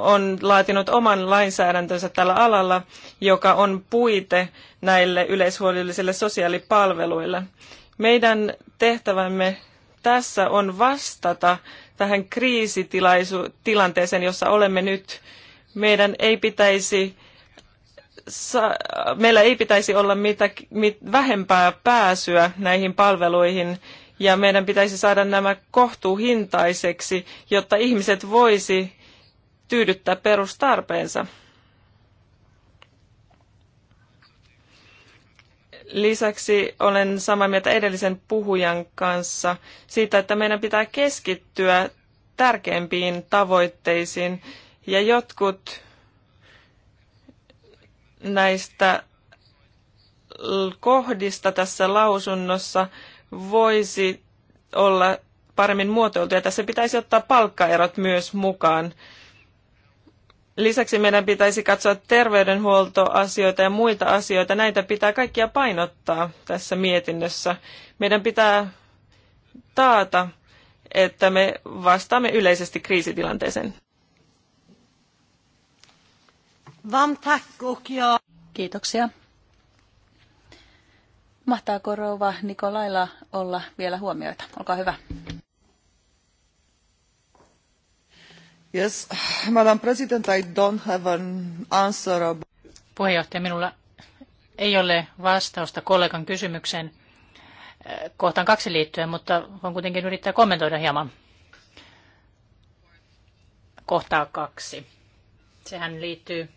on laatinut oman lainsäädäntönsä tällä alalla, joka on puite näille yleishuolellisille sosiaalipalveluille. Meidän tehtävämme tässä on vastata tähän kriisitilanteeseen, jossa olemme nyt. Meidän ei pitäisi meillä ei pitäisi olla mitä, mit, vähempää pääsyä näihin palveluihin ja meidän pitäisi saada nämä kohtuuhintaiseksi, jotta ihmiset voisi tyydyttää perustarpeensa. Lisäksi olen samaa mieltä edellisen puhujan kanssa siitä, että meidän pitää keskittyä tärkeimpiin tavoitteisiin ja jotkut näistä kohdista tässä lausunnossa voisi olla paremmin muotoiltu ja tässä pitäisi ottaa palkkaerot myös mukaan. Lisäksi meidän pitäisi katsoa terveydenhuoltoasioita ja muita asioita. Näitä pitää kaikkia painottaa tässä mietinnössä. Meidän pitää taata, että me vastaamme yleisesti kriisitilanteeseen. Vam tack och Kiitoksia. Mahtaako rouva Nikolailla olla vielä huomioita? Olkaa hyvä. Yes, Madam President, I don't have an answer about... Puheenjohtaja, minulla ei ole vastausta kollegan kysymykseen äh, kohtaan kaksi liittyen, mutta voin kuitenkin yrittää kommentoida hieman kohtaa kaksi. Sehän liittyy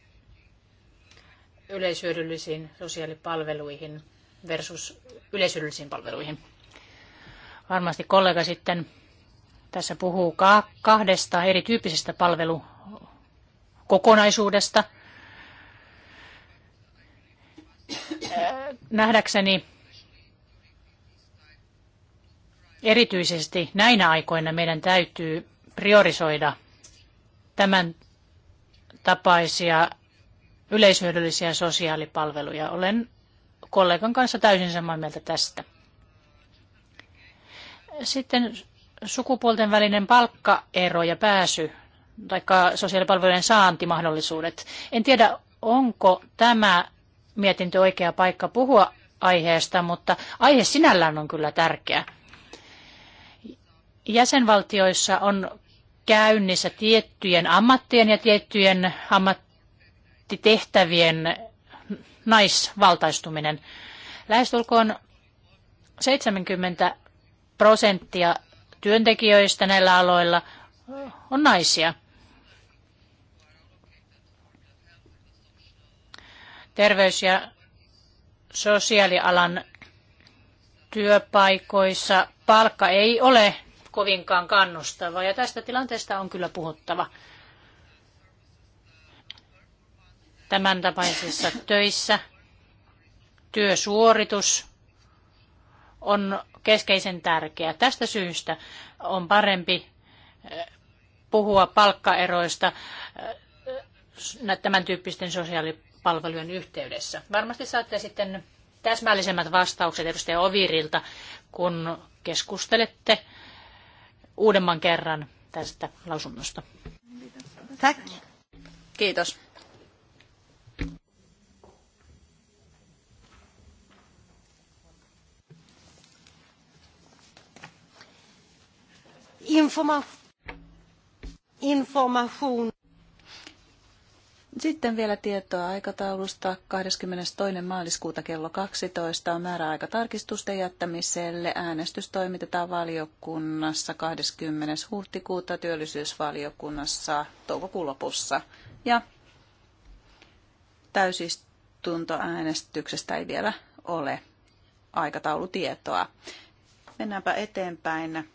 yleishyödyllisiin sosiaalipalveluihin versus yleishyödyllisiin palveluihin. Varmasti kollega sitten tässä puhuu kahdesta erityyppisestä palvelukokonaisuudesta. Äh, nähdäkseni erityisesti näinä aikoina meidän täytyy priorisoida tämän tapaisia yleishyödyllisiä sosiaalipalveluja. Olen kollegan kanssa täysin samaa mieltä tästä. Sitten sukupuolten välinen palkkaero ja pääsy tai sosiaalipalvelujen saantimahdollisuudet. En tiedä, onko tämä mietintö oikea paikka puhua aiheesta, mutta aihe sinällään on kyllä tärkeä. Jäsenvaltioissa on käynnissä tiettyjen ammattien ja tiettyjen ammat, budjettitehtävien naisvaltaistuminen. Lähestulkoon 70 prosenttia työntekijöistä näillä aloilla on naisia. Terveys- ja sosiaalialan työpaikoissa palkka ei ole kovinkaan kannustava ja tästä tilanteesta on kyllä puhuttava. tämän tapaisissa töissä työsuoritus on keskeisen tärkeä. Tästä syystä on parempi eh, puhua palkkaeroista eh, tämän tyyppisten sosiaalipalvelujen yhteydessä. Varmasti saatte sitten täsmällisemmät vastaukset edustaja Ovirilta, kun keskustelette uudemman kerran tästä lausunnosta. Kiitos. informa- information. Sitten vielä tietoa aikataulusta. 22. maaliskuuta kello 12 on määräaika tarkistusten jättämiselle. Äänestys toimitetaan valiokunnassa 20. huhtikuuta, työllisyysvaliokunnassa toukokuun lopussa. Ja täysistuntoäänestyksestä ei vielä ole aikataulutietoa. Mennäänpä eteenpäin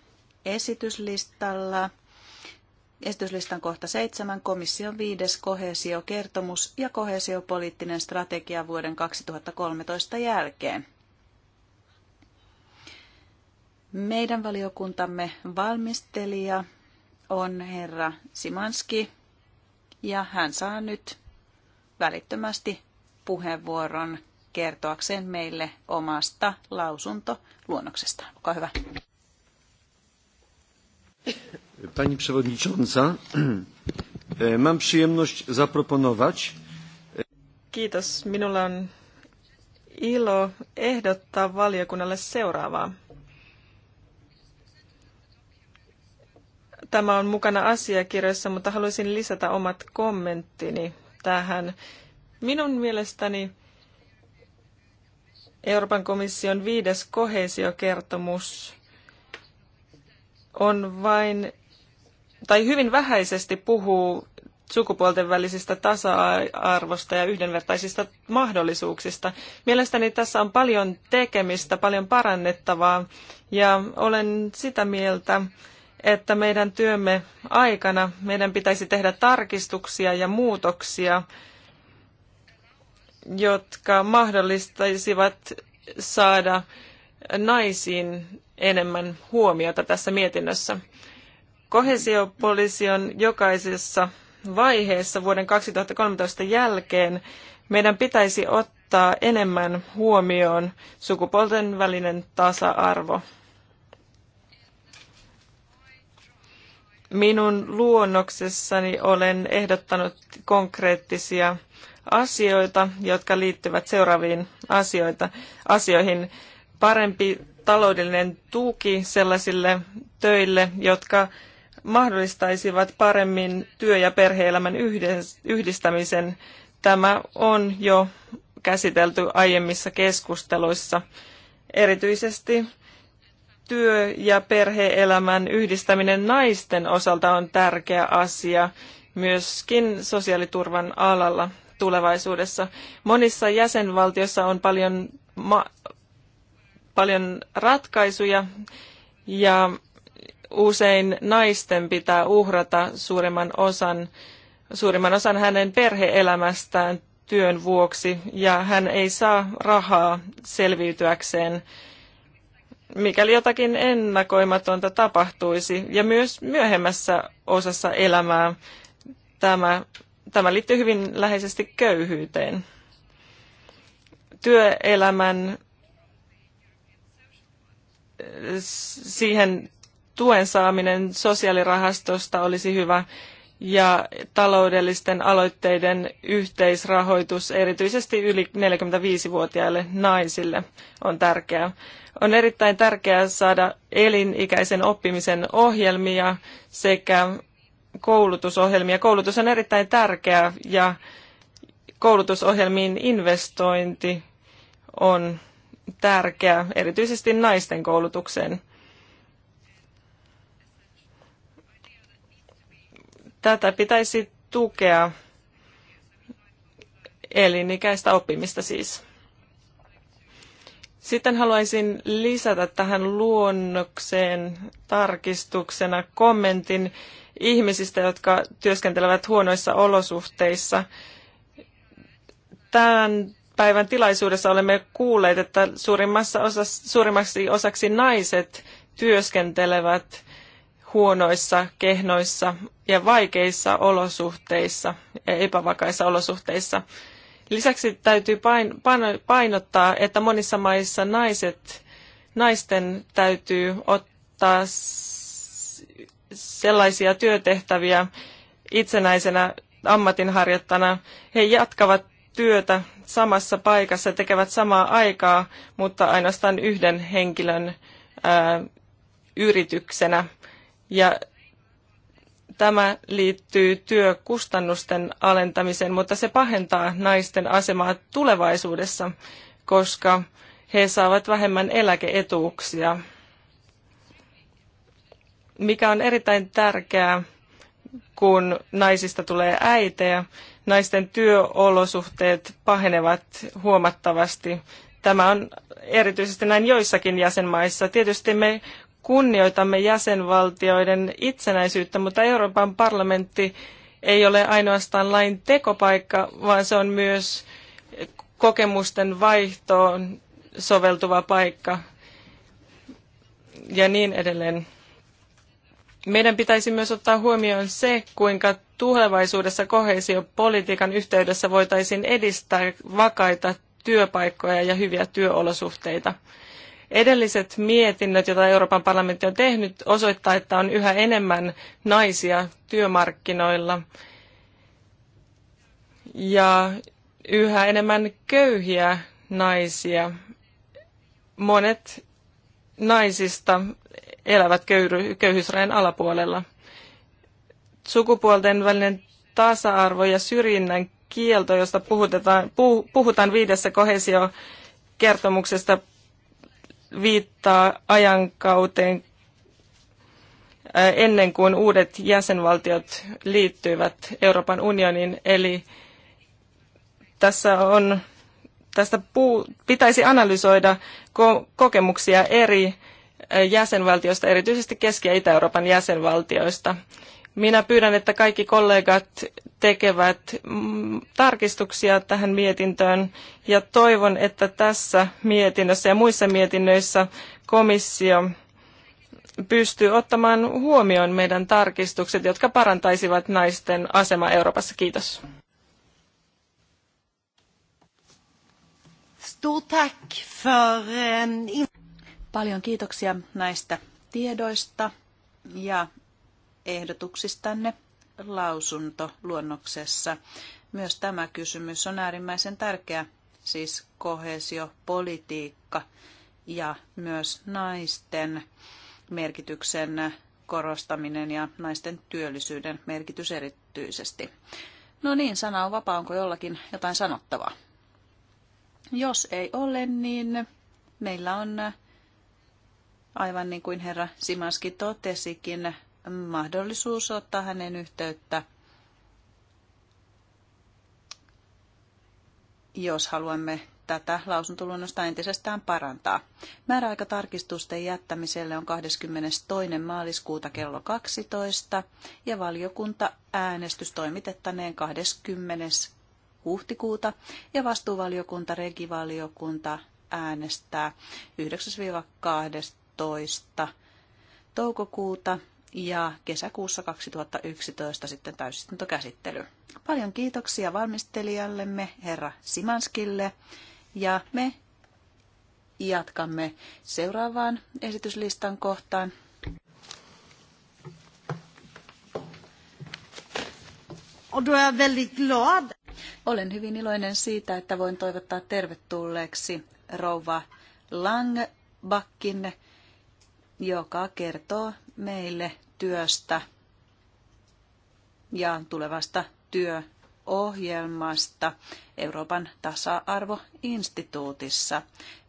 esityslistalla. Esityslistan kohta seitsemän, komission viides kohesiokertomus ja kohesiopoliittinen strategia vuoden 2013 jälkeen. Meidän valiokuntamme valmistelija on herra Simanski ja hän saa nyt välittömästi puheenvuoron kertoakseen meille omasta lausuntoluonnoksestaan. Olkaa hyvä. Pani Przewodnicząca, e, mam przyjemność zaproponować. E, Kiitos. Minulla on ilo ehdottaa valiokunnalle seuraavaa. Tämä on mukana asiakirjoissa, mutta haluaisin lisätä omat kommenttini tähän. Minun mielestäni Euroopan komission viides kohesiokertomus on vain, tai hyvin vähäisesti puhuu sukupuolten välisistä tasa-arvosta ja yhdenvertaisista mahdollisuuksista. Mielestäni tässä on paljon tekemistä, paljon parannettavaa ja olen sitä mieltä, että meidän työmme aikana meidän pitäisi tehdä tarkistuksia ja muutoksia, jotka mahdollistaisivat saada naisiin enemmän huomiota tässä mietinnössä. Kohesiopoliisi on jokaisessa vaiheessa vuoden 2013 jälkeen meidän pitäisi ottaa enemmän huomioon sukupuolten välinen tasa-arvo. Minun luonnoksessani olen ehdottanut konkreettisia asioita, jotka liittyvät seuraaviin asioita, asioihin. Parempi taloudellinen tuki sellaisille töille, jotka mahdollistaisivat paremmin työ- ja perhe-elämän yhdistämisen. Tämä on jo käsitelty aiemmissa keskusteluissa. Erityisesti työ- ja perhe-elämän yhdistäminen naisten osalta on tärkeä asia myöskin sosiaaliturvan alalla tulevaisuudessa. Monissa jäsenvaltioissa on paljon paljon ratkaisuja ja usein naisten pitää uhrata suurimman osan, suurimman osan hänen perheelämästään työn vuoksi ja hän ei saa rahaa selviytyäkseen, mikäli jotakin ennakoimatonta tapahtuisi. Ja myös myöhemmässä osassa elämää tämä, tämä liittyy hyvin läheisesti köyhyyteen. Työelämän siihen tuen saaminen sosiaalirahastosta olisi hyvä ja taloudellisten aloitteiden yhteisrahoitus erityisesti yli 45-vuotiaille naisille on tärkeää. On erittäin tärkeää saada elinikäisen oppimisen ohjelmia sekä koulutusohjelmia. Koulutus on erittäin tärkeää ja koulutusohjelmiin investointi on tärkeä, erityisesti naisten koulutukseen. Tätä pitäisi tukea elinikäistä oppimista siis. Sitten haluaisin lisätä tähän luonnokseen tarkistuksena kommentin ihmisistä, jotka työskentelevät huonoissa olosuhteissa. Tämän päivän tilaisuudessa olemme kuulleet, että suurimmassa osas, suurimmaksi osaksi naiset työskentelevät huonoissa, kehnoissa ja vaikeissa olosuhteissa ja epävakaissa olosuhteissa. Lisäksi täytyy painottaa, että monissa maissa naiset, naisten täytyy ottaa sellaisia työtehtäviä itsenäisenä ammatinharjoittajana. He jatkavat työtä samassa paikassa, tekevät samaa aikaa, mutta ainoastaan yhden henkilön ää, yrityksenä. Ja tämä liittyy työkustannusten alentamiseen, mutta se pahentaa naisten asemaa tulevaisuudessa, koska he saavat vähemmän eläkeetuuksia, mikä on erittäin tärkeää kun naisista tulee äitejä, naisten työolosuhteet pahenevat huomattavasti. Tämä on erityisesti näin joissakin jäsenmaissa. Tietysti me kunnioitamme jäsenvaltioiden itsenäisyyttä, mutta Euroopan parlamentti ei ole ainoastaan lain tekopaikka, vaan se on myös kokemusten vaihtoon soveltuva paikka ja niin edelleen. Meidän pitäisi myös ottaa huomioon se, kuinka tulevaisuudessa kohesiopolitiikan yhteydessä voitaisiin edistää vakaita työpaikkoja ja hyviä työolosuhteita. Edelliset mietinnöt, joita Euroopan parlamentti on tehnyt, osoittaa, että on yhä enemmän naisia työmarkkinoilla ja yhä enemmän köyhiä naisia. Monet naisista elävät köyry, köyhyysrajan alapuolella. Sukupuolten välinen tasa-arvo ja syrjinnän kielto, josta puhutetaan, puhutaan viidessä kohesiokertomuksesta, viittaa ajankauteen äh, ennen kuin uudet jäsenvaltiot liittyivät Euroopan unioniin. Eli tässä on, tästä puu, pitäisi analysoida ko, kokemuksia eri jäsenvaltioista, erityisesti Keski- ja Itä-Euroopan jäsenvaltioista. Minä pyydän, että kaikki kollegat tekevät mm, tarkistuksia tähän mietintöön ja toivon, että tässä mietinnössä ja muissa mietinnöissä komissio pystyy ottamaan huomioon meidän tarkistukset, jotka parantaisivat naisten asemaa Euroopassa. Kiitos. Stort tack för... Eh, Paljon kiitoksia näistä tiedoista ja ehdotuksistanne lausuntoluonnoksessa. Myös tämä kysymys on äärimmäisen tärkeä, siis kohesiopolitiikka ja myös naisten merkityksen korostaminen ja naisten työllisyyden merkitys erityisesti. No niin, sana on vapaa, onko jollakin jotain sanottavaa? Jos ei ole, niin meillä on aivan niin kuin herra Simanski totesikin, mahdollisuus ottaa hänen yhteyttä, jos haluamme tätä lausuntoluonnosta entisestään parantaa. Määräaika tarkistusten jättämiselle on 22. maaliskuuta kello 12 ja valiokunta äänestys toimitettaneen 20. huhtikuuta ja vastuuvaliokunta, regivaliokunta äänestää 9 13. toukokuuta ja kesäkuussa 2011 sitten täysistuntokäsittely. Paljon kiitoksia valmistelijallemme, herra Simanskille, ja me jatkamme seuraavaan esityslistan kohtaan. Olen hyvin iloinen siitä, että voin toivottaa tervetulleeksi rouva Langbakkin joka kertoo meille työstä ja tulevasta työohjelmasta Euroopan tasa-arvoinstituutissa.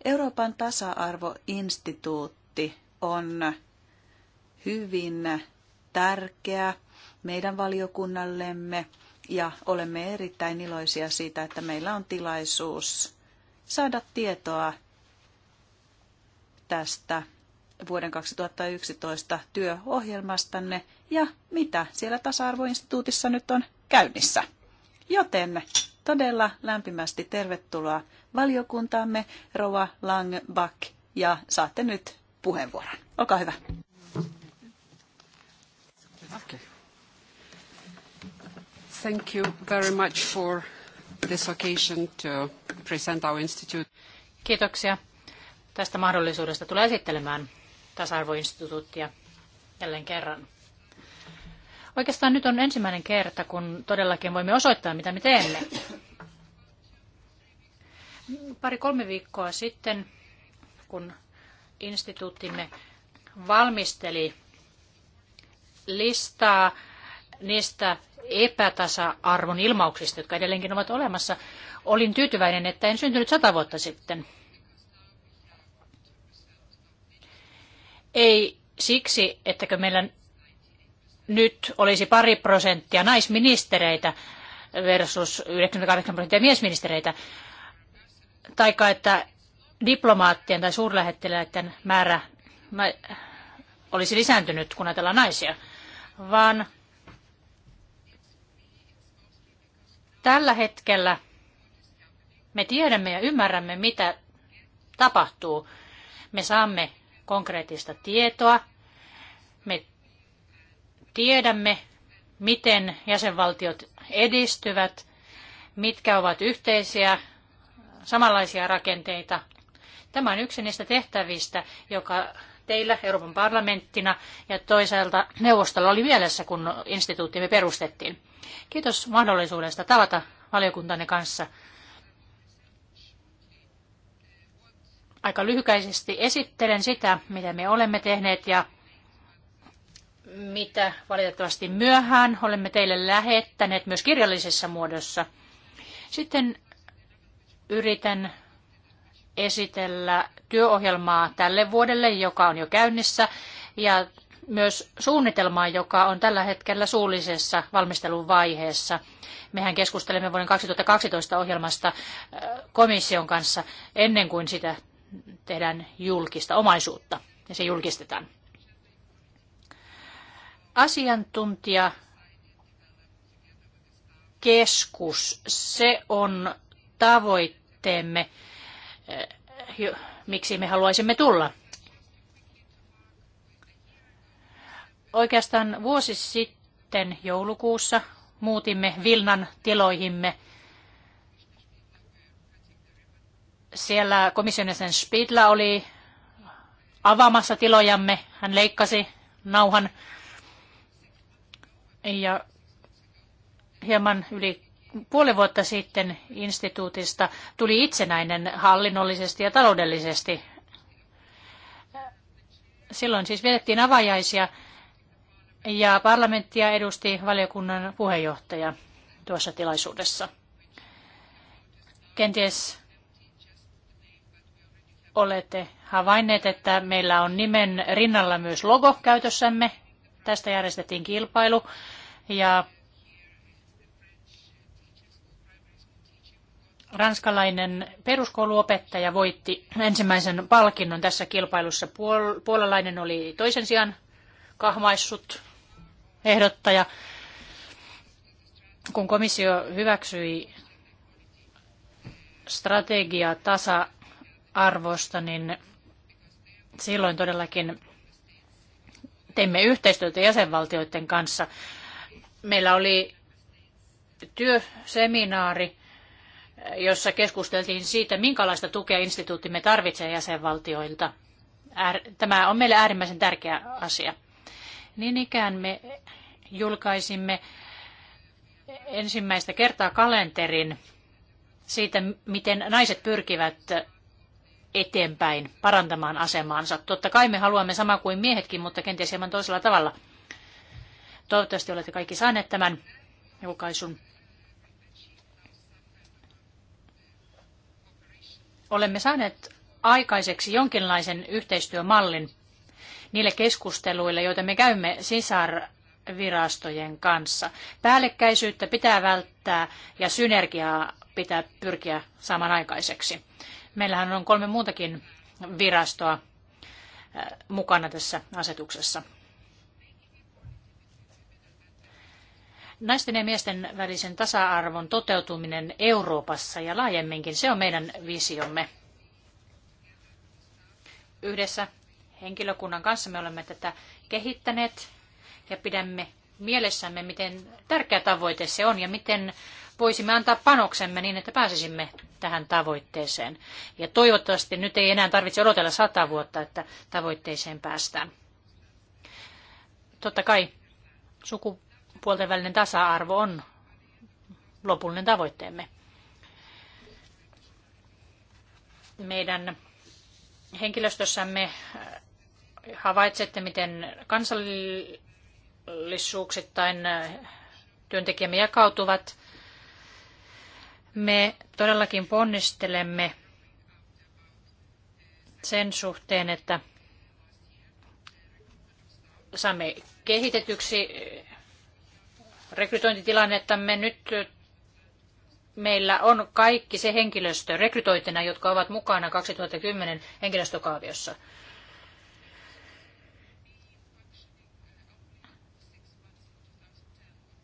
Euroopan tasa-arvoinstituutti on hyvin tärkeä meidän valiokunnallemme ja olemme erittäin iloisia siitä, että meillä on tilaisuus saada tietoa tästä vuoden 2011 työohjelmastanne ja mitä siellä tasa-arvoinstituutissa nyt on käynnissä. Joten todella lämpimästi tervetuloa valiokuntaamme Rova Langbach ja saatte nyt puheenvuoron. Olkaa hyvä. Okay. Thank you very much for this occasion to present our institute. Kiitoksia tästä mahdollisuudesta tulla esittelemään tasa-arvoinstituuttia jälleen kerran. Oikeastaan nyt on ensimmäinen kerta, kun todellakin voimme osoittaa, mitä me teemme. Pari-kolme viikkoa sitten, kun instituuttimme valmisteli listaa niistä epätasa-arvon ilmauksista, jotka edelleenkin ovat olemassa, olin tyytyväinen, että en syntynyt sata vuotta sitten – Ei siksi, ettäkö meillä nyt olisi pari prosenttia naisministereitä versus 98 prosenttia miesministereitä, taikka että diplomaattien tai suurlähettiläiden määrä olisi lisääntynyt, kun ajatellaan naisia, vaan tällä hetkellä me tiedämme ja ymmärrämme, mitä tapahtuu. Me saamme konkreettista tietoa. Me tiedämme, miten jäsenvaltiot edistyvät, mitkä ovat yhteisiä samanlaisia rakenteita. Tämä on yksi niistä tehtävistä, joka teillä Euroopan parlamenttina ja toisaalta neuvostolla oli mielessä, kun instituuttimme perustettiin. Kiitos mahdollisuudesta tavata valiokuntanne kanssa aika lyhykäisesti esittelen sitä, mitä me olemme tehneet ja mitä valitettavasti myöhään olemme teille lähettäneet myös kirjallisessa muodossa. Sitten yritän esitellä työohjelmaa tälle vuodelle, joka on jo käynnissä, ja myös suunnitelmaa, joka on tällä hetkellä suullisessa valmistelun vaiheessa. Mehän keskustelemme vuoden 2012 ohjelmasta äh, komission kanssa ennen kuin sitä tehdään julkista omaisuutta ja se julkistetaan. Asiantuntija keskus, se on tavoitteemme, eh, miksi me haluaisimme tulla. Oikeastaan vuosi sitten joulukuussa muutimme Vilnan tiloihimme – Siellä komission jäsen Spidla oli avaamassa tilojamme. Hän leikkasi nauhan ja hieman yli puoli vuotta sitten instituutista tuli itsenäinen hallinnollisesti ja taloudellisesti. Silloin siis vietettiin avajaisia ja parlamenttia edusti valiokunnan puheenjohtaja tuossa tilaisuudessa. Kenties olette havainneet, että meillä on nimen rinnalla myös logo käytössämme. Tästä järjestettiin kilpailu ja ranskalainen peruskouluopettaja voitti ensimmäisen palkinnon tässä kilpailussa. Puol- puolalainen oli toisen sijaan kahmaissut ehdottaja. Kun komissio hyväksyi strategia tasa arvosta, niin silloin todellakin teimme yhteistyötä jäsenvaltioiden kanssa. Meillä oli työseminaari, jossa keskusteltiin siitä, minkälaista tukea instituuttimme tarvitsee jäsenvaltioilta. Tämä on meille äärimmäisen tärkeä asia. Niin ikään me julkaisimme ensimmäistä kertaa kalenterin siitä, miten naiset pyrkivät eteenpäin parantamaan asemaansa. Totta kai me haluamme sama kuin miehetkin, mutta kenties hieman toisella tavalla. Toivottavasti olette kaikki saaneet tämän julkaisun. Olemme saaneet aikaiseksi jonkinlaisen yhteistyömallin niille keskusteluille, joita me käymme sisarvirastojen kanssa. Päällekkäisyyttä pitää välttää ja synergiaa pitää pyrkiä samanaikaiseksi. Meillähän on kolme muutakin virastoa äh, mukana tässä asetuksessa. Naisten ja miesten välisen tasa-arvon toteutuminen Euroopassa ja laajemminkin, se on meidän visiomme. Yhdessä henkilökunnan kanssa me olemme tätä kehittäneet ja pidämme mielessämme, miten tärkeä tavoite se on ja miten voisimme antaa panoksemme niin, että pääsisimme tähän tavoitteeseen. Ja toivottavasti nyt ei enää tarvitse odotella sata vuotta, että tavoitteeseen päästään. Totta kai sukupuolten välinen tasa-arvo on lopullinen tavoitteemme. Meidän henkilöstössämme äh, havaitsette, miten kansallisuuksittain äh, työntekijämme jakautuvat – me todellakin ponnistelemme sen suhteen, että saamme kehitetyksi rekrytointitilannettamme. Nyt meillä on kaikki se henkilöstö rekrytoitina, jotka ovat mukana 2010 henkilöstökaaviossa.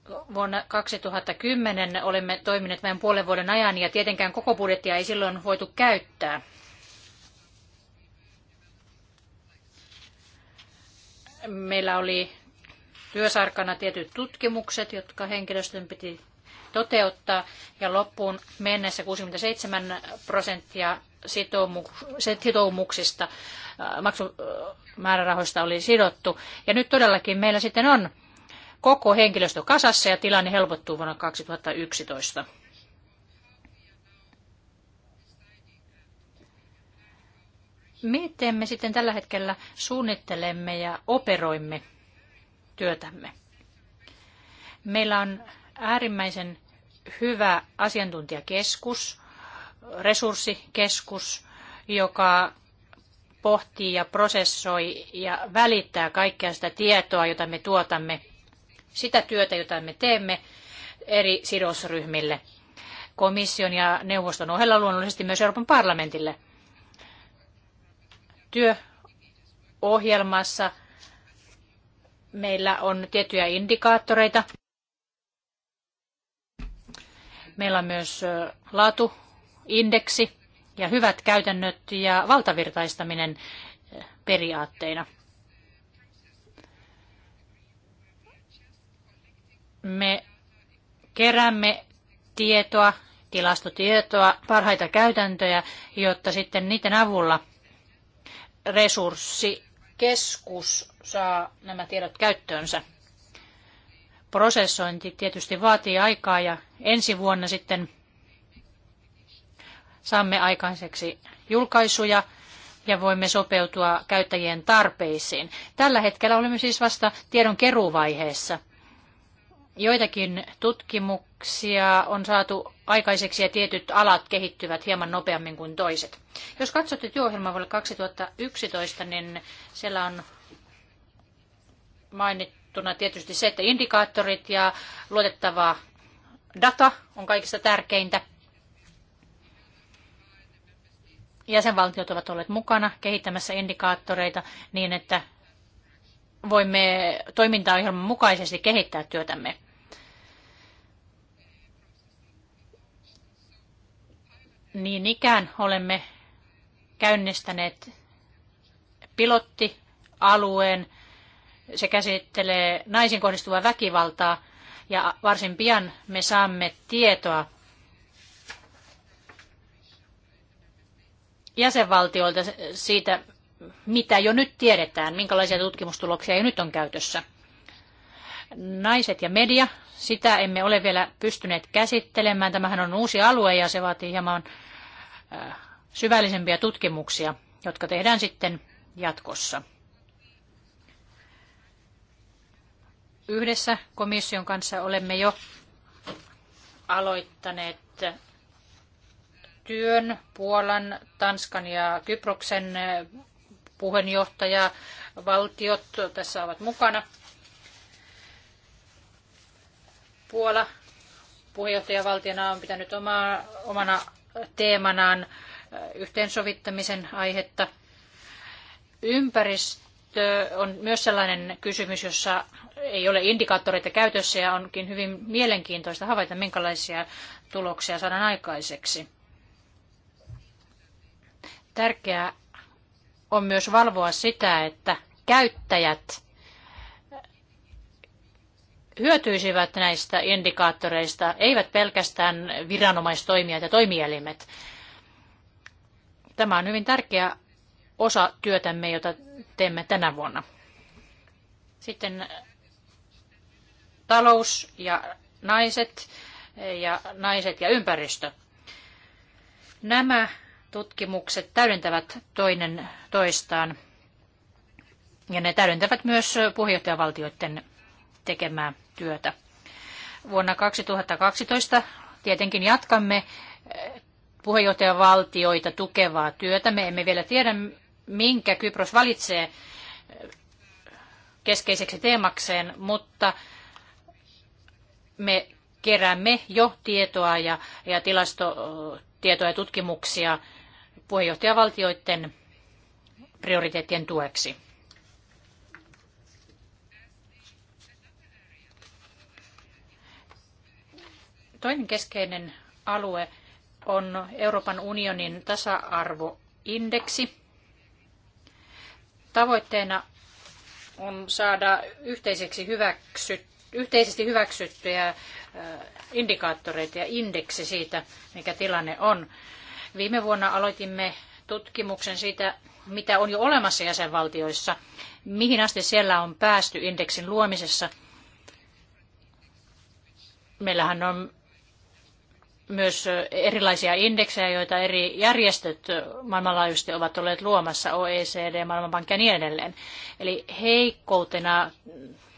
vuonna 2010 olemme toimineet vain puolen vuoden ajan ja tietenkään koko budjettia ei silloin voitu käyttää. Meillä oli työsarkana tietyt tutkimukset, jotka henkilöstön piti toteuttaa ja loppuun mennessä 67 prosenttia sitoumuksista äh, maksumäärärahoista oli sidottu. Ja nyt todellakin meillä sitten on koko henkilöstö kasassa ja tilanne helpottuu vuonna 2011. Miten me sitten tällä hetkellä suunnittelemme ja operoimme työtämme? Meillä on äärimmäisen hyvä asiantuntijakeskus, resurssikeskus, joka pohtii ja prosessoi ja välittää kaikkea sitä tietoa, jota me tuotamme sitä työtä, jota me teemme eri sidosryhmille, komission ja neuvoston ohella luonnollisesti myös Euroopan parlamentille. Työohjelmassa meillä on tiettyjä indikaattoreita. Meillä on myös laatuindeksi ja hyvät käytännöt ja valtavirtaistaminen periaatteina. Me keräämme tietoa, tilastotietoa, parhaita käytäntöjä, jotta sitten niiden avulla resurssikeskus saa nämä tiedot käyttöönsä. Prosessointi tietysti vaatii aikaa ja ensi vuonna sitten saamme aikaiseksi julkaisuja ja voimme sopeutua käyttäjien tarpeisiin. Tällä hetkellä olemme siis vasta tiedon keruuvaiheessa. Joitakin tutkimuksia on saatu aikaiseksi ja tietyt alat kehittyvät hieman nopeammin kuin toiset. Jos katsotte työohjelmaa vuodelle 2011, niin siellä on mainittuna tietysti se, että indikaattorit ja luotettava data on kaikista tärkeintä. Jäsenvaltiot ovat olleet mukana kehittämässä indikaattoreita niin, että voimme toimintaohjelman mukaisesti kehittää työtämme. Niin ikään olemme käynnistäneet pilottialueen. Se käsittelee naisiin kohdistuvaa väkivaltaa ja varsin pian me saamme tietoa jäsenvaltioilta siitä, mitä jo nyt tiedetään, minkälaisia tutkimustuloksia jo nyt on käytössä. Naiset ja media sitä emme ole vielä pystyneet käsittelemään. Tämähän on uusi alue ja se vaatii hieman syvällisempiä tutkimuksia, jotka tehdään sitten jatkossa. Yhdessä komission kanssa olemme jo aloittaneet työn Puolan, Tanskan ja Kyproksen puheenjohtaja valtiot tässä ovat mukana. Puola puheenjohtajavaltiona on pitänyt oma, omana teemanaan äh, yhteensovittamisen aihetta. Ympäristö on myös sellainen kysymys, jossa ei ole indikaattoreita käytössä ja onkin hyvin mielenkiintoista havaita, minkälaisia tuloksia saadaan aikaiseksi. Tärkeää on myös valvoa sitä, että käyttäjät hyötyisivät näistä indikaattoreista, eivät pelkästään viranomaistoimijat ja toimielimet. Tämä on hyvin tärkeä osa työtämme, jota teemme tänä vuonna. Sitten talous ja naiset ja naiset ja ympäristö. Nämä tutkimukset täydentävät toinen toistaan ja ne täydentävät myös puheenjohtajavaltioiden tekemää työtä. Vuonna 2012 tietenkin jatkamme eh, puheenjohtajavaltioita tukevaa työtä. Me emme vielä tiedä, minkä Kypros valitsee eh, keskeiseksi teemakseen, mutta me keräämme jo tietoa ja, ja tilastotietoja ja tutkimuksia puheenjohtajavaltioiden prioriteettien tueksi. Toinen keskeinen alue on Euroopan unionin tasa-arvoindeksi. Tavoitteena on saada yhteiseksi hyväksyt, yhteisesti hyväksyttyjä indikaattoreita ja indeksi siitä, mikä tilanne on. Viime vuonna aloitimme tutkimuksen siitä, mitä on jo olemassa jäsenvaltioissa, mihin asti siellä on päästy indeksin luomisessa. Meillähän on myös erilaisia indeksejä, joita eri järjestöt maailmanlaajuisesti ovat olleet luomassa, OECD, Maailmanpankki ja niin edelleen. Eli heikkoutena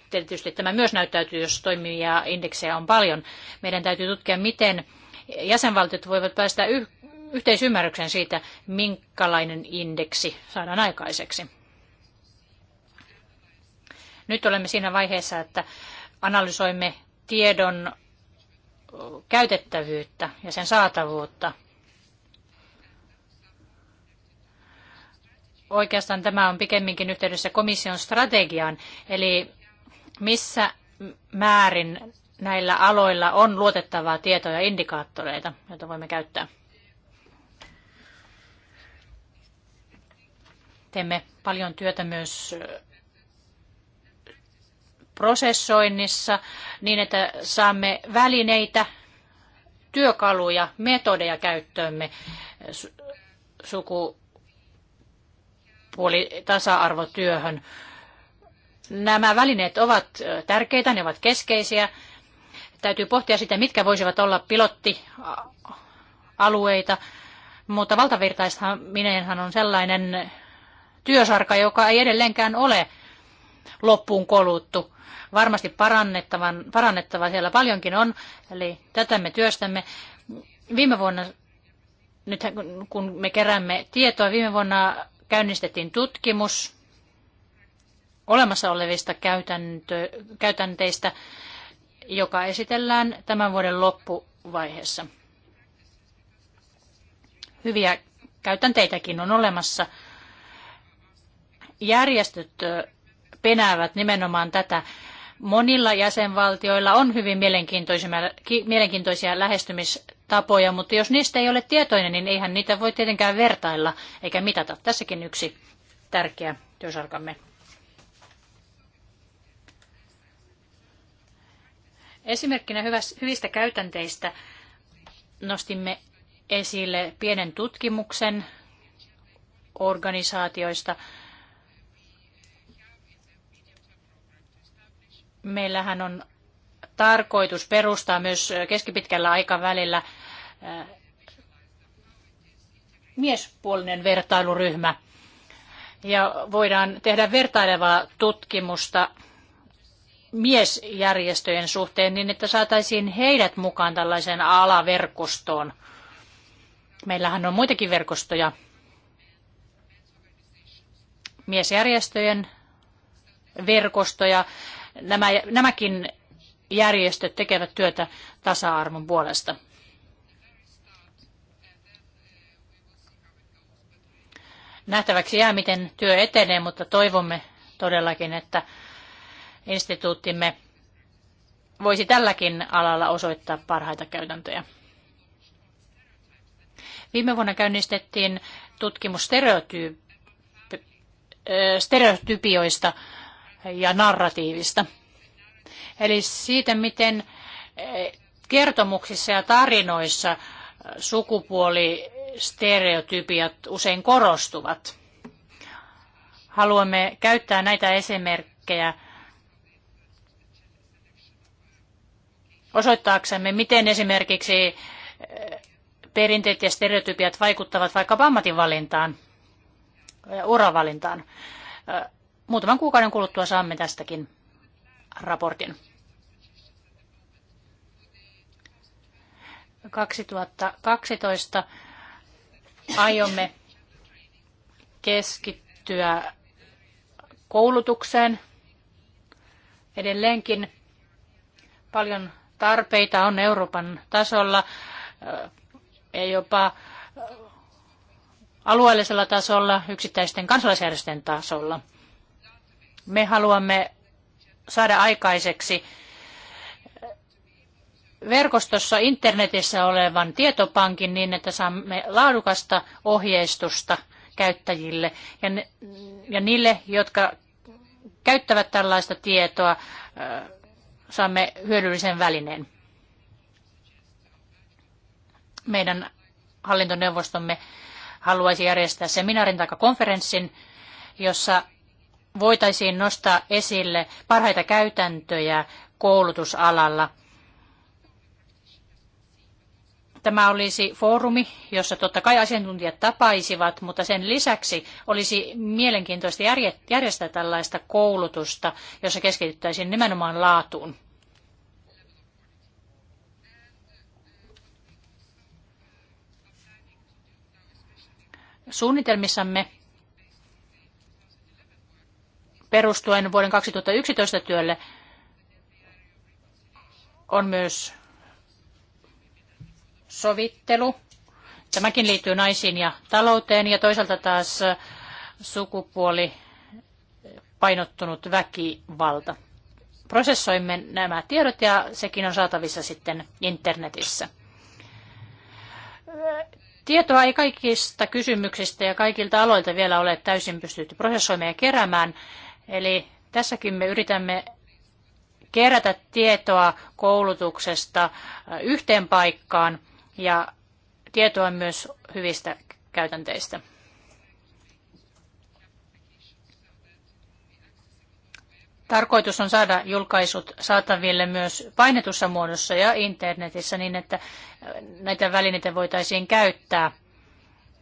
tietysti tämä myös näyttäytyy, jos toimivia indeksejä on paljon. Meidän täytyy tutkia, miten jäsenvaltiot voivat päästä yh- yhteisymmärrykseen siitä, minkälainen indeksi saadaan aikaiseksi. Nyt olemme siinä vaiheessa, että analysoimme tiedon käytettävyyttä ja sen saatavuutta. Oikeastaan tämä on pikemminkin yhteydessä komission strategiaan, eli missä määrin näillä aloilla on luotettavaa tietoa ja indikaattoreita, joita voimme käyttää. Teemme paljon työtä myös prosessoinnissa niin, että saamme välineitä, työkaluja, metodeja käyttöömme sukupuolitasa-arvotyöhön. Nämä välineet ovat tärkeitä, ne ovat keskeisiä. Täytyy pohtia sitä, mitkä voisivat olla pilottialueita, mutta valtavirtaistaminenhan on sellainen työsarka, joka ei edelleenkään ole loppuun koluttu varmasti parannettavan, parannettava siellä paljonkin on, eli tätä me työstämme. Viime vuonna, nyt kun me keräämme tietoa, viime vuonna käynnistettiin tutkimus olemassa olevista käytäntö, käytänteistä, joka esitellään tämän vuoden loppuvaiheessa. Hyviä käytänteitäkin on olemassa. Järjestöt penäävät nimenomaan tätä. Monilla jäsenvaltioilla on hyvin mielenkiintoisia lähestymistapoja, mutta jos niistä ei ole tietoinen, niin eihän niitä voi tietenkään vertailla eikä mitata. Tässäkin yksi tärkeä työsarkamme. Esimerkkinä hyvistä käytänteistä nostimme esille pienen tutkimuksen organisaatioista – Meillähän on tarkoitus perustaa myös keskipitkällä aikavälillä äh, miespuolinen vertailuryhmä. Ja voidaan tehdä vertailevaa tutkimusta miesjärjestöjen suhteen niin, että saataisiin heidät mukaan tällaiseen alaverkostoon. Meillähän on muitakin verkostoja. Miesjärjestöjen verkostoja, nämä, nämäkin järjestöt tekevät työtä tasa-arvon puolesta. Nähtäväksi jää, miten työ etenee, mutta toivomme todellakin, että instituuttimme voisi tälläkin alalla osoittaa parhaita käytäntöjä. Viime vuonna käynnistettiin tutkimus stereotypioista ja narratiivista. Eli siitä, miten eh, kertomuksissa ja tarinoissa eh, sukupuolistereotypiat usein korostuvat. Haluamme käyttää näitä esimerkkejä osoittaaksemme, miten esimerkiksi eh, perinteet ja stereotypiat vaikuttavat vaikkapa ammatinvalintaan ja uravalintaan muutaman kuukauden kuluttua saamme tästäkin raportin. 2012 aiomme keskittyä koulutukseen. Edelleenkin paljon tarpeita on Euroopan tasolla ja jopa alueellisella tasolla, yksittäisten kansalaisjärjestöjen tasolla. Me haluamme saada aikaiseksi verkostossa internetissä olevan tietopankin niin, että saamme laadukasta ohjeistusta käyttäjille ja, ne, ja niille, jotka käyttävät tällaista tietoa, saamme hyödyllisen välineen. Meidän hallintoneuvostomme haluaisi järjestää seminaarin tai konferenssin, jossa voitaisiin nostaa esille parhaita käytäntöjä koulutusalalla. Tämä olisi foorumi, jossa totta kai asiantuntijat tapaisivat, mutta sen lisäksi olisi mielenkiintoista järjestää tällaista koulutusta, jossa keskityttäisiin nimenomaan laatuun. Suunnitelmissamme perustuen vuoden 2011 työlle on myös sovittelu. Tämäkin liittyy naisiin ja talouteen ja toisaalta taas sukupuoli painottunut väkivalta. Prosessoimme nämä tiedot ja sekin on saatavissa sitten internetissä. Tietoa ei kaikista kysymyksistä ja kaikilta aloilta vielä ole täysin pystytty prosessoimaan ja keräämään, Eli tässäkin me yritämme kerätä tietoa koulutuksesta yhteen paikkaan ja tietoa myös hyvistä käytänteistä. Tarkoitus on saada julkaisut saataville myös painetussa muodossa ja internetissä niin, että näitä välineitä voitaisiin käyttää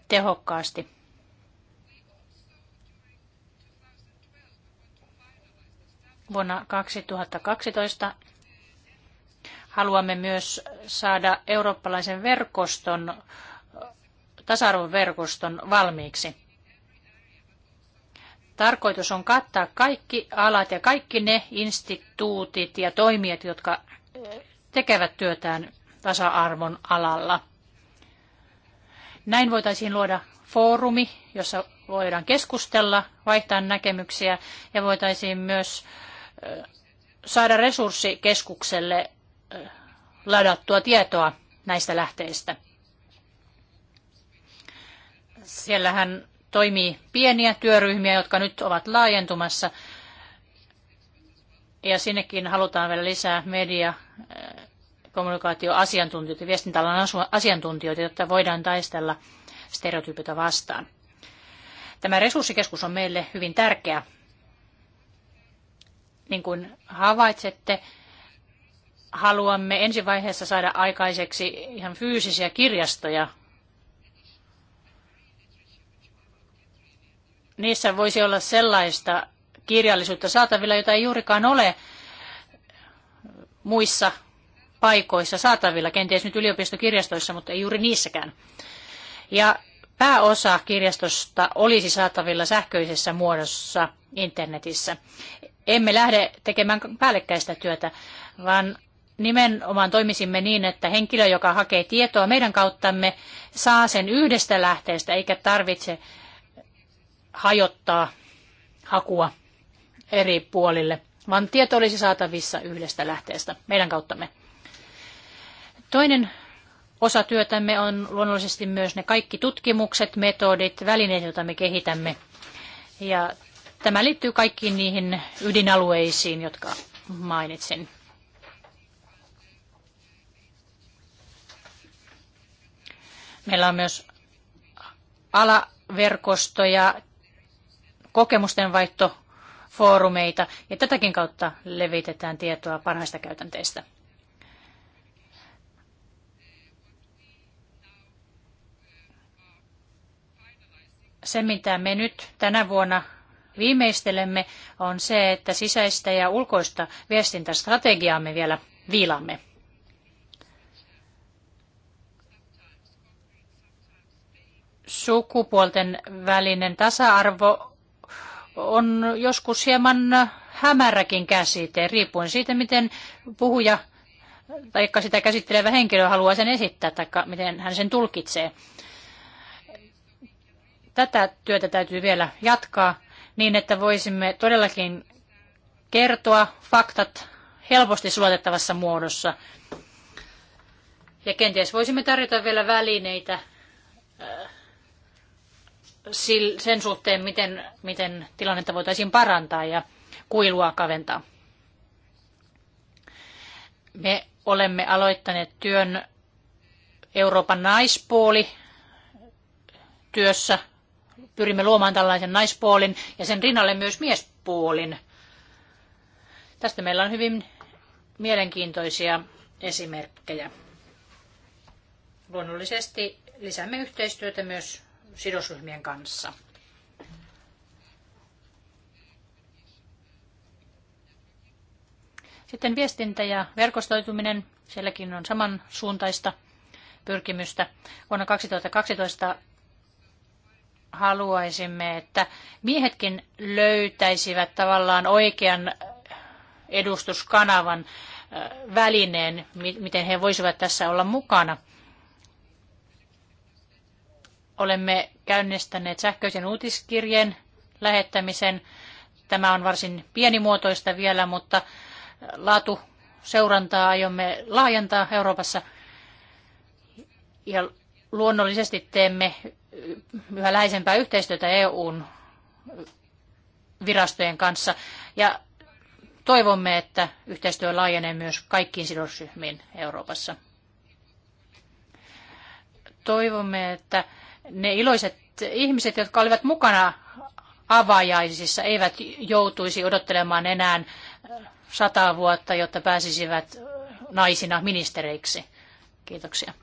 tehokkaasti. Vuonna 2012 haluamme myös saada eurooppalaisen verkoston, tasa verkoston valmiiksi. Tarkoitus on kattaa kaikki alat ja kaikki ne instituutit ja toimijat, jotka eh, tekevät työtään tasa-arvon alalla. Näin voitaisiin luoda foorumi, jossa voidaan keskustella, vaihtaa näkemyksiä ja voitaisiin myös saada resurssikeskukselle ladattua tietoa näistä lähteistä. Siellähän toimii pieniä työryhmiä, jotka nyt ovat laajentumassa. Ja sinnekin halutaan vielä lisää media, kommunikaatioasiantuntijoita viestintäalan asiantuntijoita, jotta voidaan taistella stereotypioita vastaan. Tämä resurssikeskus on meille hyvin tärkeä niin kuin havaitsette, haluamme ensi vaiheessa saada aikaiseksi ihan fyysisiä kirjastoja. Niissä voisi olla sellaista kirjallisuutta saatavilla, jota ei juurikaan ole muissa paikoissa saatavilla, kenties nyt yliopistokirjastoissa, mutta ei juuri niissäkään. Ja pääosa kirjastosta olisi saatavilla sähköisessä muodossa internetissä emme lähde tekemään päällekkäistä työtä, vaan nimenomaan toimisimme niin, että henkilö, joka hakee tietoa meidän kauttamme, saa sen yhdestä lähteestä, eikä tarvitse hajottaa hakua eri puolille, vaan tieto olisi saatavissa yhdestä lähteestä meidän kauttamme. Toinen osa työtämme on luonnollisesti myös ne kaikki tutkimukset, metodit, välineet, joita me kehitämme. Ja Tämä liittyy kaikkiin niihin ydinalueisiin, jotka mainitsin. Meillä on myös alaverkostoja, kokemusten vaihtofoorumeita ja tätäkin kautta levitetään tietoa parhaista käytänteistä. Se, mitä me nyt tänä vuonna viimeistelemme, on se, että sisäistä ja ulkoista viestintästrategiaamme vielä viilamme. Sukupuolten välinen tasa-arvo on joskus hieman hämäräkin käsite, riippuen siitä, miten puhuja tai sitä käsittelevä henkilö haluaa sen esittää tai miten hän sen tulkitsee. Tätä työtä täytyy vielä jatkaa niin että voisimme todellakin kertoa faktat helposti suotettavassa muodossa. Ja kenties voisimme tarjota vielä välineitä äh, sen suhteen, miten, miten tilannetta voitaisiin parantaa ja kuilua kaventaa. Me olemme aloittaneet työn Euroopan naispuoli työssä pyrimme luomaan tällaisen naispuolin ja sen rinnalle myös miespuolin. Tästä meillä on hyvin mielenkiintoisia esimerkkejä. Luonnollisesti lisäämme yhteistyötä myös sidosryhmien kanssa. Sitten viestintä ja verkostoituminen, sielläkin on samansuuntaista pyrkimystä. Vuonna 2012 haluaisimme, että miehetkin löytäisivät tavallaan oikean edustuskanavan äh, välineen, miten he voisivat tässä olla mukana. Olemme käynnistäneet sähköisen uutiskirjeen lähettämisen. Tämä on varsin pienimuotoista vielä, mutta äh, laatu seurantaa aiomme laajentaa Euroopassa. Ja luonnollisesti teemme yhä läheisempää yhteistyötä EUn virastojen kanssa ja toivomme, että yhteistyö laajenee myös kaikkiin sidosryhmiin Euroopassa. Toivomme, että ne iloiset ihmiset, jotka olivat mukana avajaisissa, eivät joutuisi odottelemaan enää sata vuotta, jotta pääsisivät naisina ministereiksi. Kiitoksia.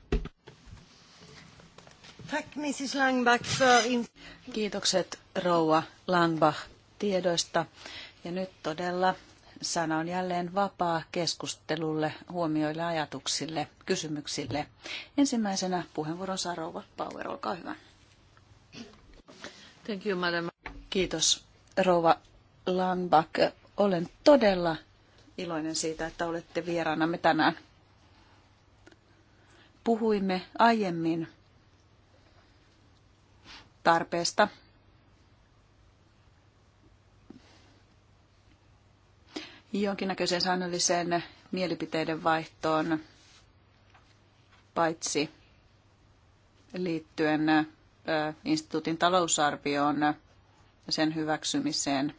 Tack, Mrs. Langbach, Kiitokset rouva Langbach tiedoista. Ja nyt todella sana on jälleen vapaa keskustelulle, huomioille, ajatuksille, kysymyksille. Ensimmäisenä puheenvuoron saa rouva Power, olkaa hyvä. Thank you, madam. Kiitos, rouva Langbach. Olen todella iloinen siitä, että olette vieraanamme tänään. Puhuimme aiemmin tarpeesta. jonkinnäköiseen säännölliseen mielipiteiden vaihtoon, paitsi liittyen instituutin talousarvioon ja sen hyväksymiseen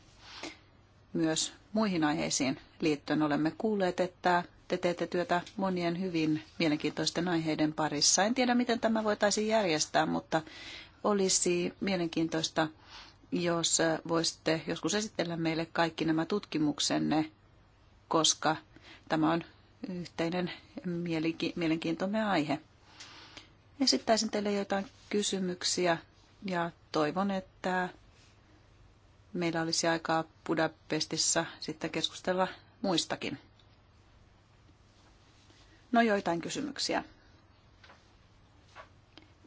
myös muihin aiheisiin liittyen. Olemme kuulleet, että te teette työtä monien hyvin mielenkiintoisten aiheiden parissa. En tiedä, miten tämä voitaisiin järjestää, mutta olisi mielenkiintoista, jos voisitte joskus esitellä meille kaikki nämä tutkimuksenne, koska tämä on yhteinen mielenkiintoinen aihe. Esittäisin teille jotain kysymyksiä ja toivon, että meillä olisi aikaa Budapestissa sitten keskustella muistakin. No joitain kysymyksiä.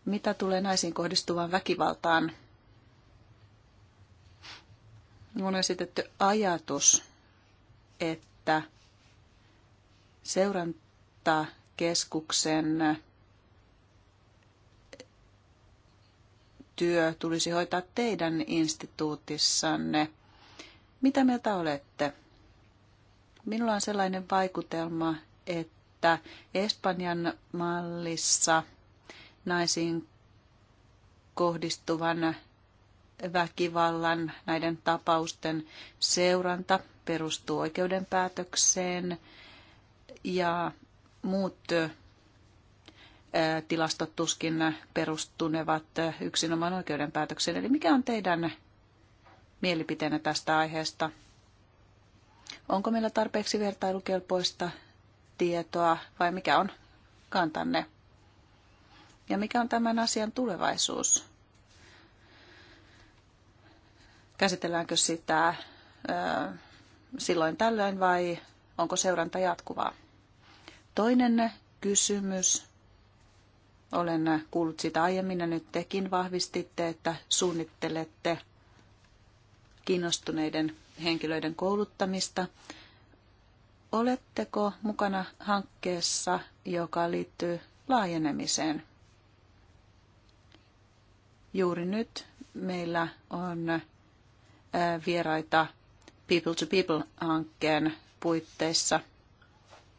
Mitä tulee naisiin kohdistuvaan väkivaltaan? On esitetty ajatus, että seurantakeskuksen työ tulisi hoitaa teidän instituutissanne. Mitä mieltä olette? Minulla on sellainen vaikutelma, että Espanjan mallissa – naisiin kohdistuvan väkivallan, näiden tapausten seuranta perustuu oikeudenpäätökseen ja muut tilastot tuskin perustunevat yksinomaan oikeudenpäätökseen. Eli mikä on teidän mielipiteenne tästä aiheesta? Onko meillä tarpeeksi vertailukelpoista tietoa vai mikä on kantanne? Ja mikä on tämän asian tulevaisuus? Käsitelläänkö sitä silloin tällöin vai onko seuranta jatkuvaa? Toinen kysymys. Olen kuullut sitä aiemmin ja nyt tekin vahvistitte, että suunnittelette kiinnostuneiden henkilöiden kouluttamista. Oletteko mukana hankkeessa, joka liittyy laajenemiseen Juuri nyt meillä on äh, vieraita People to People-hankkeen puitteissa.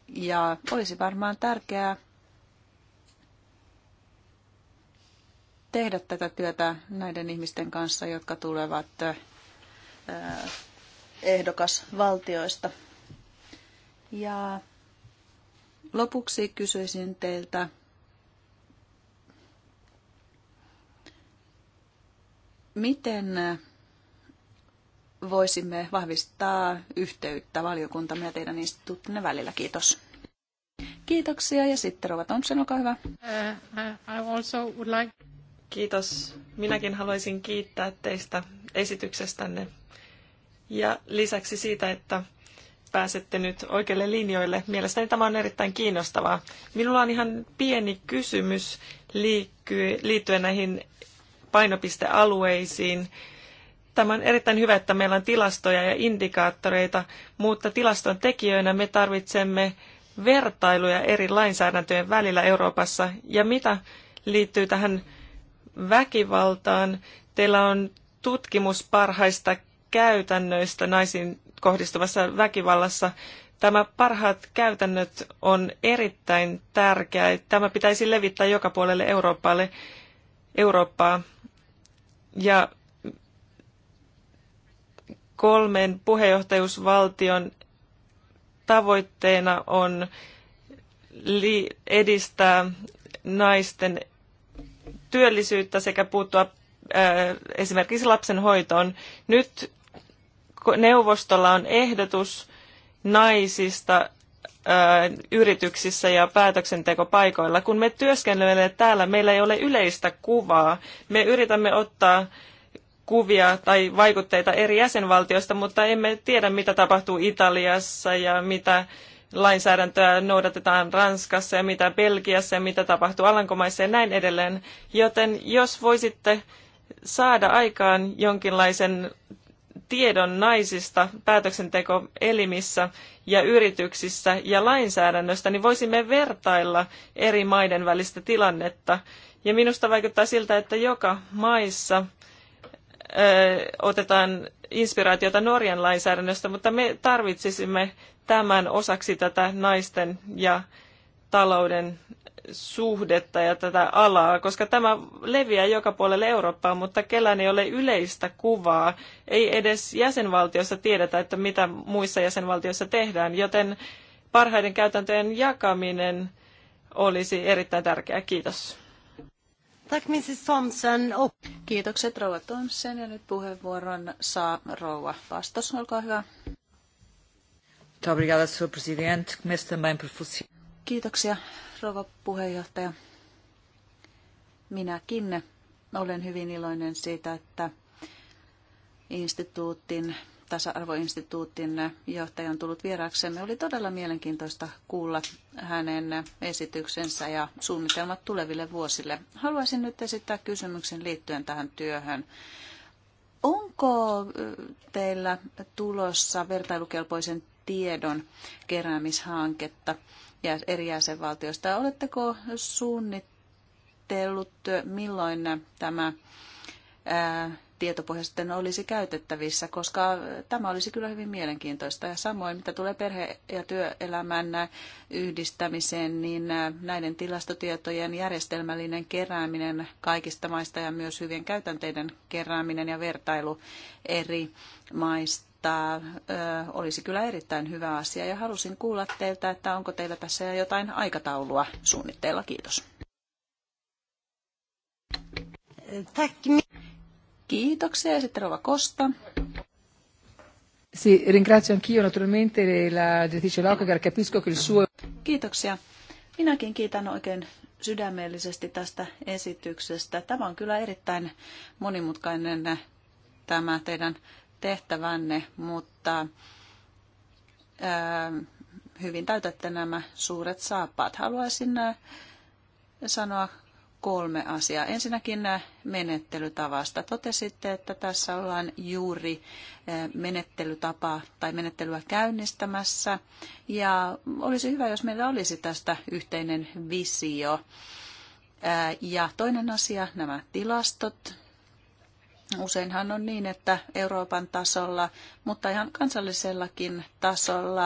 Ja olisi varmaan tärkeää tehdä tätä työtä näiden ihmisten kanssa, jotka tulevat äh, ehdokasvaltioista. Ja lopuksi kysyisin teiltä Miten äh, voisimme vahvistaa yhteyttä valiokuntamme ja teidän instituuttinne välillä? Kiitos. Kiitoksia ja sitten Rova Thompson, olkaa hyvä. Uh, uh, Kiitos. Minäkin haluaisin kiittää teistä esityksestänne ja lisäksi siitä, että pääsette nyt oikeille linjoille. Mielestäni tämä on erittäin kiinnostavaa. Minulla on ihan pieni kysymys liittyen näihin painopistealueisiin. Tämä on erittäin hyvä, että meillä on tilastoja ja indikaattoreita, mutta tilaston tekijöinä me tarvitsemme vertailuja eri lainsäädäntöjen välillä Euroopassa. Ja mitä liittyy tähän väkivaltaan, teillä on tutkimus parhaista käytännöistä naisiin kohdistuvassa väkivallassa. Tämä parhaat käytännöt on erittäin tärkeä. Tämä pitäisi levittää joka puolelle Euroopalle, Eurooppaa ja kolmen puheenjohtajuusvaltion tavoitteena on edistää naisten työllisyyttä sekä puuttua äh, esimerkiksi lapsen hoitoon. Nyt neuvostolla on ehdotus naisista yrityksissä ja päätöksentekopaikoilla. Kun me työskentelemme täällä, meillä ei ole yleistä kuvaa. Me yritämme ottaa kuvia tai vaikutteita eri jäsenvaltioista, mutta emme tiedä, mitä tapahtuu Italiassa ja mitä lainsäädäntöä noudatetaan Ranskassa ja mitä Belgiassa ja mitä tapahtuu Alankomaissa ja näin edelleen. Joten jos voisitte saada aikaan jonkinlaisen tiedon naisista päätöksentekoelimissä ja yrityksissä ja lainsäädännöstä, niin voisimme vertailla eri maiden välistä tilannetta. Ja minusta vaikuttaa siltä, että joka maissa otetaan inspiraatiota Norjan lainsäädännöstä, mutta me tarvitsisimme tämän osaksi tätä naisten ja talouden suhdetta ja tätä alaa, koska tämä leviää joka puolelle Eurooppaa, mutta kellään ei ole yleistä kuvaa. Ei edes jäsenvaltiossa tiedetä, että mitä muissa jäsenvaltioissa tehdään, joten parhaiden käytäntöjen jakaminen olisi erittäin tärkeää. Kiitos. Tack Mrs Thompson. Oh. Kiitokset rouva Thompson ja nyt puheenvuoron saa rouva Pastos. Olkaa hyvä. Muito obrigada, Sr. Presidente. Começo também por Kiitoksia, rouva puheenjohtaja. Minäkin olen hyvin iloinen siitä, että instituutin, tasa-arvoinstituutin johtaja on tullut vieraaksemme. Oli todella mielenkiintoista kuulla hänen esityksensä ja suunnitelmat tuleville vuosille. Haluaisin nyt esittää kysymyksen liittyen tähän työhön. Onko teillä tulossa vertailukelpoisen tiedon keräämishanketta? eri jäsenvaltioista. Oletteko suunnitellut, milloin tämä tietopohja sitten olisi käytettävissä, koska tämä olisi kyllä hyvin mielenkiintoista. Ja samoin, mitä tulee perhe- ja työelämän yhdistämiseen, niin näiden tilastotietojen järjestelmällinen kerääminen kaikista maista ja myös hyvien käytänteiden kerääminen ja vertailu eri maista mutta olisi kyllä erittäin hyvä asia ja halusin kuulla teiltä, että onko teillä tässä jotain aikataulua suunnitteilla. Kiitos. Kiitoksia ja sitten Rova Kosta. Sì, ringrazio anch'io naturalmente la direttrice Laukagar, capisco che il suo... Kiitoksia. Minäkin kiitän oikein sydämellisesti tästä esityksestä. Tämä on kyllä erittäin monimutkainen tämä teidän tehtävänne, mutta hyvin täytätte nämä suuret saappaat. Haluaisin sanoa kolme asiaa. Ensinnäkin menettelytavasta. Totesitte, että tässä ollaan juuri menettelytapaa tai menettelyä käynnistämässä. Ja olisi hyvä, jos meillä olisi tästä yhteinen visio. Ja toinen asia, nämä tilastot, Useinhan on niin, että Euroopan tasolla, mutta ihan kansallisellakin tasolla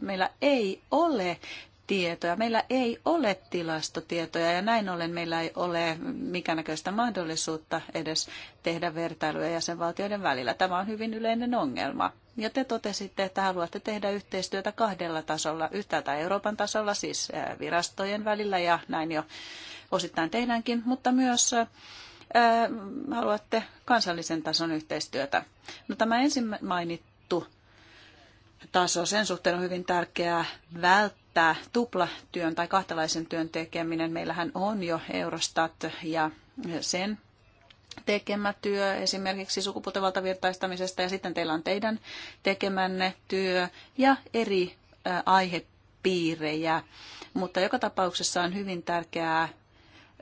meillä ei ole tietoja. Meillä ei ole tilastotietoja ja näin ollen meillä ei ole mikäännäköistä mahdollisuutta edes tehdä vertailuja jäsenvaltioiden välillä. Tämä on hyvin yleinen ongelma. Ja te totesitte, että haluatte tehdä yhteistyötä kahdella tasolla, yhtäältä Euroopan tasolla, siis virastojen välillä ja näin jo osittain tehdäänkin, mutta myös haluatte kansallisen tason yhteistyötä. No tämä ensin mainittu taso, sen suhteen on hyvin tärkeää välttää tuplatyön tai kahtalaisen työn tekeminen. Meillähän on jo Eurostat ja sen tekemä työ esimerkiksi sukupuolten ja sitten teillä on teidän tekemänne työ ja eri aihepiirejä. Mutta joka tapauksessa on hyvin tärkeää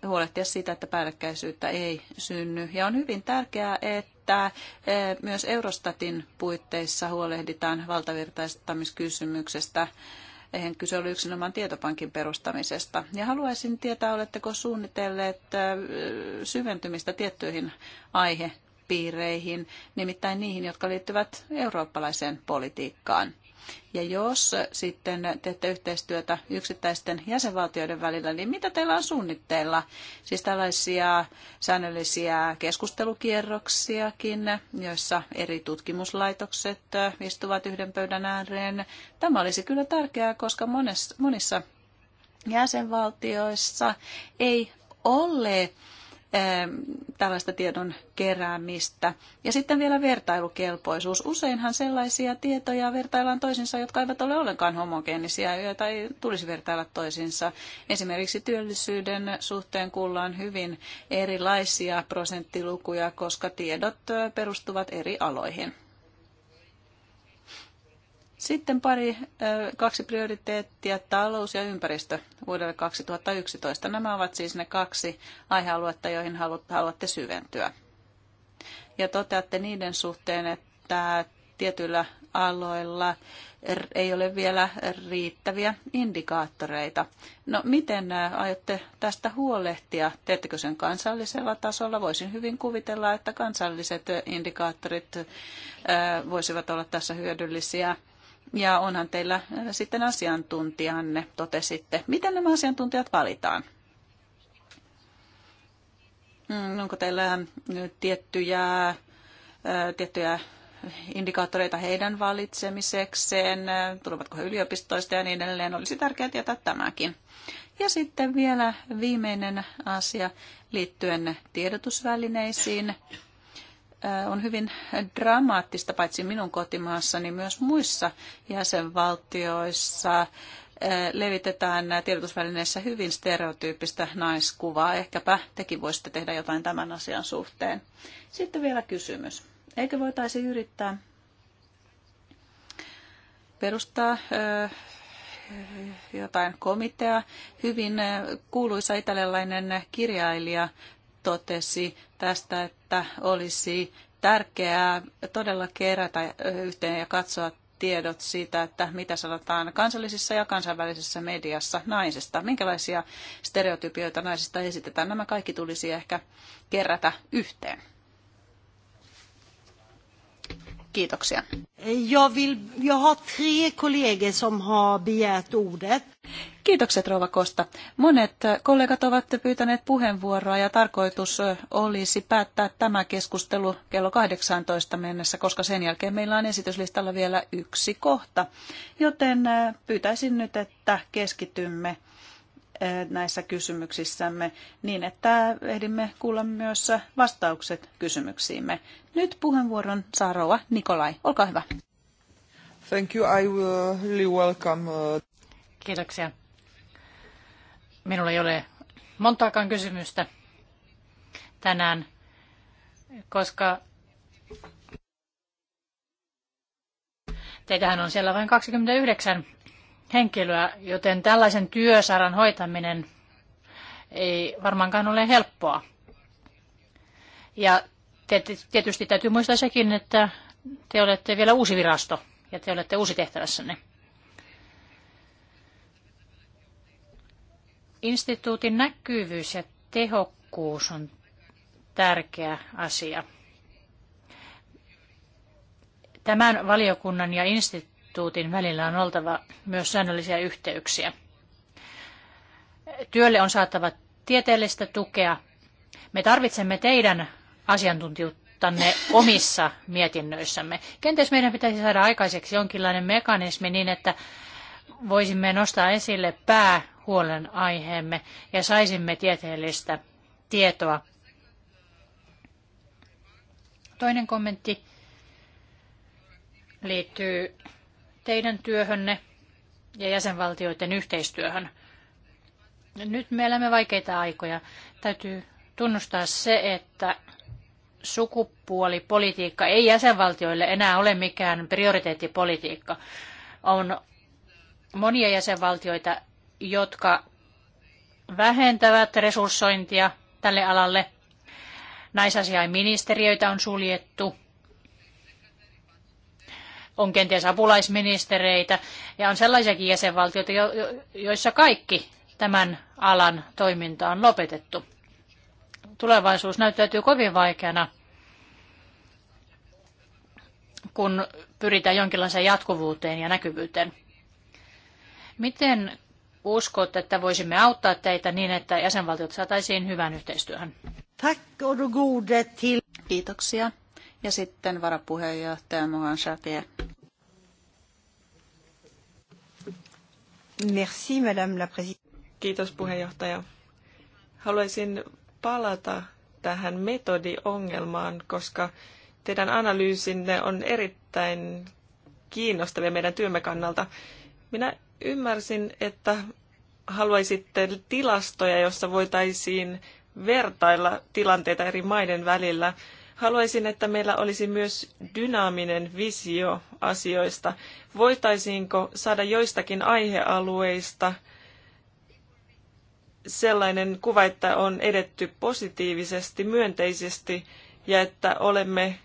huolehtia siitä, että päällekkäisyyttä ei synny. Ja on hyvin tärkeää, että eh, myös Eurostatin puitteissa huolehditaan valtavirtaistamiskysymyksestä. Eihän kyse ole yksinomaan tietopankin perustamisesta. Ja haluaisin tietää, oletteko suunnitelleet eh, syventymistä tiettyihin aihepiireihin, nimittäin niihin, jotka liittyvät eurooppalaiseen politiikkaan. Ja jos sitten teette yhteistyötä yksittäisten jäsenvaltioiden välillä, niin mitä teillä on suunnitteilla? Siis tällaisia säännöllisiä keskustelukierroksiakin, joissa eri tutkimuslaitokset istuvat yhden pöydän ääreen. Tämä olisi kyllä tärkeää, koska monessa, monissa jäsenvaltioissa ei ole tällaista tiedon keräämistä. Ja sitten vielä vertailukelpoisuus. Useinhan sellaisia tietoja vertaillaan toisinsa, jotka eivät ole ollenkaan homogeenisia, joita ei tulisi vertailla toisinsa. Esimerkiksi työllisyyden suhteen kuullaan hyvin erilaisia prosenttilukuja, koska tiedot perustuvat eri aloihin. Sitten pari, kaksi prioriteettia, talous ja ympäristö vuodelle 2011. Nämä ovat siis ne kaksi aihealuetta, joihin haluatte syventyä. Ja toteatte niiden suhteen, että tietyillä aloilla er, ei ole vielä riittäviä indikaattoreita. No miten aiotte tästä huolehtia? Teettekö sen kansallisella tasolla? Voisin hyvin kuvitella, että kansalliset indikaattorit voisivat olla tässä hyödyllisiä ja onhan teillä sitten asiantuntijanne, totesitte. Miten nämä asiantuntijat valitaan? Hmm, onko teillä tiettyjä, tiettyjä indikaattoreita heidän valitsemisekseen, tulevatko he yliopistoista ja niin edelleen. Olisi tärkeää tietää tämäkin. Ja sitten vielä viimeinen asia liittyen tiedotusvälineisiin. Äh, on hyvin dramaattista paitsi minun kotimaassani myös muissa jäsenvaltioissa äh, levitetään tiedotusvälineissä hyvin stereotyyppistä naiskuvaa. Ehkäpä tekin voisitte tehdä jotain tämän asian suhteen. Sitten vielä kysymys. Eikö voitaisi yrittää perustaa äh, jotain komitea. Hyvin kuuluisa italialainen kirjailija totesi tästä, että olisi tärkeää todella kerätä yhteen ja katsoa tiedot siitä, että mitä sanotaan kansallisissa ja kansainvälisessä mediassa naisesta, minkälaisia stereotypioita naisista esitetään. Nämä kaikki tulisi ehkä kerätä yhteen. Kiitoksia. Jag vill, jag har tre kollegor som har begärt ordet. Kiitokset Rova Kosta. Monet kollegat ovat pyytäneet puheenvuoroa ja tarkoitus olisi päättää tämä keskustelu kello 18 mennessä, koska sen jälkeen meillä on esityslistalla vielä yksi kohta. Joten pyytäisin nyt, että keskitymme Eh, näissä kysymyksissämme niin, että ehdimme kuulla myös vastaukset kysymyksiimme. Nyt puheenvuoron saa rouva Nikolai. Olkaa hyvä. Thank you. I really welcome. Uh, Kiitoksia. Minulla ei ole montaakaan kysymystä tänään, koska teitähän on siellä vain 29 henkilöä, joten tällaisen työsaran hoitaminen ei varmaankaan ole helppoa. Ja tietysti täytyy muistaa sekin, että te olette vielä uusi virasto ja te olette uusi tehtävässänne. Instituutin näkyvyys ja tehokkuus on tärkeä asia. Tämän valiokunnan ja instituutin instituutin välillä on oltava myös säännöllisiä yhteyksiä. Työlle on saatava tieteellistä tukea. Me tarvitsemme teidän asiantuntijuuttanne omissa mietinnöissämme. Kenties meidän pitäisi saada aikaiseksi jonkinlainen mekanismi niin, että voisimme nostaa esille päähuolen aiheemme ja saisimme tieteellistä tietoa. Toinen kommentti liittyy teidän työhönne ja jäsenvaltioiden yhteistyöhön. Nyt me elämme vaikeita aikoja. Täytyy tunnustaa se, että sukupuolipolitiikka ei jäsenvaltioille enää ole mikään prioriteettipolitiikka. On monia jäsenvaltioita, jotka vähentävät resurssointia tälle alalle. Naisasiainministeriöitä on suljettu on kenties apulaisministereitä ja on sellaisiakin jäsenvaltioita, joissa kaikki tämän alan toiminta on lopetettu. Tulevaisuus näyttäytyy kovin vaikeana, kun pyritään jonkinlaiseen jatkuvuuteen ja näkyvyyteen. Miten uskot, että voisimme auttaa teitä niin, että jäsenvaltiot saataisiin hyvän yhteistyöhön? Tack och Kiitoksia ja sitten varapuheenjohtaja Mohan Shatie. Merci, Madame la Kiitos puheenjohtaja. Haluaisin palata tähän metodiongelmaan, koska teidän analyysinne on erittäin kiinnostavia meidän työmme kannalta. Minä ymmärsin, että haluaisitte tilastoja, jossa voitaisiin vertailla tilanteita eri maiden välillä Haluaisin, että meillä olisi myös dynaaminen visio asioista. Voitaisiinko saada joistakin aihealueista sellainen kuva, että on edetty positiivisesti, myönteisesti ja että olemme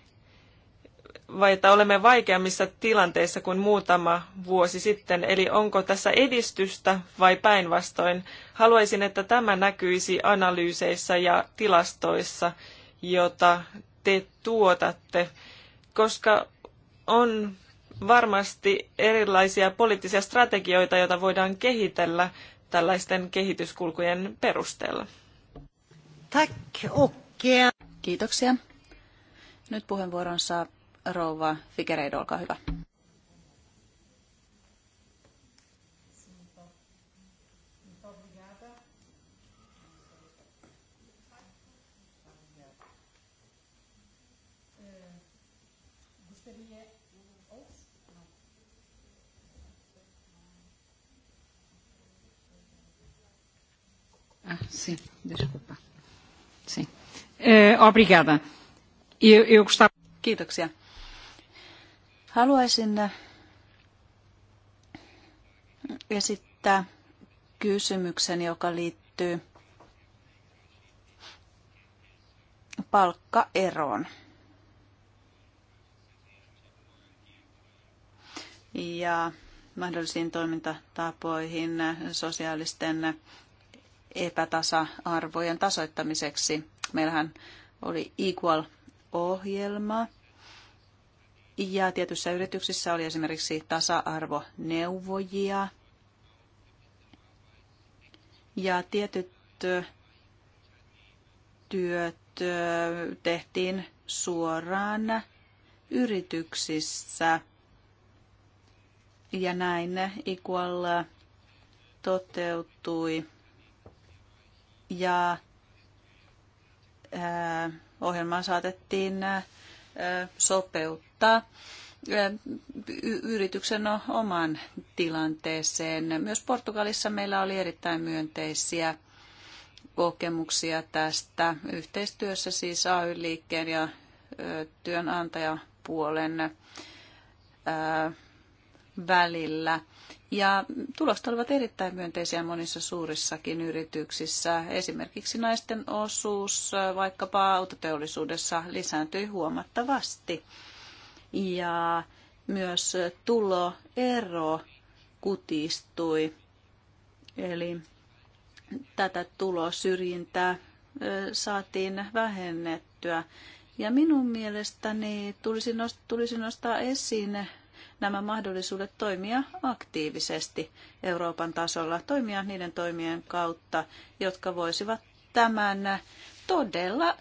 vai että olemme vaikeammissa tilanteissa kuin muutama vuosi sitten. Eli onko tässä edistystä vai päinvastoin? Haluaisin, että tämä näkyisi analyyseissä ja tilastoissa, jota te tuotatte, koska on varmasti erilaisia poliittisia strategioita, joita voidaan kehitellä tällaisten kehityskulkujen perusteella. Tack eh. Kiitoksia. Nyt puheenvuoron saa rouva Fikereido, olkaa hyvä. Ah, eh, obrigada. Eu, eu Kiitoksia. Haluaisin eh, esittää kysymyksen, joka liittyy palkkaeroon. Ja mahdollisiin toimintatapoihin eh, sosiaalisten epätasa-arvojen tasoittamiseksi. Meillähän oli Equal-ohjelma, ja tietyissä yrityksissä oli esimerkiksi tasa-arvoneuvojia. Ja tietyt työt tehtiin suoraan yrityksissä. Ja näin Equal toteutui ja ohjelmaa saatettiin sopeuttaa yrityksen omaan tilanteeseen. Myös Portugalissa meillä oli erittäin myönteisiä kokemuksia tästä yhteistyössä siis AY-liikkeen ja työnantajapuolen välillä. Ja tulokset olivat erittäin myönteisiä monissa suurissakin yrityksissä. Esimerkiksi naisten osuus vaikkapa autoteollisuudessa lisääntyi huomattavasti. Ja myös tuloero kutistui. Eli tätä tulosyrjintää saatiin vähennettyä. Ja minun mielestäni tulisi nostaa esiin nämä mahdollisuudet toimia aktiivisesti Euroopan tasolla, toimia niiden toimien kautta, jotka voisivat tämän todella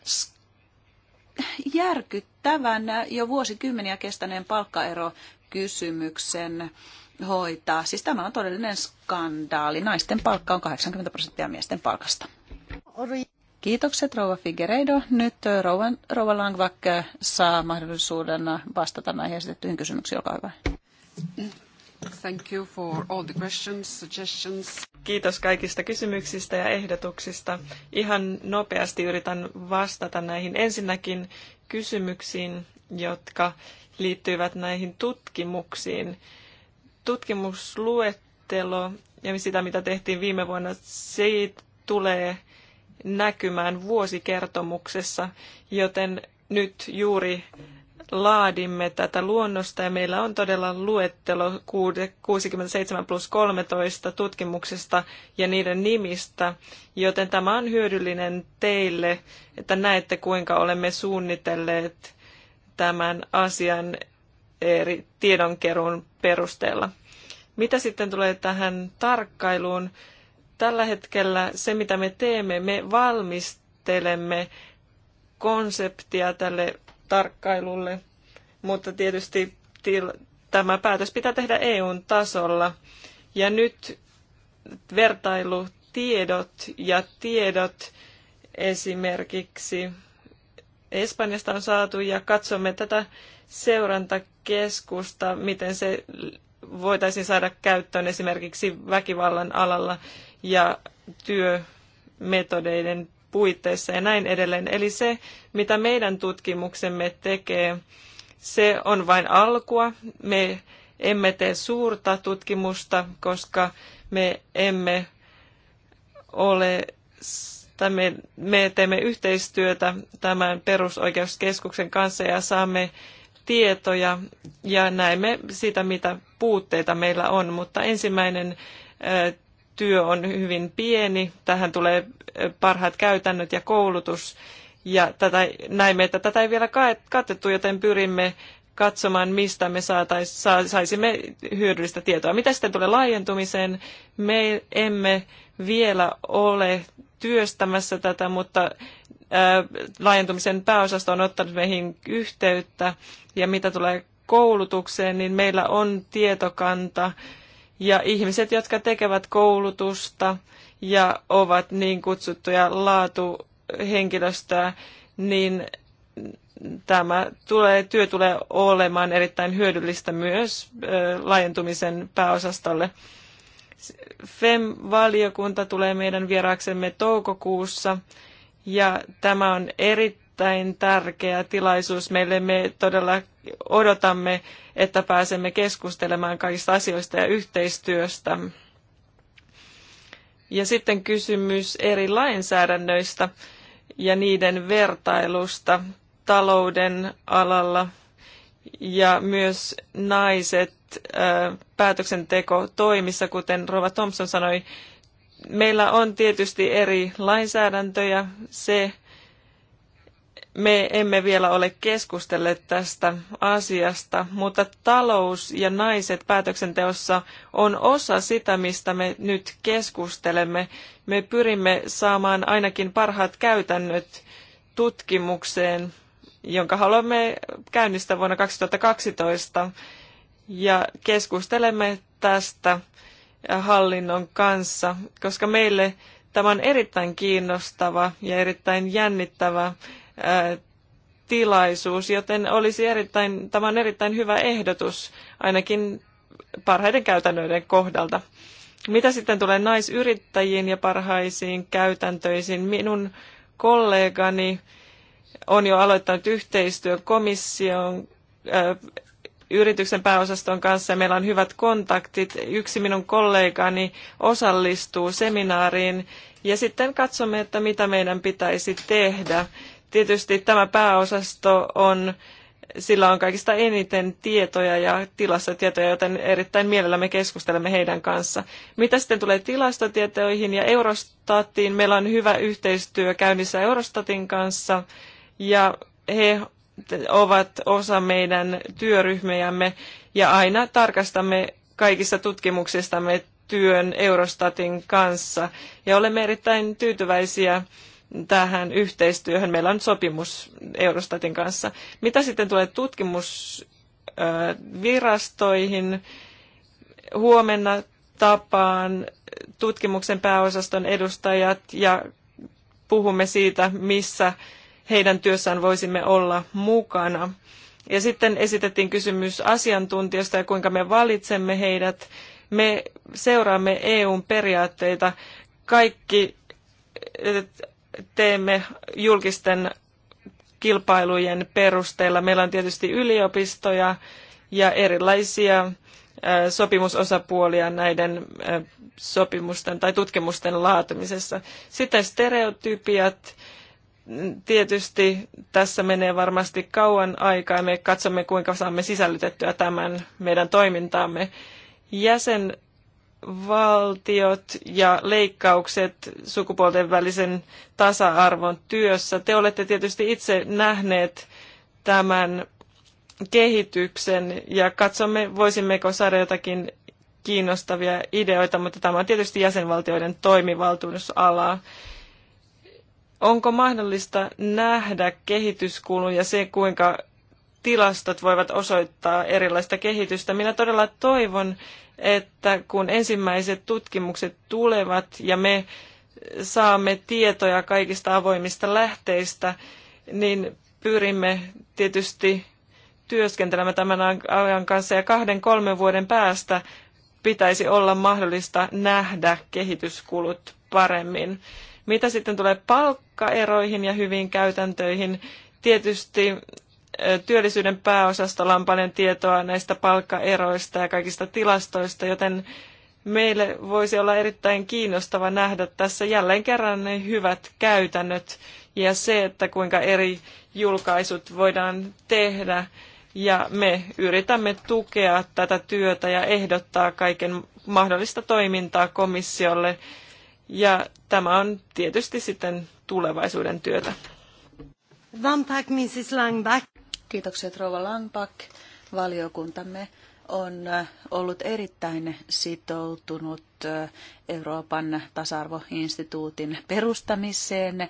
järkyttävän jo vuosikymmeniä kestäneen palkkaerokysymyksen hoitaa. Siis tämä on todellinen skandaali. Naisten palkka on 80 prosenttia miesten palkasta. Kiitokset Rouva Figueiredo. Nyt äh, Rouva, Rouva Langvak äh, saa mahdollisuuden äh, vastata näihin esitettyihin kysymyksiin. Olkaa hyvä. Thank you for all the questions, suggestions. Kiitos kaikista kysymyksistä ja ehdotuksista. Ihan nopeasti yritän vastata näihin ensinnäkin kysymyksiin, jotka liittyvät näihin tutkimuksiin. Tutkimusluettelo ja sitä, mitä tehtiin viime vuonna, se tulee näkymään vuosikertomuksessa, joten nyt juuri laadimme tätä luonnosta ja meillä on todella luettelo 67 plus 13 tutkimuksesta ja niiden nimistä, joten tämä on hyödyllinen teille, että näette kuinka olemme suunnitelleet tämän asian eri tiedonkeruun perusteella. Mitä sitten tulee tähän tarkkailuun, Tällä hetkellä se, mitä me teemme, me valmistelemme konseptia tälle tarkkailulle, mutta tietysti tämä päätös pitää tehdä EUn tasolla. Ja nyt vertailutiedot ja tiedot esimerkiksi Espanjasta on saatu ja katsomme tätä seurantakeskusta, miten se voitaisiin saada käyttöön esimerkiksi väkivallan alalla ja työmetodeiden puitteissa ja näin edelleen. Eli se, mitä meidän tutkimuksemme tekee, se on vain alkua. Me emme tee suurta tutkimusta, koska me emme ole, tai me, me teemme yhteistyötä tämän perusoikeuskeskuksen kanssa ja saamme tietoja ja näemme sitä, mitä puutteita meillä on. Mutta ensimmäinen työ on hyvin pieni. Tähän tulee parhaat käytännöt ja koulutus. Ja tätä, näimme, että tätä ei vielä katettu, joten pyrimme katsomaan, mistä me saatais, sa, saisimme hyödyllistä tietoa. Mitä sitten tulee laajentumiseen? Me emme vielä ole työstämässä tätä, mutta ää, laajentumisen pääosasto on ottanut meihin yhteyttä. Ja mitä tulee koulutukseen, niin meillä on tietokanta, ja ihmiset, jotka tekevät koulutusta ja ovat niin kutsuttuja laatuhenkilöstöä, niin tämä tulee, työ tulee olemaan erittäin hyödyllistä myös laajentumisen pääosastolle. FEM-valiokunta tulee meidän vieraaksemme toukokuussa ja tämä on erittäin erittäin tärkeä tilaisuus meille. Me todella odotamme, että pääsemme keskustelemaan kaikista asioista ja yhteistyöstä. Ja sitten kysymys eri lainsäädännöistä ja niiden vertailusta talouden alalla ja myös naiset päätöksenteko toimissa, kuten Rova Thompson sanoi. Meillä on tietysti eri lainsäädäntöjä. Se me emme vielä ole keskustelleet tästä asiasta, mutta talous ja naiset päätöksenteossa on osa sitä, mistä me nyt keskustelemme. Me pyrimme saamaan ainakin parhaat käytännöt tutkimukseen, jonka haluamme käynnistää vuonna 2012, ja keskustelemme tästä hallinnon kanssa, koska meille tämä on erittäin kiinnostava ja erittäin jännittävä tilaisuus, joten olisi erittäin, tämä on erittäin hyvä ehdotus, ainakin parhaiden käytännöiden kohdalta. Mitä sitten tulee naisyrittäjiin ja parhaisiin käytäntöihin? Minun kollegani on jo aloittanut yhteistyön komission yrityksen pääosaston kanssa ja meillä on hyvät kontaktit. Yksi minun kollegani osallistuu seminaariin ja sitten katsomme, että mitä meidän pitäisi tehdä tietysti tämä pääosasto on, sillä on kaikista eniten tietoja ja tilastotietoja, joten erittäin mielellämme keskustelemme heidän kanssa. Mitä sitten tulee tilastotietoihin ja Eurostatiin, meillä on hyvä yhteistyö käynnissä Eurostatin kanssa ja he ovat osa meidän työryhmiämme ja aina tarkastamme kaikissa tutkimuksistamme työn Eurostatin kanssa ja olemme erittäin tyytyväisiä tähän yhteistyöhön. Meillä on sopimus Eurostatin kanssa. Mitä sitten tulee tutkimusvirastoihin? Huomenna tapaan tutkimuksen pääosaston edustajat ja puhumme siitä, missä heidän työssään voisimme olla mukana. Ja sitten esitettiin kysymys asiantuntijoista ja kuinka me valitsemme heidät. Me seuraamme EUn periaatteita. Kaikki teemme julkisten kilpailujen perusteella. Meillä on tietysti yliopistoja ja erilaisia äh, sopimusosapuolia näiden äh, sopimusten tai tutkimusten laatimisessa. Sitten stereotypiat. Mm, tietysti tässä menee varmasti kauan aikaa. Me katsomme, kuinka saamme sisällytettyä tämän meidän toimintaamme. Jäsen valtiot ja leikkaukset sukupuolten välisen tasa-arvon työssä. Te olette tietysti itse nähneet tämän kehityksen ja katsomme, voisimmeko saada jotakin kiinnostavia ideoita, mutta tämä on tietysti jäsenvaltioiden toimivaltuusalaa. Onko mahdollista nähdä kehityskulun ja se, kuinka tilastot voivat osoittaa erilaista kehitystä? Minä todella toivon, että kun ensimmäiset tutkimukset tulevat ja me saamme tietoja kaikista avoimista lähteistä, niin pyrimme tietysti työskentelemään tämän ajan kanssa ja kahden kolmen vuoden päästä pitäisi olla mahdollista nähdä kehityskulut paremmin. Mitä sitten tulee palkkaeroihin ja hyviin käytäntöihin, tietysti työllisyyden pääosastolla on paljon tietoa näistä palkkaeroista ja kaikista tilastoista, joten meille voisi olla erittäin kiinnostava nähdä tässä jälleen kerran ne hyvät käytännöt ja se, että kuinka eri julkaisut voidaan tehdä. Ja me yritämme tukea tätä työtä ja ehdottaa kaiken mahdollista toimintaa komissiolle. Ja tämä on tietysti sitten tulevaisuuden työtä. Van Mrs. Langback. Kiitokset Rova Valiokuntamme on äh, ollut erittäin sitoutunut äh, Euroopan tasa-arvoinstituutin perustamiseen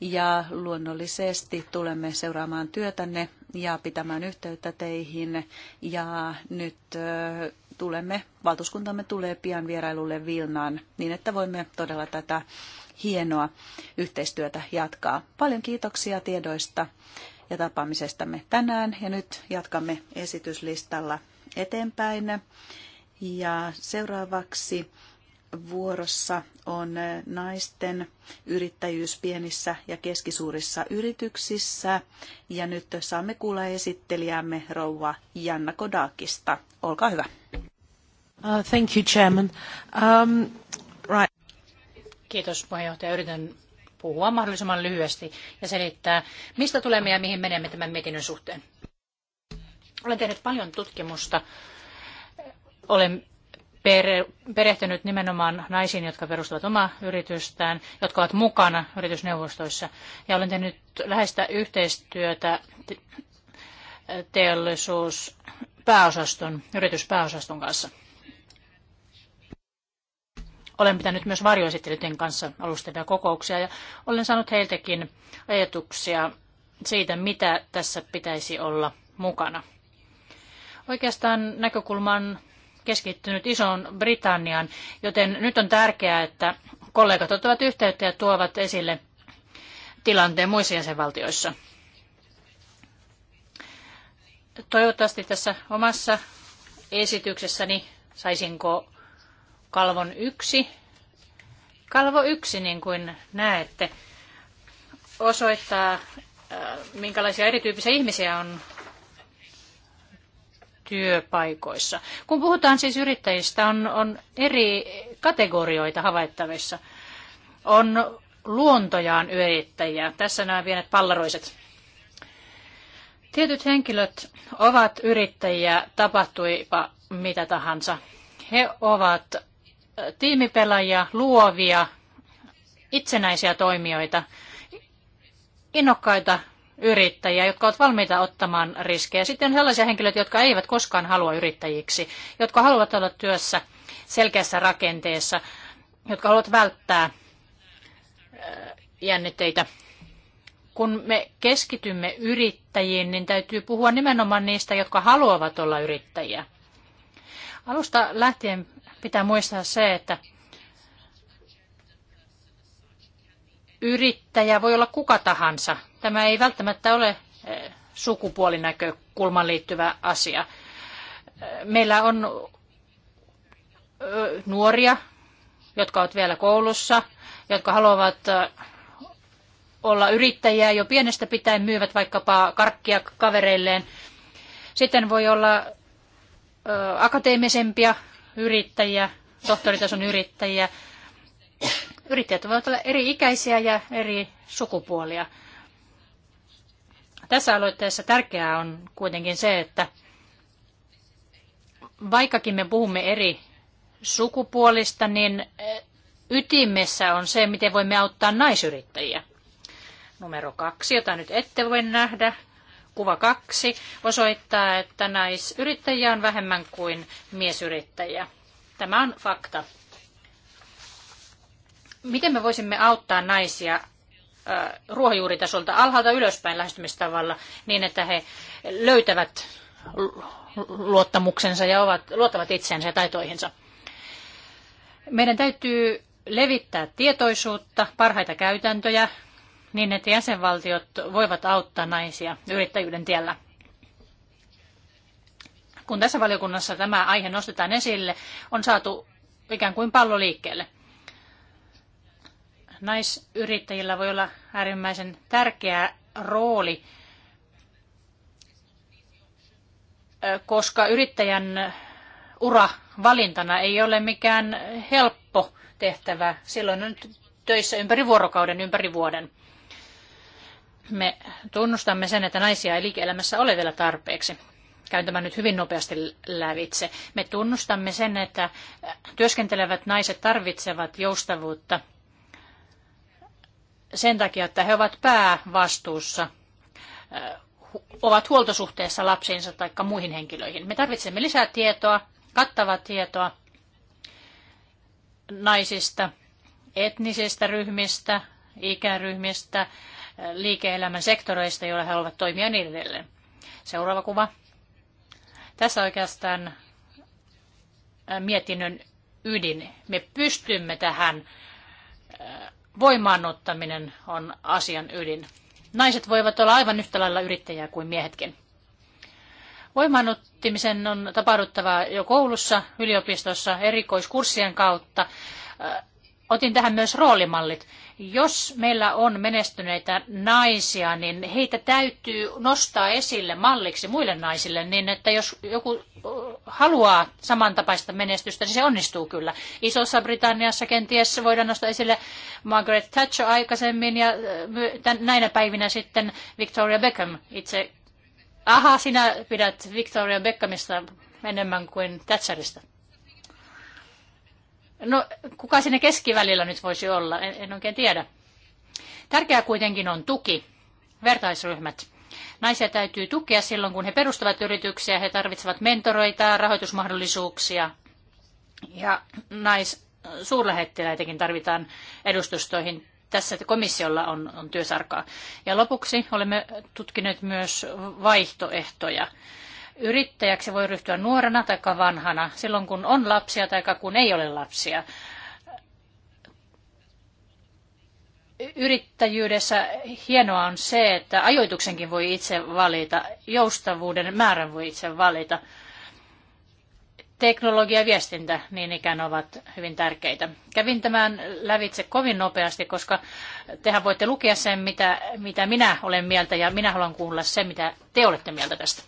ja luonnollisesti tulemme seuraamaan työtänne ja pitämään yhteyttä teihin ja nyt äh, tulemme, valtuuskuntamme tulee pian vierailulle Vilnaan niin, että voimme todella tätä hienoa yhteistyötä jatkaa. Paljon kiitoksia tiedoista ja tapaamisestamme tänään. Ja nyt jatkamme esityslistalla eteenpäin. Ja seuraavaksi vuorossa on naisten yrittäjyys pienissä ja keskisuurissa yrityksissä. Ja nyt saamme kuulla esittelijämme rouva Janna Kodakista. Olkaa hyvä. Uh, thank you, Chairman. Um, right. Kiitos puheenjohtaja. Yritän puhua mahdollisimman lyhyesti ja selittää, mistä tulemme ja mihin menemme tämän mietinnön suhteen. Olen tehnyt paljon tutkimusta. Olen perehtynyt nimenomaan naisiin, jotka perustavat omaa yritystään, jotka ovat mukana yritysneuvostoissa. Ja olen tehnyt läheistä yhteistyötä teollisuuspääosaston, pääosaston, yrityspääosaston kanssa. Olen pitänyt myös varjoesittelyiden kanssa alustavia kokouksia ja olen saanut heiltäkin ajatuksia siitä, mitä tässä pitäisi olla mukana. Oikeastaan näkökulma on keskittynyt isoon Britanniaan, joten nyt on tärkeää, että kollegat ottavat yhteyttä ja tuovat esille tilanteen muissa jäsenvaltioissa. Toivottavasti tässä omassa esityksessäni saisinko kalvon yksi. Kalvo yksi, niin kuin näette, osoittaa, äh, minkälaisia erityyppisiä ihmisiä on työpaikoissa. Kun puhutaan siis yrittäjistä, on, on eri kategorioita havaittavissa. On luontojaan yrittäjiä. Tässä nämä pienet pallaroiset. Tietyt henkilöt ovat yrittäjiä, tapahtuipa mitä tahansa. He ovat tiimipelaajia, luovia, itsenäisiä toimijoita, innokkaita yrittäjiä, jotka ovat valmiita ottamaan riskejä. Sitten on sellaisia henkilöitä, jotka eivät koskaan halua yrittäjiksi, jotka haluavat olla työssä selkeässä rakenteessa, jotka haluavat välttää äh, jännitteitä. Kun me keskitymme yrittäjiin, niin täytyy puhua nimenomaan niistä, jotka haluavat olla yrittäjiä. Alusta lähtien Pitää muistaa se, että yrittäjä voi olla kuka tahansa. Tämä ei välttämättä ole eh, sukupuolinäkökulman liittyvä asia. Eh, meillä on eh, nuoria, jotka ovat vielä koulussa, jotka haluavat olla yrittäjiä jo pienestä pitäen, myyvät vaikkapa karkkia kavereilleen. Sitten voi olla akateemisempia yrittäjiä, tohtoritason yrittäjiä. Yrittäjät voivat olla eri-ikäisiä ja eri sukupuolia. Tässä aloitteessa tärkeää on kuitenkin se, että vaikkakin me puhumme eri sukupuolista, niin eh, ytimessä on se, miten voimme auttaa naisyrittäjiä. Numero kaksi, jota nyt ette voi nähdä, kuva kaksi osoittaa, että naisyrittäjiä on vähemmän kuin miesyrittäjiä. Tämä on fakta. Miten me voisimme auttaa naisia ruohonjuuritasolta alhaalta ylöspäin lähestymistavalla niin, että he löytävät luottamuksensa ja ovat, luottavat itseensä ja taitoihinsa? Meidän täytyy levittää tietoisuutta, parhaita käytäntöjä, niin, että jäsenvaltiot voivat auttaa naisia yrittäjyyden tiellä. Kun tässä valiokunnassa tämä aihe nostetaan esille, on saatu ikään kuin pallo liikkeelle. Naisyrittäjillä voi olla äärimmäisen tärkeä rooli, koska yrittäjän ura valintana ei ole mikään helppo tehtävä. Silloin on töissä ympäri vuorokauden, ympäri vuoden. Me tunnustamme sen, että naisia ei liike-elämässä ole vielä tarpeeksi. Käyn tämän nyt hyvin nopeasti lävitse. Me tunnustamme sen, että työskentelevät naiset tarvitsevat joustavuutta sen takia, että he ovat päävastuussa ovat huoltosuhteessa lapsiinsa tai muihin henkilöihin. Me tarvitsemme lisää tietoa, kattavaa tietoa naisista, etnisistä ryhmistä, ikäryhmistä, liike-elämän sektoreista, joilla he haluavat toimia niin edelleen. Seuraava kuva. Tässä oikeastaan äh, mietinnön ydin. Me pystymme tähän. Äh, Voimaanottaminen on asian ydin. Naiset voivat olla aivan yhtä lailla yrittäjiä kuin miehetkin. Voimaanottimisen on tapahduttava jo koulussa, yliopistossa, erikoiskurssien kautta. Äh, otin tähän myös roolimallit. Jos meillä on menestyneitä naisia, niin heitä täytyy nostaa esille malliksi muille naisille, niin että jos joku haluaa samantapaista menestystä, niin se onnistuu kyllä. Isossa Britanniassa kenties voidaan nostaa esille Margaret Thatcher aikaisemmin ja näinä päivinä sitten Victoria Beckham itse. Aha, sinä pidät Victoria Beckhamista enemmän kuin Thatcherista. No, kuka sinne keskivälillä nyt voisi olla? En, en oikein tiedä. Tärkeää kuitenkin on tuki, vertaisryhmät. Naisia täytyy tukea silloin, kun he perustavat yrityksiä. He tarvitsevat mentoroita, rahoitusmahdollisuuksia. Ja nais suurlähettiläitäkin tarvitaan edustustoihin. Tässä komissiolla on, on työsarkaa. Ja lopuksi olemme tutkineet myös vaihtoehtoja. Yrittäjäksi voi ryhtyä nuorena tai vanhana, silloin kun on lapsia tai kun ei ole lapsia. Yrittäjyydessä hienoa on se, että ajoituksenkin voi itse valita, joustavuuden määrän voi itse valita teknologia ja viestintä niin ikään ovat hyvin tärkeitä. Kävin tämän lävitse kovin nopeasti, koska tehän voitte lukea sen, mitä, mitä minä olen mieltä, ja minä haluan kuulla sen, mitä te olette mieltä tästä.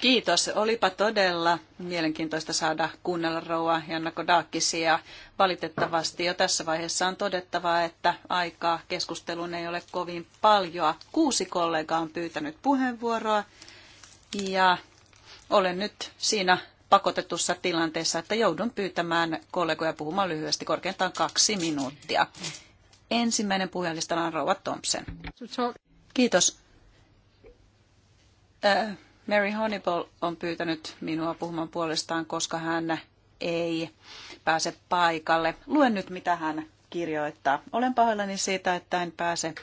Kiitos. Olipa todella mielenkiintoista saada kuunnella rouva Janna Kodakisia. Valitettavasti jo tässä vaiheessa on todettava, että aikaa keskusteluun ei ole kovin paljon. Kuusi kollegaa on pyytänyt puheenvuoroa. Ja olen nyt siinä pakotetussa tilanteessa, että joudun pyytämään kollegoja puhumaan lyhyesti korkeintaan kaksi minuuttia. Ensimmäinen puhujalistalla on Rouva Thompson. Kiitos. Äh, Mary Honeyball on pyytänyt minua puhumaan puolestaan, koska hän ei pääse paikalle. Luen nyt, mitä hän kirjoittaa. Olen pahoillani siitä, että en pääse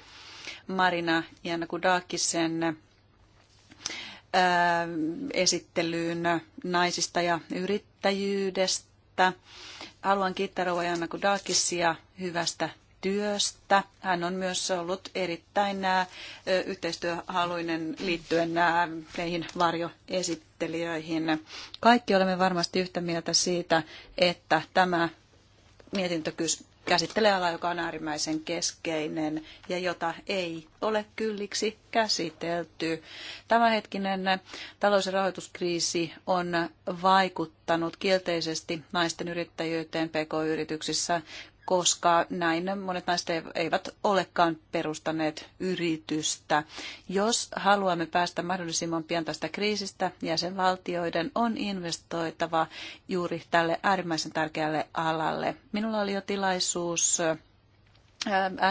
Marina Janakudakisen esittelyyn naisista ja yrittäjyydestä. Haluan kiittää Rouva Janna Kudakisia hyvästä työstä. Hän on myös ollut erittäin yhteistyöhaluinen liittyen näihin varjoesittelijöihin. Kaikki olemme varmasti yhtä mieltä siitä, että tämä mietintö käsittelee ala, joka on äärimmäisen keskeinen ja jota ei ole kylliksi käsitelty. Tämänhetkinen talous- ja rahoituskriisi on vaikuttanut kielteisesti naisten yrittäjyyteen pk-yrityksissä, koska näin monet naiset eivät olekaan perustaneet yritystä. Jos haluamme päästä mahdollisimman pian tästä kriisistä, jäsenvaltioiden on investoitava juuri tälle äärimmäisen tärkeälle alalle. Minulla oli jo tilaisuus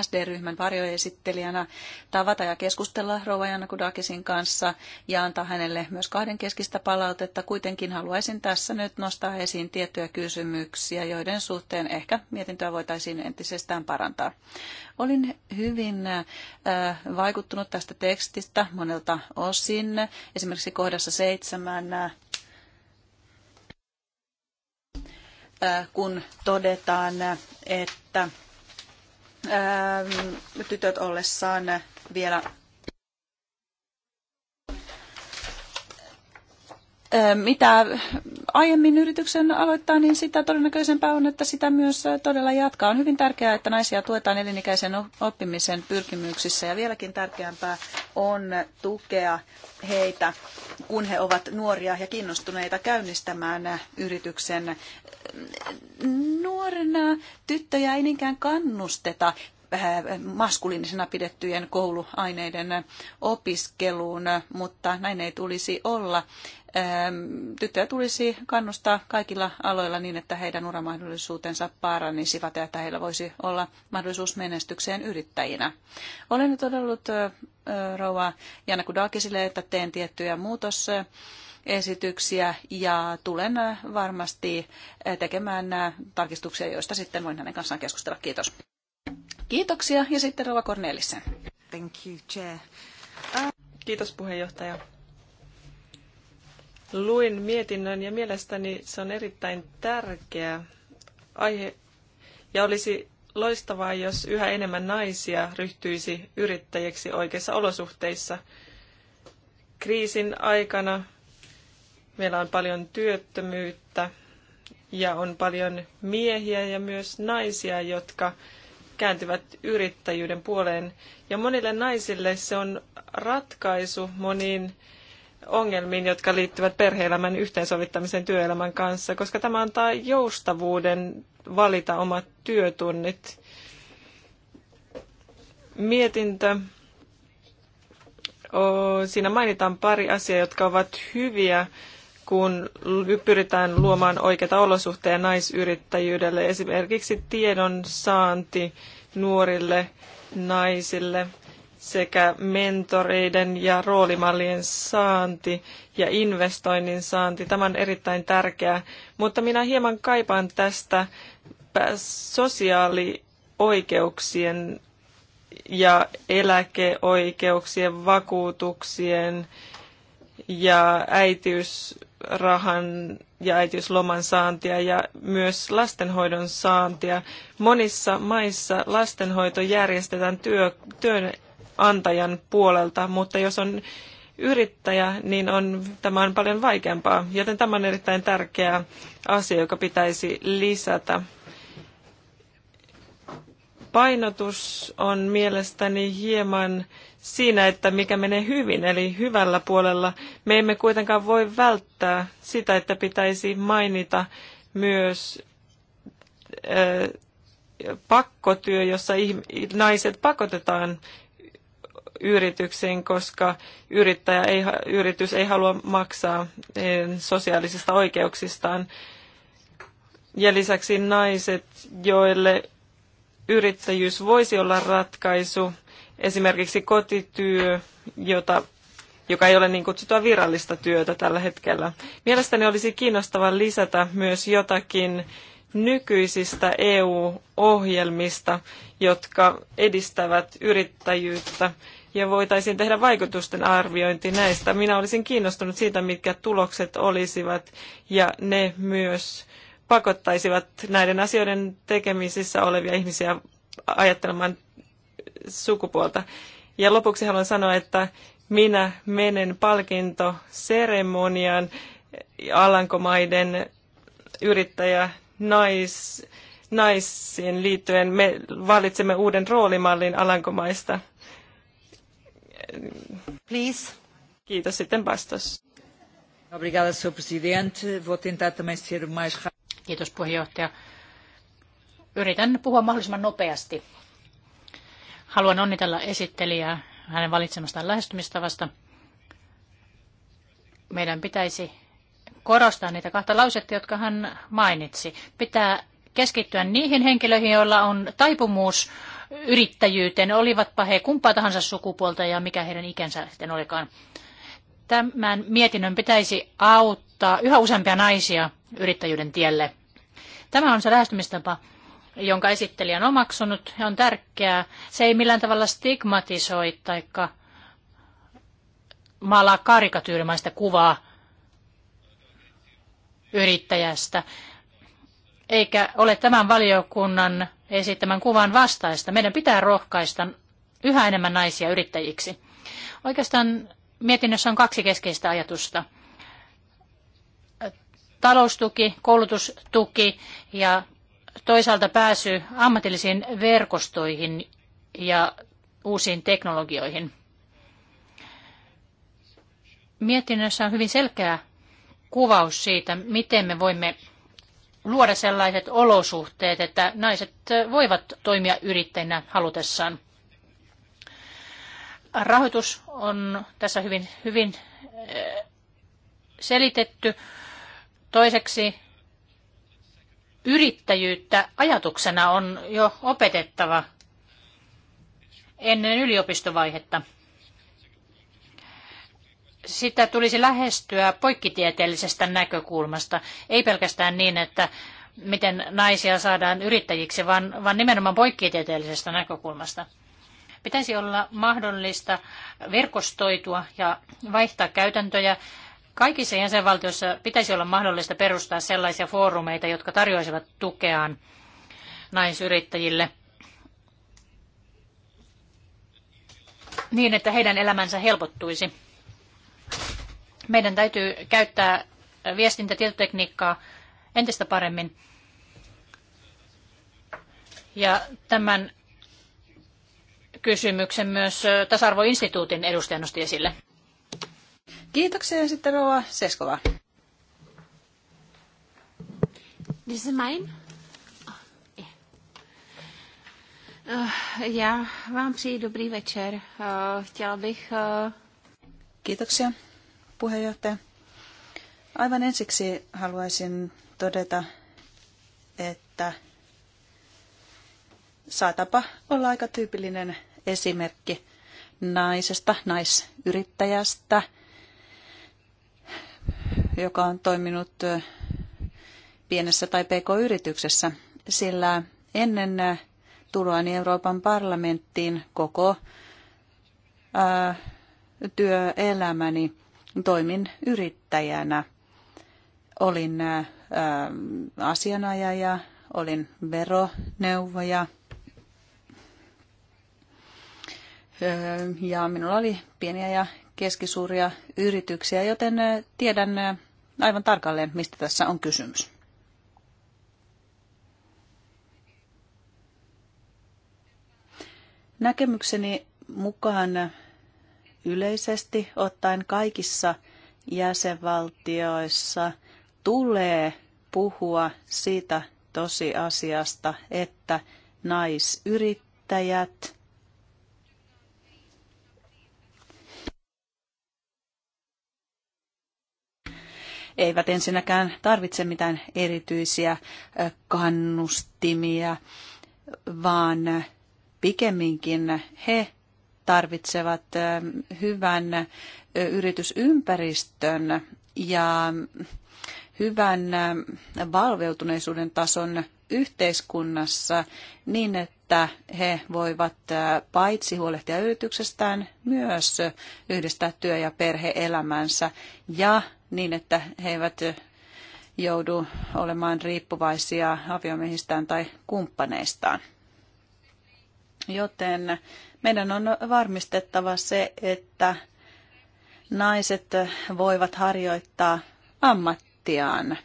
SD-ryhmän varjoesittelijänä tavata ja keskustella rouva Janna Kudakisin kanssa ja antaa hänelle myös kahdenkeskistä palautetta. Kuitenkin haluaisin tässä nyt nostaa esiin tiettyjä kysymyksiä, joiden suhteen ehkä mietintöä voitaisiin entisestään parantaa. Olin hyvin vaikuttunut tästä tekstistä monelta osin. Esimerkiksi kohdassa seitsemän kun todetaan, että tytöt ollessaan vielä mitä aiemmin yrityksen aloittaa, niin sitä todennäköisempää on, että sitä myös todella jatkaa. On hyvin tärkeää, että naisia tuetaan elinikäisen oppimisen pyrkimyksissä ja vieläkin tärkeämpää on tukea heitä, kun he ovat nuoria ja kiinnostuneita käynnistämään yrityksen. Nuorena tyttöjä ei niinkään kannusteta maskuliinisena pidettyjen kouluaineiden opiskeluun, mutta näin ei tulisi olla tyttöjä tulisi kannustaa kaikilla aloilla niin, että heidän uramahdollisuutensa paranisivat ja että heillä voisi olla mahdollisuus menestykseen yrittäjinä. Olen nyt todellut rouva Jana Kudakisille, että teen tiettyjä muutos esityksiä ja tulen varmasti tekemään tarkistuksia, joista sitten voin hänen kanssaan keskustella. Kiitos. Kiitoksia ja sitten Rova Kornelissen. Thank you, Chair. Kiitos puheenjohtaja. Luin mietinnön ja mielestäni se on erittäin tärkeä aihe ja olisi loistavaa, jos yhä enemmän naisia ryhtyisi yrittäjiksi oikeissa olosuhteissa. Kriisin aikana meillä on paljon työttömyyttä ja on paljon miehiä ja myös naisia, jotka kääntyvät yrittäjyyden puoleen. Ja monille naisille se on ratkaisu moniin ongelmiin, jotka liittyvät perheelämän yhteensovittamiseen työelämän kanssa, koska tämä antaa joustavuuden valita omat työtunnit. Mietintö. Siinä mainitaan pari asiaa, jotka ovat hyviä, kun pyritään luomaan oikeita olosuhteita naisyrittäjyydelle. Esimerkiksi tiedon saanti nuorille naisille – sekä mentoreiden ja roolimallien saanti ja investoinnin saanti. Tämä on erittäin tärkeää, mutta minä hieman kaipaan tästä sosiaalioikeuksien ja eläkeoikeuksien, vakuutuksien ja äitiysrahan ja äitiysloman saantia ja myös lastenhoidon saantia. Monissa maissa lastenhoito järjestetään työ, työn antajan puolelta, mutta jos on yrittäjä, niin on, tämä on paljon vaikeampaa. Joten tämä on erittäin tärkeä asia, joka pitäisi lisätä. Painotus on mielestäni hieman siinä, että mikä menee hyvin, eli hyvällä puolella. Me emme kuitenkaan voi välttää sitä, että pitäisi mainita myös pakkotyö, jossa naiset pakotetaan yrityksiin, koska yrittäjä ei, yritys ei halua maksaa eh, sosiaalisista oikeuksistaan. Ja lisäksi naiset, joille yrittäjyys voisi olla ratkaisu, esimerkiksi kotityö, jota, joka ei ole niin kutsuttua virallista työtä tällä hetkellä. Mielestäni olisi kiinnostava lisätä myös jotakin nykyisistä EU-ohjelmista, jotka edistävät yrittäjyyttä ja voitaisiin tehdä vaikutusten arviointi näistä. Minä olisin kiinnostunut siitä, mitkä tulokset olisivat ja ne myös pakottaisivat näiden asioiden tekemisissä olevia ihmisiä ajattelemaan sukupuolta. Ja lopuksi haluan sanoa, että minä menen palkintoseremoniaan Alankomaiden yrittäjä nais, naisiin liittyen. Me valitsemme uuden roolimallin Alankomaista. Please. Kiitos sitten vastaus. Obrigada, senhor presidente. Vou tentar também ser mais Kiitos puheenjohtaja. Yritän puhua mahdollisimman nopeasti. Haluan onnitella esittelijää hänen valitsemastaan lähestymistavasta. Meidän pitäisi korostaa niitä kahta lausetta, jotka hän mainitsi. Pitää keskittyä niihin henkilöihin, joilla on taipumus yrittäjyyteen, olivatpa he kumpaa tahansa sukupuolta ja mikä heidän ikänsä sitten olikaan. Tämän mietinnön pitäisi auttaa yhä useampia naisia yrittäjyyden tielle. Tämä on se lähestymistapa, jonka esittelijä on omaksunut ja on tärkeää. Se ei millään tavalla stigmatisoi tai maalaa karikatyyrimäistä kuvaa yrittäjästä eikä ole tämän valiokunnan esittämän kuvan vastaista. Meidän pitää rohkaista yhä enemmän naisia yrittäjiksi. Oikeastaan mietinnössä on kaksi keskeistä ajatusta. Taloustuki, koulutustuki ja toisaalta pääsy ammatillisiin verkostoihin ja uusiin teknologioihin. Mietinnössä on hyvin selkeä kuvaus siitä, miten me voimme luoda sellaiset olosuhteet, että naiset voivat toimia yrittäjinä halutessaan. Rahoitus on tässä hyvin, hyvin eh, selitetty. Toiseksi yrittäjyyttä ajatuksena on jo opetettava ennen yliopistovaihetta – sitä tulisi lähestyä poikkitieteellisestä näkökulmasta, ei pelkästään niin, että miten naisia saadaan yrittäjiksi, vaan, vaan nimenomaan poikkitieteellisestä näkökulmasta. Pitäisi olla mahdollista verkostoitua ja vaihtaa käytäntöjä. Kaikissa jäsenvaltioissa pitäisi olla mahdollista perustaa sellaisia foorumeita, jotka tarjoaisivat tukeaan naisyrittäjille niin, että heidän elämänsä helpottuisi. Meidän täytyy käyttää viestintätietotekniikkaa entistä paremmin. Ja tämän kysymyksen myös tasa-arvoinstituutin edustaja nosti esille. Kiitoksia sitten Rova Seskova. This is mine. Oh, eh. Eh, já vám přeji dobrý večer. Eh, chtěla bych... Kiitoksia puheenjohtaja. Aivan ensiksi haluaisin todeta, että saatapa olla aika tyypillinen esimerkki naisesta, naisyrittäjästä, joka on toiminut pienessä tai pk-yrityksessä, sillä ennen tuloani Euroopan parlamenttiin koko ää, työelämäni Toimin yrittäjänä. Olin ä, asianajaja, olin veroneuvoja. Ja minulla oli pieniä ja keskisuuria yrityksiä, joten tiedän aivan tarkalleen, mistä tässä on kysymys. Näkemykseni mukaan yleisesti ottaen kaikissa jäsenvaltioissa tulee puhua siitä tosiasiasta, että naisyrittäjät eivät ensinnäkään tarvitse mitään erityisiä kannustimia, vaan pikemminkin he tarvitsevat hyvän yritysympäristön ja hyvän valveutuneisuuden tason yhteiskunnassa niin, että he voivat paitsi huolehtia yrityksestään myös yhdistää työ- ja perheelämänsä ja niin, että he eivät joudu olemaan riippuvaisia aviomiehistään tai kumppaneistaan. Joten meidän on varmistettava se, että naiset voivat harjoittaa ammattiaan.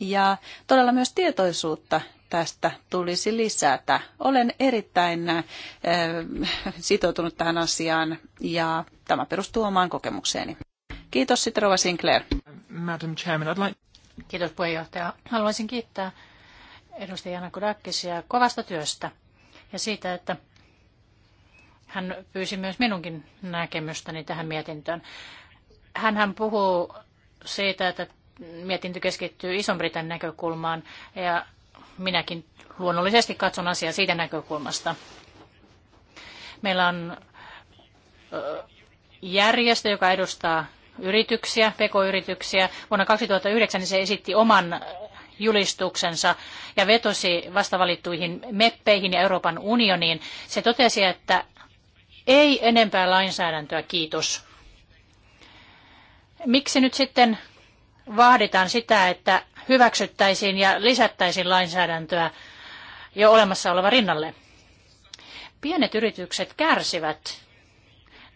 Ja todella myös tietoisuutta tästä tulisi lisätä. Olen erittäin äh, sitoutunut tähän asiaan ja tämä perustuu omaan kokemukseeni. Kiitos sitten Rova Sinclair. Madam Chairman, I'd like... Kiitos puheenjohtaja. Haluaisin kiittää edustajana Kudakkisia kovasta työstä ja siitä, että hän pyysi myös minunkin näkemystäni tähän mietintöön. hän puhuu siitä, että mietintö keskittyy Ison-Britannian näkökulmaan ja minäkin luonnollisesti katson asiaa siitä näkökulmasta. Meillä on järjestö, joka edustaa yrityksiä, pk-yrityksiä. Vuonna 2009 se esitti oman julistuksensa ja vetosi vastavalittuihin meppeihin ja Euroopan unioniin. Se totesi, että ei enempää lainsäädäntöä, kiitos. Miksi nyt sitten vahditaan sitä, että hyväksyttäisiin ja lisättäisiin lainsäädäntöä jo olemassa oleva rinnalle? Pienet yritykset kärsivät.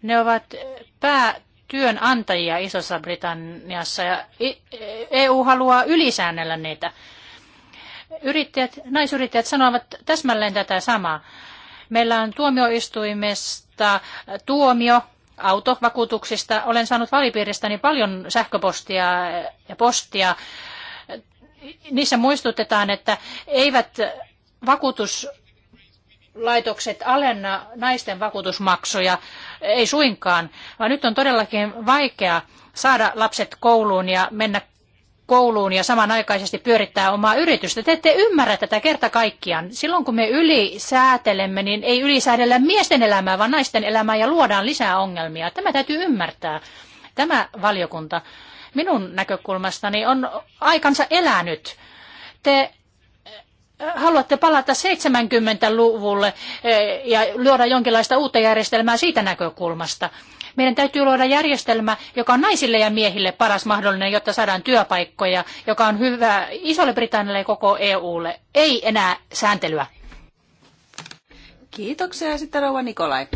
Ne ovat päätyönantajia Isossa Britanniassa ja EU haluaa ylisäännellä niitä. Yrittäjät, naisyrittäjät sanovat täsmälleen tätä samaa. Meillä on tuomioistuimesta tuomio autovakuutuksista. Olen saanut vaalipiiristäni paljon sähköpostia ja postia. Niissä muistutetaan, että eivät vakuutuslaitokset alenna naisten vakuutusmaksuja, ei suinkaan, vaan nyt on todellakin vaikea saada lapset kouluun ja mennä kouluun ja samanaikaisesti pyörittää omaa yritystä. Te ette ymmärrä tätä kerta kaikkiaan. Silloin kun me ylisäätelemme, niin ei ylisäädellä miesten elämää, vaan naisten elämää ja luodaan lisää ongelmia. Tämä täytyy ymmärtää. Tämä valiokunta minun näkökulmastani on aikansa elänyt. Te äh, haluatte palata 70-luvulle äh, ja luoda jonkinlaista uutta järjestelmää siitä näkökulmasta. Meidän täytyy luoda järjestelmä, joka on naisille ja miehille paras mahdollinen, jotta saadaan työpaikkoja, joka on hyvä Isolle Britannialle ja koko EUlle. Ei enää sääntelyä. Kiitoksia ja sitten rouva Nikolai.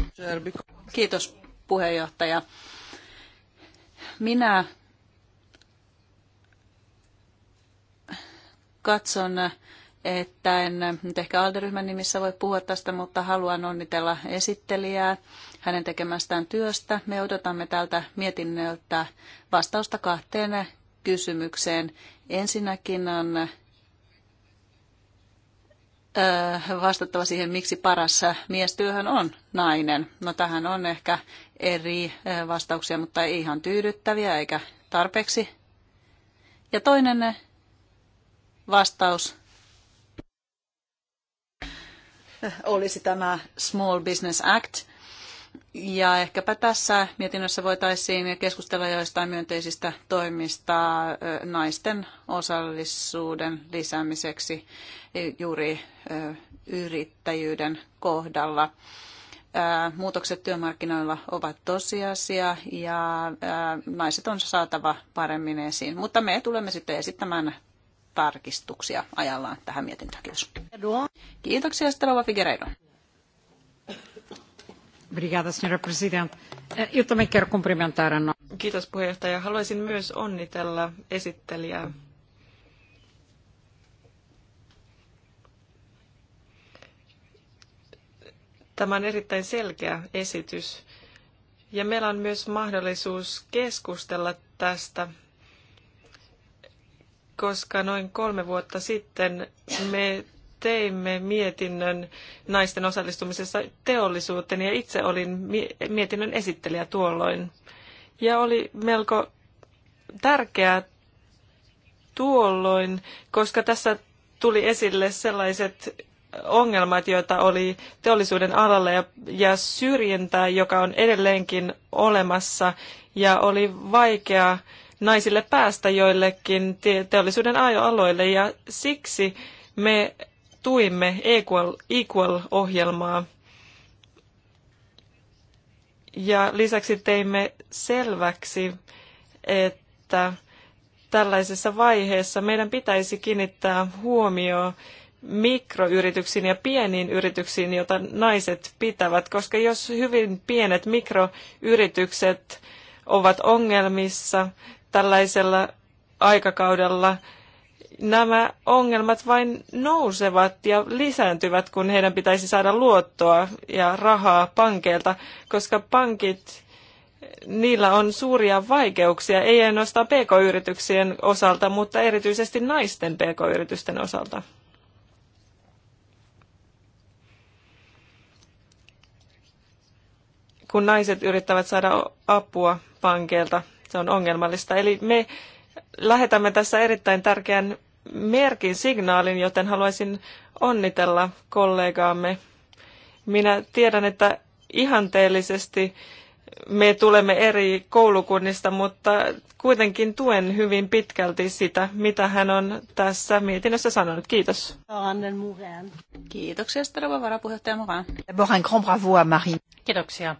Kiitos puheenjohtaja. Minä katson, että en nyt ehkä Alderyhmän nimissä voi puhua tästä, mutta haluan onnitella esittelijää hänen tekemästään työstä. Me odotamme tältä mietinnöltä vastausta kahteen kysymykseen. Ensinnäkin on vastattava siihen, miksi paras miestyöhön on nainen. No tähän on ehkä eri vastauksia, mutta ei ihan tyydyttäviä eikä tarpeeksi. Ja toinen vastaus olisi tämä Small Business Act – ja ehkäpä tässä mietinnössä voitaisiin keskustella joistain myönteisistä toimista naisten osallisuuden lisäämiseksi e, juuri yrittäjyyden kohdalla. Muutokset työmarkkinoilla ovat tosiasia ja naiset on saatava paremmin esiin. Mutta me tulemme sitten esittämään tarkistuksia ajallaan tähän mietintöön. Kiitos. Kiitoksia, Stelova Figueiredo arvoisa puhemies eh, no- Kiitos puheenjohtaja. Haluaisin myös onnitella esittelijää. Tämä on erittäin selkeä esitys. Ja meillä on myös mahdollisuus keskustella tästä, koska noin kolme vuotta sitten me teimme mietinnön naisten osallistumisessa teollisuuteen ja itse olin mietinnön esittelijä tuolloin. Ja oli melko tärkeää tuolloin, koska tässä tuli esille sellaiset ongelmat, joita oli teollisuuden alalla ja, ja syrjintää, joka on edelleenkin olemassa ja oli vaikea naisille päästä joillekin teollisuuden aloille ja siksi me tuimme Equal-ohjelmaa. Ja lisäksi teimme selväksi, että tällaisessa vaiheessa meidän pitäisi kiinnittää huomioon mikroyrityksiin ja pieniin yrityksiin, joita naiset pitävät, koska jos hyvin pienet mikroyritykset ovat ongelmissa tällaisella aikakaudella, nämä ongelmat vain nousevat ja lisääntyvät, kun heidän pitäisi saada luottoa ja rahaa pankeilta, koska pankit, niillä on suuria vaikeuksia, ei ainoastaan pk-yrityksien osalta, mutta erityisesti naisten pk-yritysten osalta. Kun naiset yrittävät saada apua pankeilta, se on ongelmallista. Eli me lähetämme tässä erittäin tärkeän merkin signaalin, joten haluaisin onnitella kollegaamme. Minä tiedän, että ihanteellisesti me tulemme eri koulukunnista, mutta kuitenkin tuen hyvin pitkälti sitä, mitä hän on tässä mietinnössä sanonut. Kiitos. Kiitoksia, Starova varapuheenjohtaja Moran. Kiitoksia.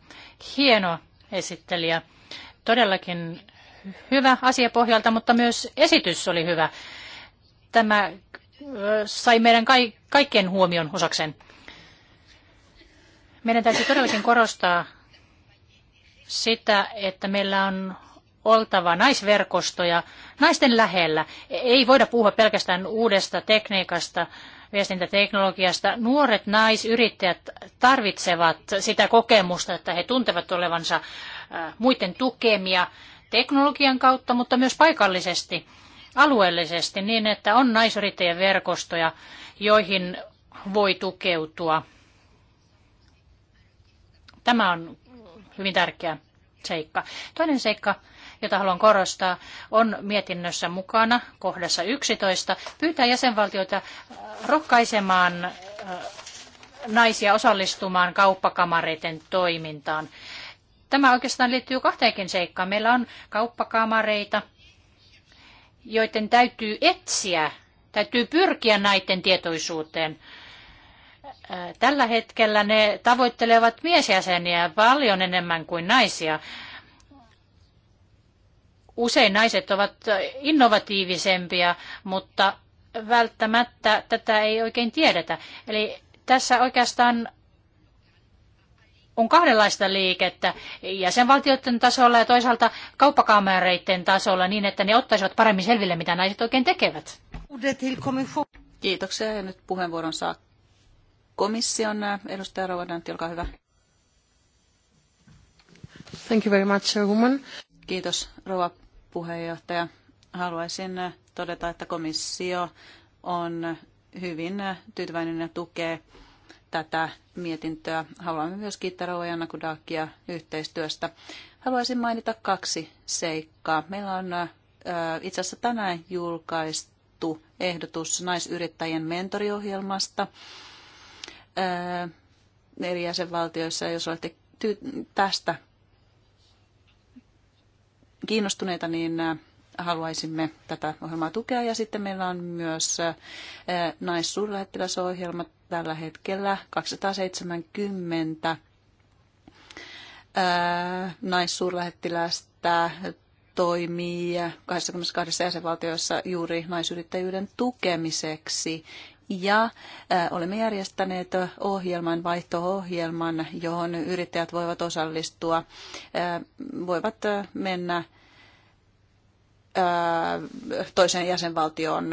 Hienoa esittelijä. Todellakin hyvä asiapohjalta, mutta myös esitys oli hyvä. Tämä sai meidän kaikkien huomion osakseen. Meidän täytyy todellakin korostaa sitä, että meillä on oltava naisverkostoja naisten lähellä. Ei voida puhua pelkästään uudesta tekniikasta, viestintäteknologiasta. Nuoret naisyrittäjät tarvitsevat sitä kokemusta, että he tuntevat olevansa muiden tukemia teknologian kautta, mutta myös paikallisesti, alueellisesti, niin että on naisyrittäjien verkostoja, joihin voi tukeutua. Tämä on hyvin tärkeä seikka. Toinen seikka, jota haluan korostaa, on mietinnössä mukana kohdassa 11. Pyytää jäsenvaltioita äh, rohkaisemaan äh, naisia osallistumaan kauppakamareiden toimintaan. Tämä oikeastaan liittyy kahteenkin seikkaan. Meillä on kauppakamareita, joiden täytyy etsiä, täytyy pyrkiä näiden tietoisuuteen. Äh, tällä hetkellä ne tavoittelevat miesjäseniä paljon enemmän kuin naisia. Usein naiset ovat innovatiivisempia, mutta välttämättä tätä ei oikein tiedetä. Eli tässä oikeastaan on kahdenlaista liikettä jäsenvaltioiden tasolla ja toisaalta kauppakaamareiden tasolla niin, että ne ottaisivat paremmin selville, mitä naiset oikein tekevät. Kiitoksia ja nyt puheenvuoron saa komission edustaja Rovadantti, olkaa hyvä. Thank you very much, uh, woman. Kiitos rouva puheenjohtaja. Haluaisin uh, todeta, että komissio on hyvin uh, tyytyväinen ja tukee tätä mietintöä. Haluamme myös kiittää Rauha Kudakia yhteistyöstä. Haluaisin mainita kaksi seikkaa. Meillä on itse asiassa tänään julkaistu ehdotus naisyrittäjien mentoriohjelmasta eri jäsenvaltioissa. Jos olette tästä kiinnostuneita, niin haluaisimme tätä ohjelmaa tukea. Ja sitten meillä on myös naissuurlähettiläsohjelma tällä hetkellä 270 naissuurlähettilästä toimii 22 jäsenvaltioissa juuri naisyrittäjyyden tukemiseksi. Ja olemme järjestäneet ohjelman, vaihto-ohjelman, johon yrittäjät voivat osallistua, voivat mennä toisen jäsenvaltion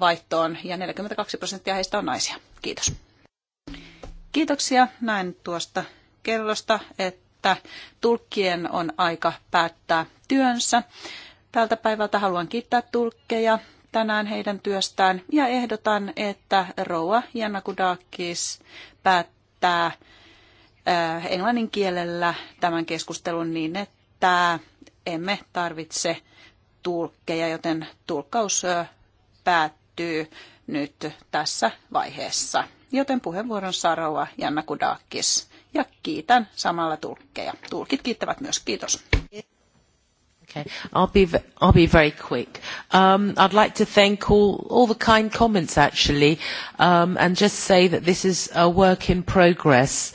vaihtoon ja 42 prosenttia heistä on naisia. Kiitos. Kiitoksia näin tuosta kellosta, että tulkkien on aika päättää työnsä. Tältä päivältä haluan kiittää tulkkeja tänään heidän työstään ja ehdotan, että Roa Janakudakis päättää englannin kielellä tämän keskustelun niin, että emme tarvitse tulkkeja, joten tulkkaus päättyy nyt tässä vaiheessa. Joten puheenvuoron Saroa Janna Kudakis. Ja kiitän samalla tulkkeja. Tulkit kiittävät myös. Kiitos. Okay, I'll be, I'll be very quick. Um, I'd like to thank all, all the kind comments actually um, and just say that this is a work in progress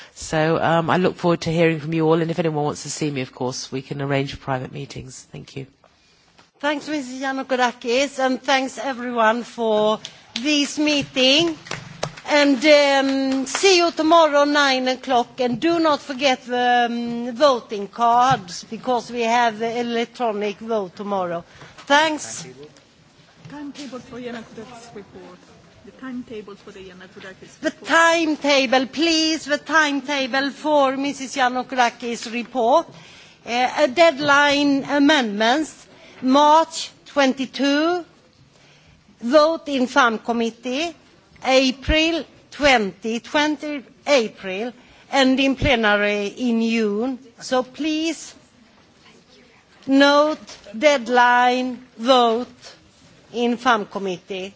So um, I look forward to hearing from you all, and if anyone wants to see me, of course, we can arrange private meetings. Thank you. Thanks, Mrs. Yannakourakis, and thanks everyone for this meeting. And um, see you tomorrow, 9 o'clock. And do not forget the um, voting cards, because we have the electronic vote tomorrow. Thanks. Timetable for Yannakourakis report. The timetable for the Yannakourakis The timetable, please, the timetable for Mrs. Yannakourakis report. Uh, a deadline amendments, March 22, vote in farm committee, April 20, 20 April, and in plenary in June. So please note deadline vote in farm committee.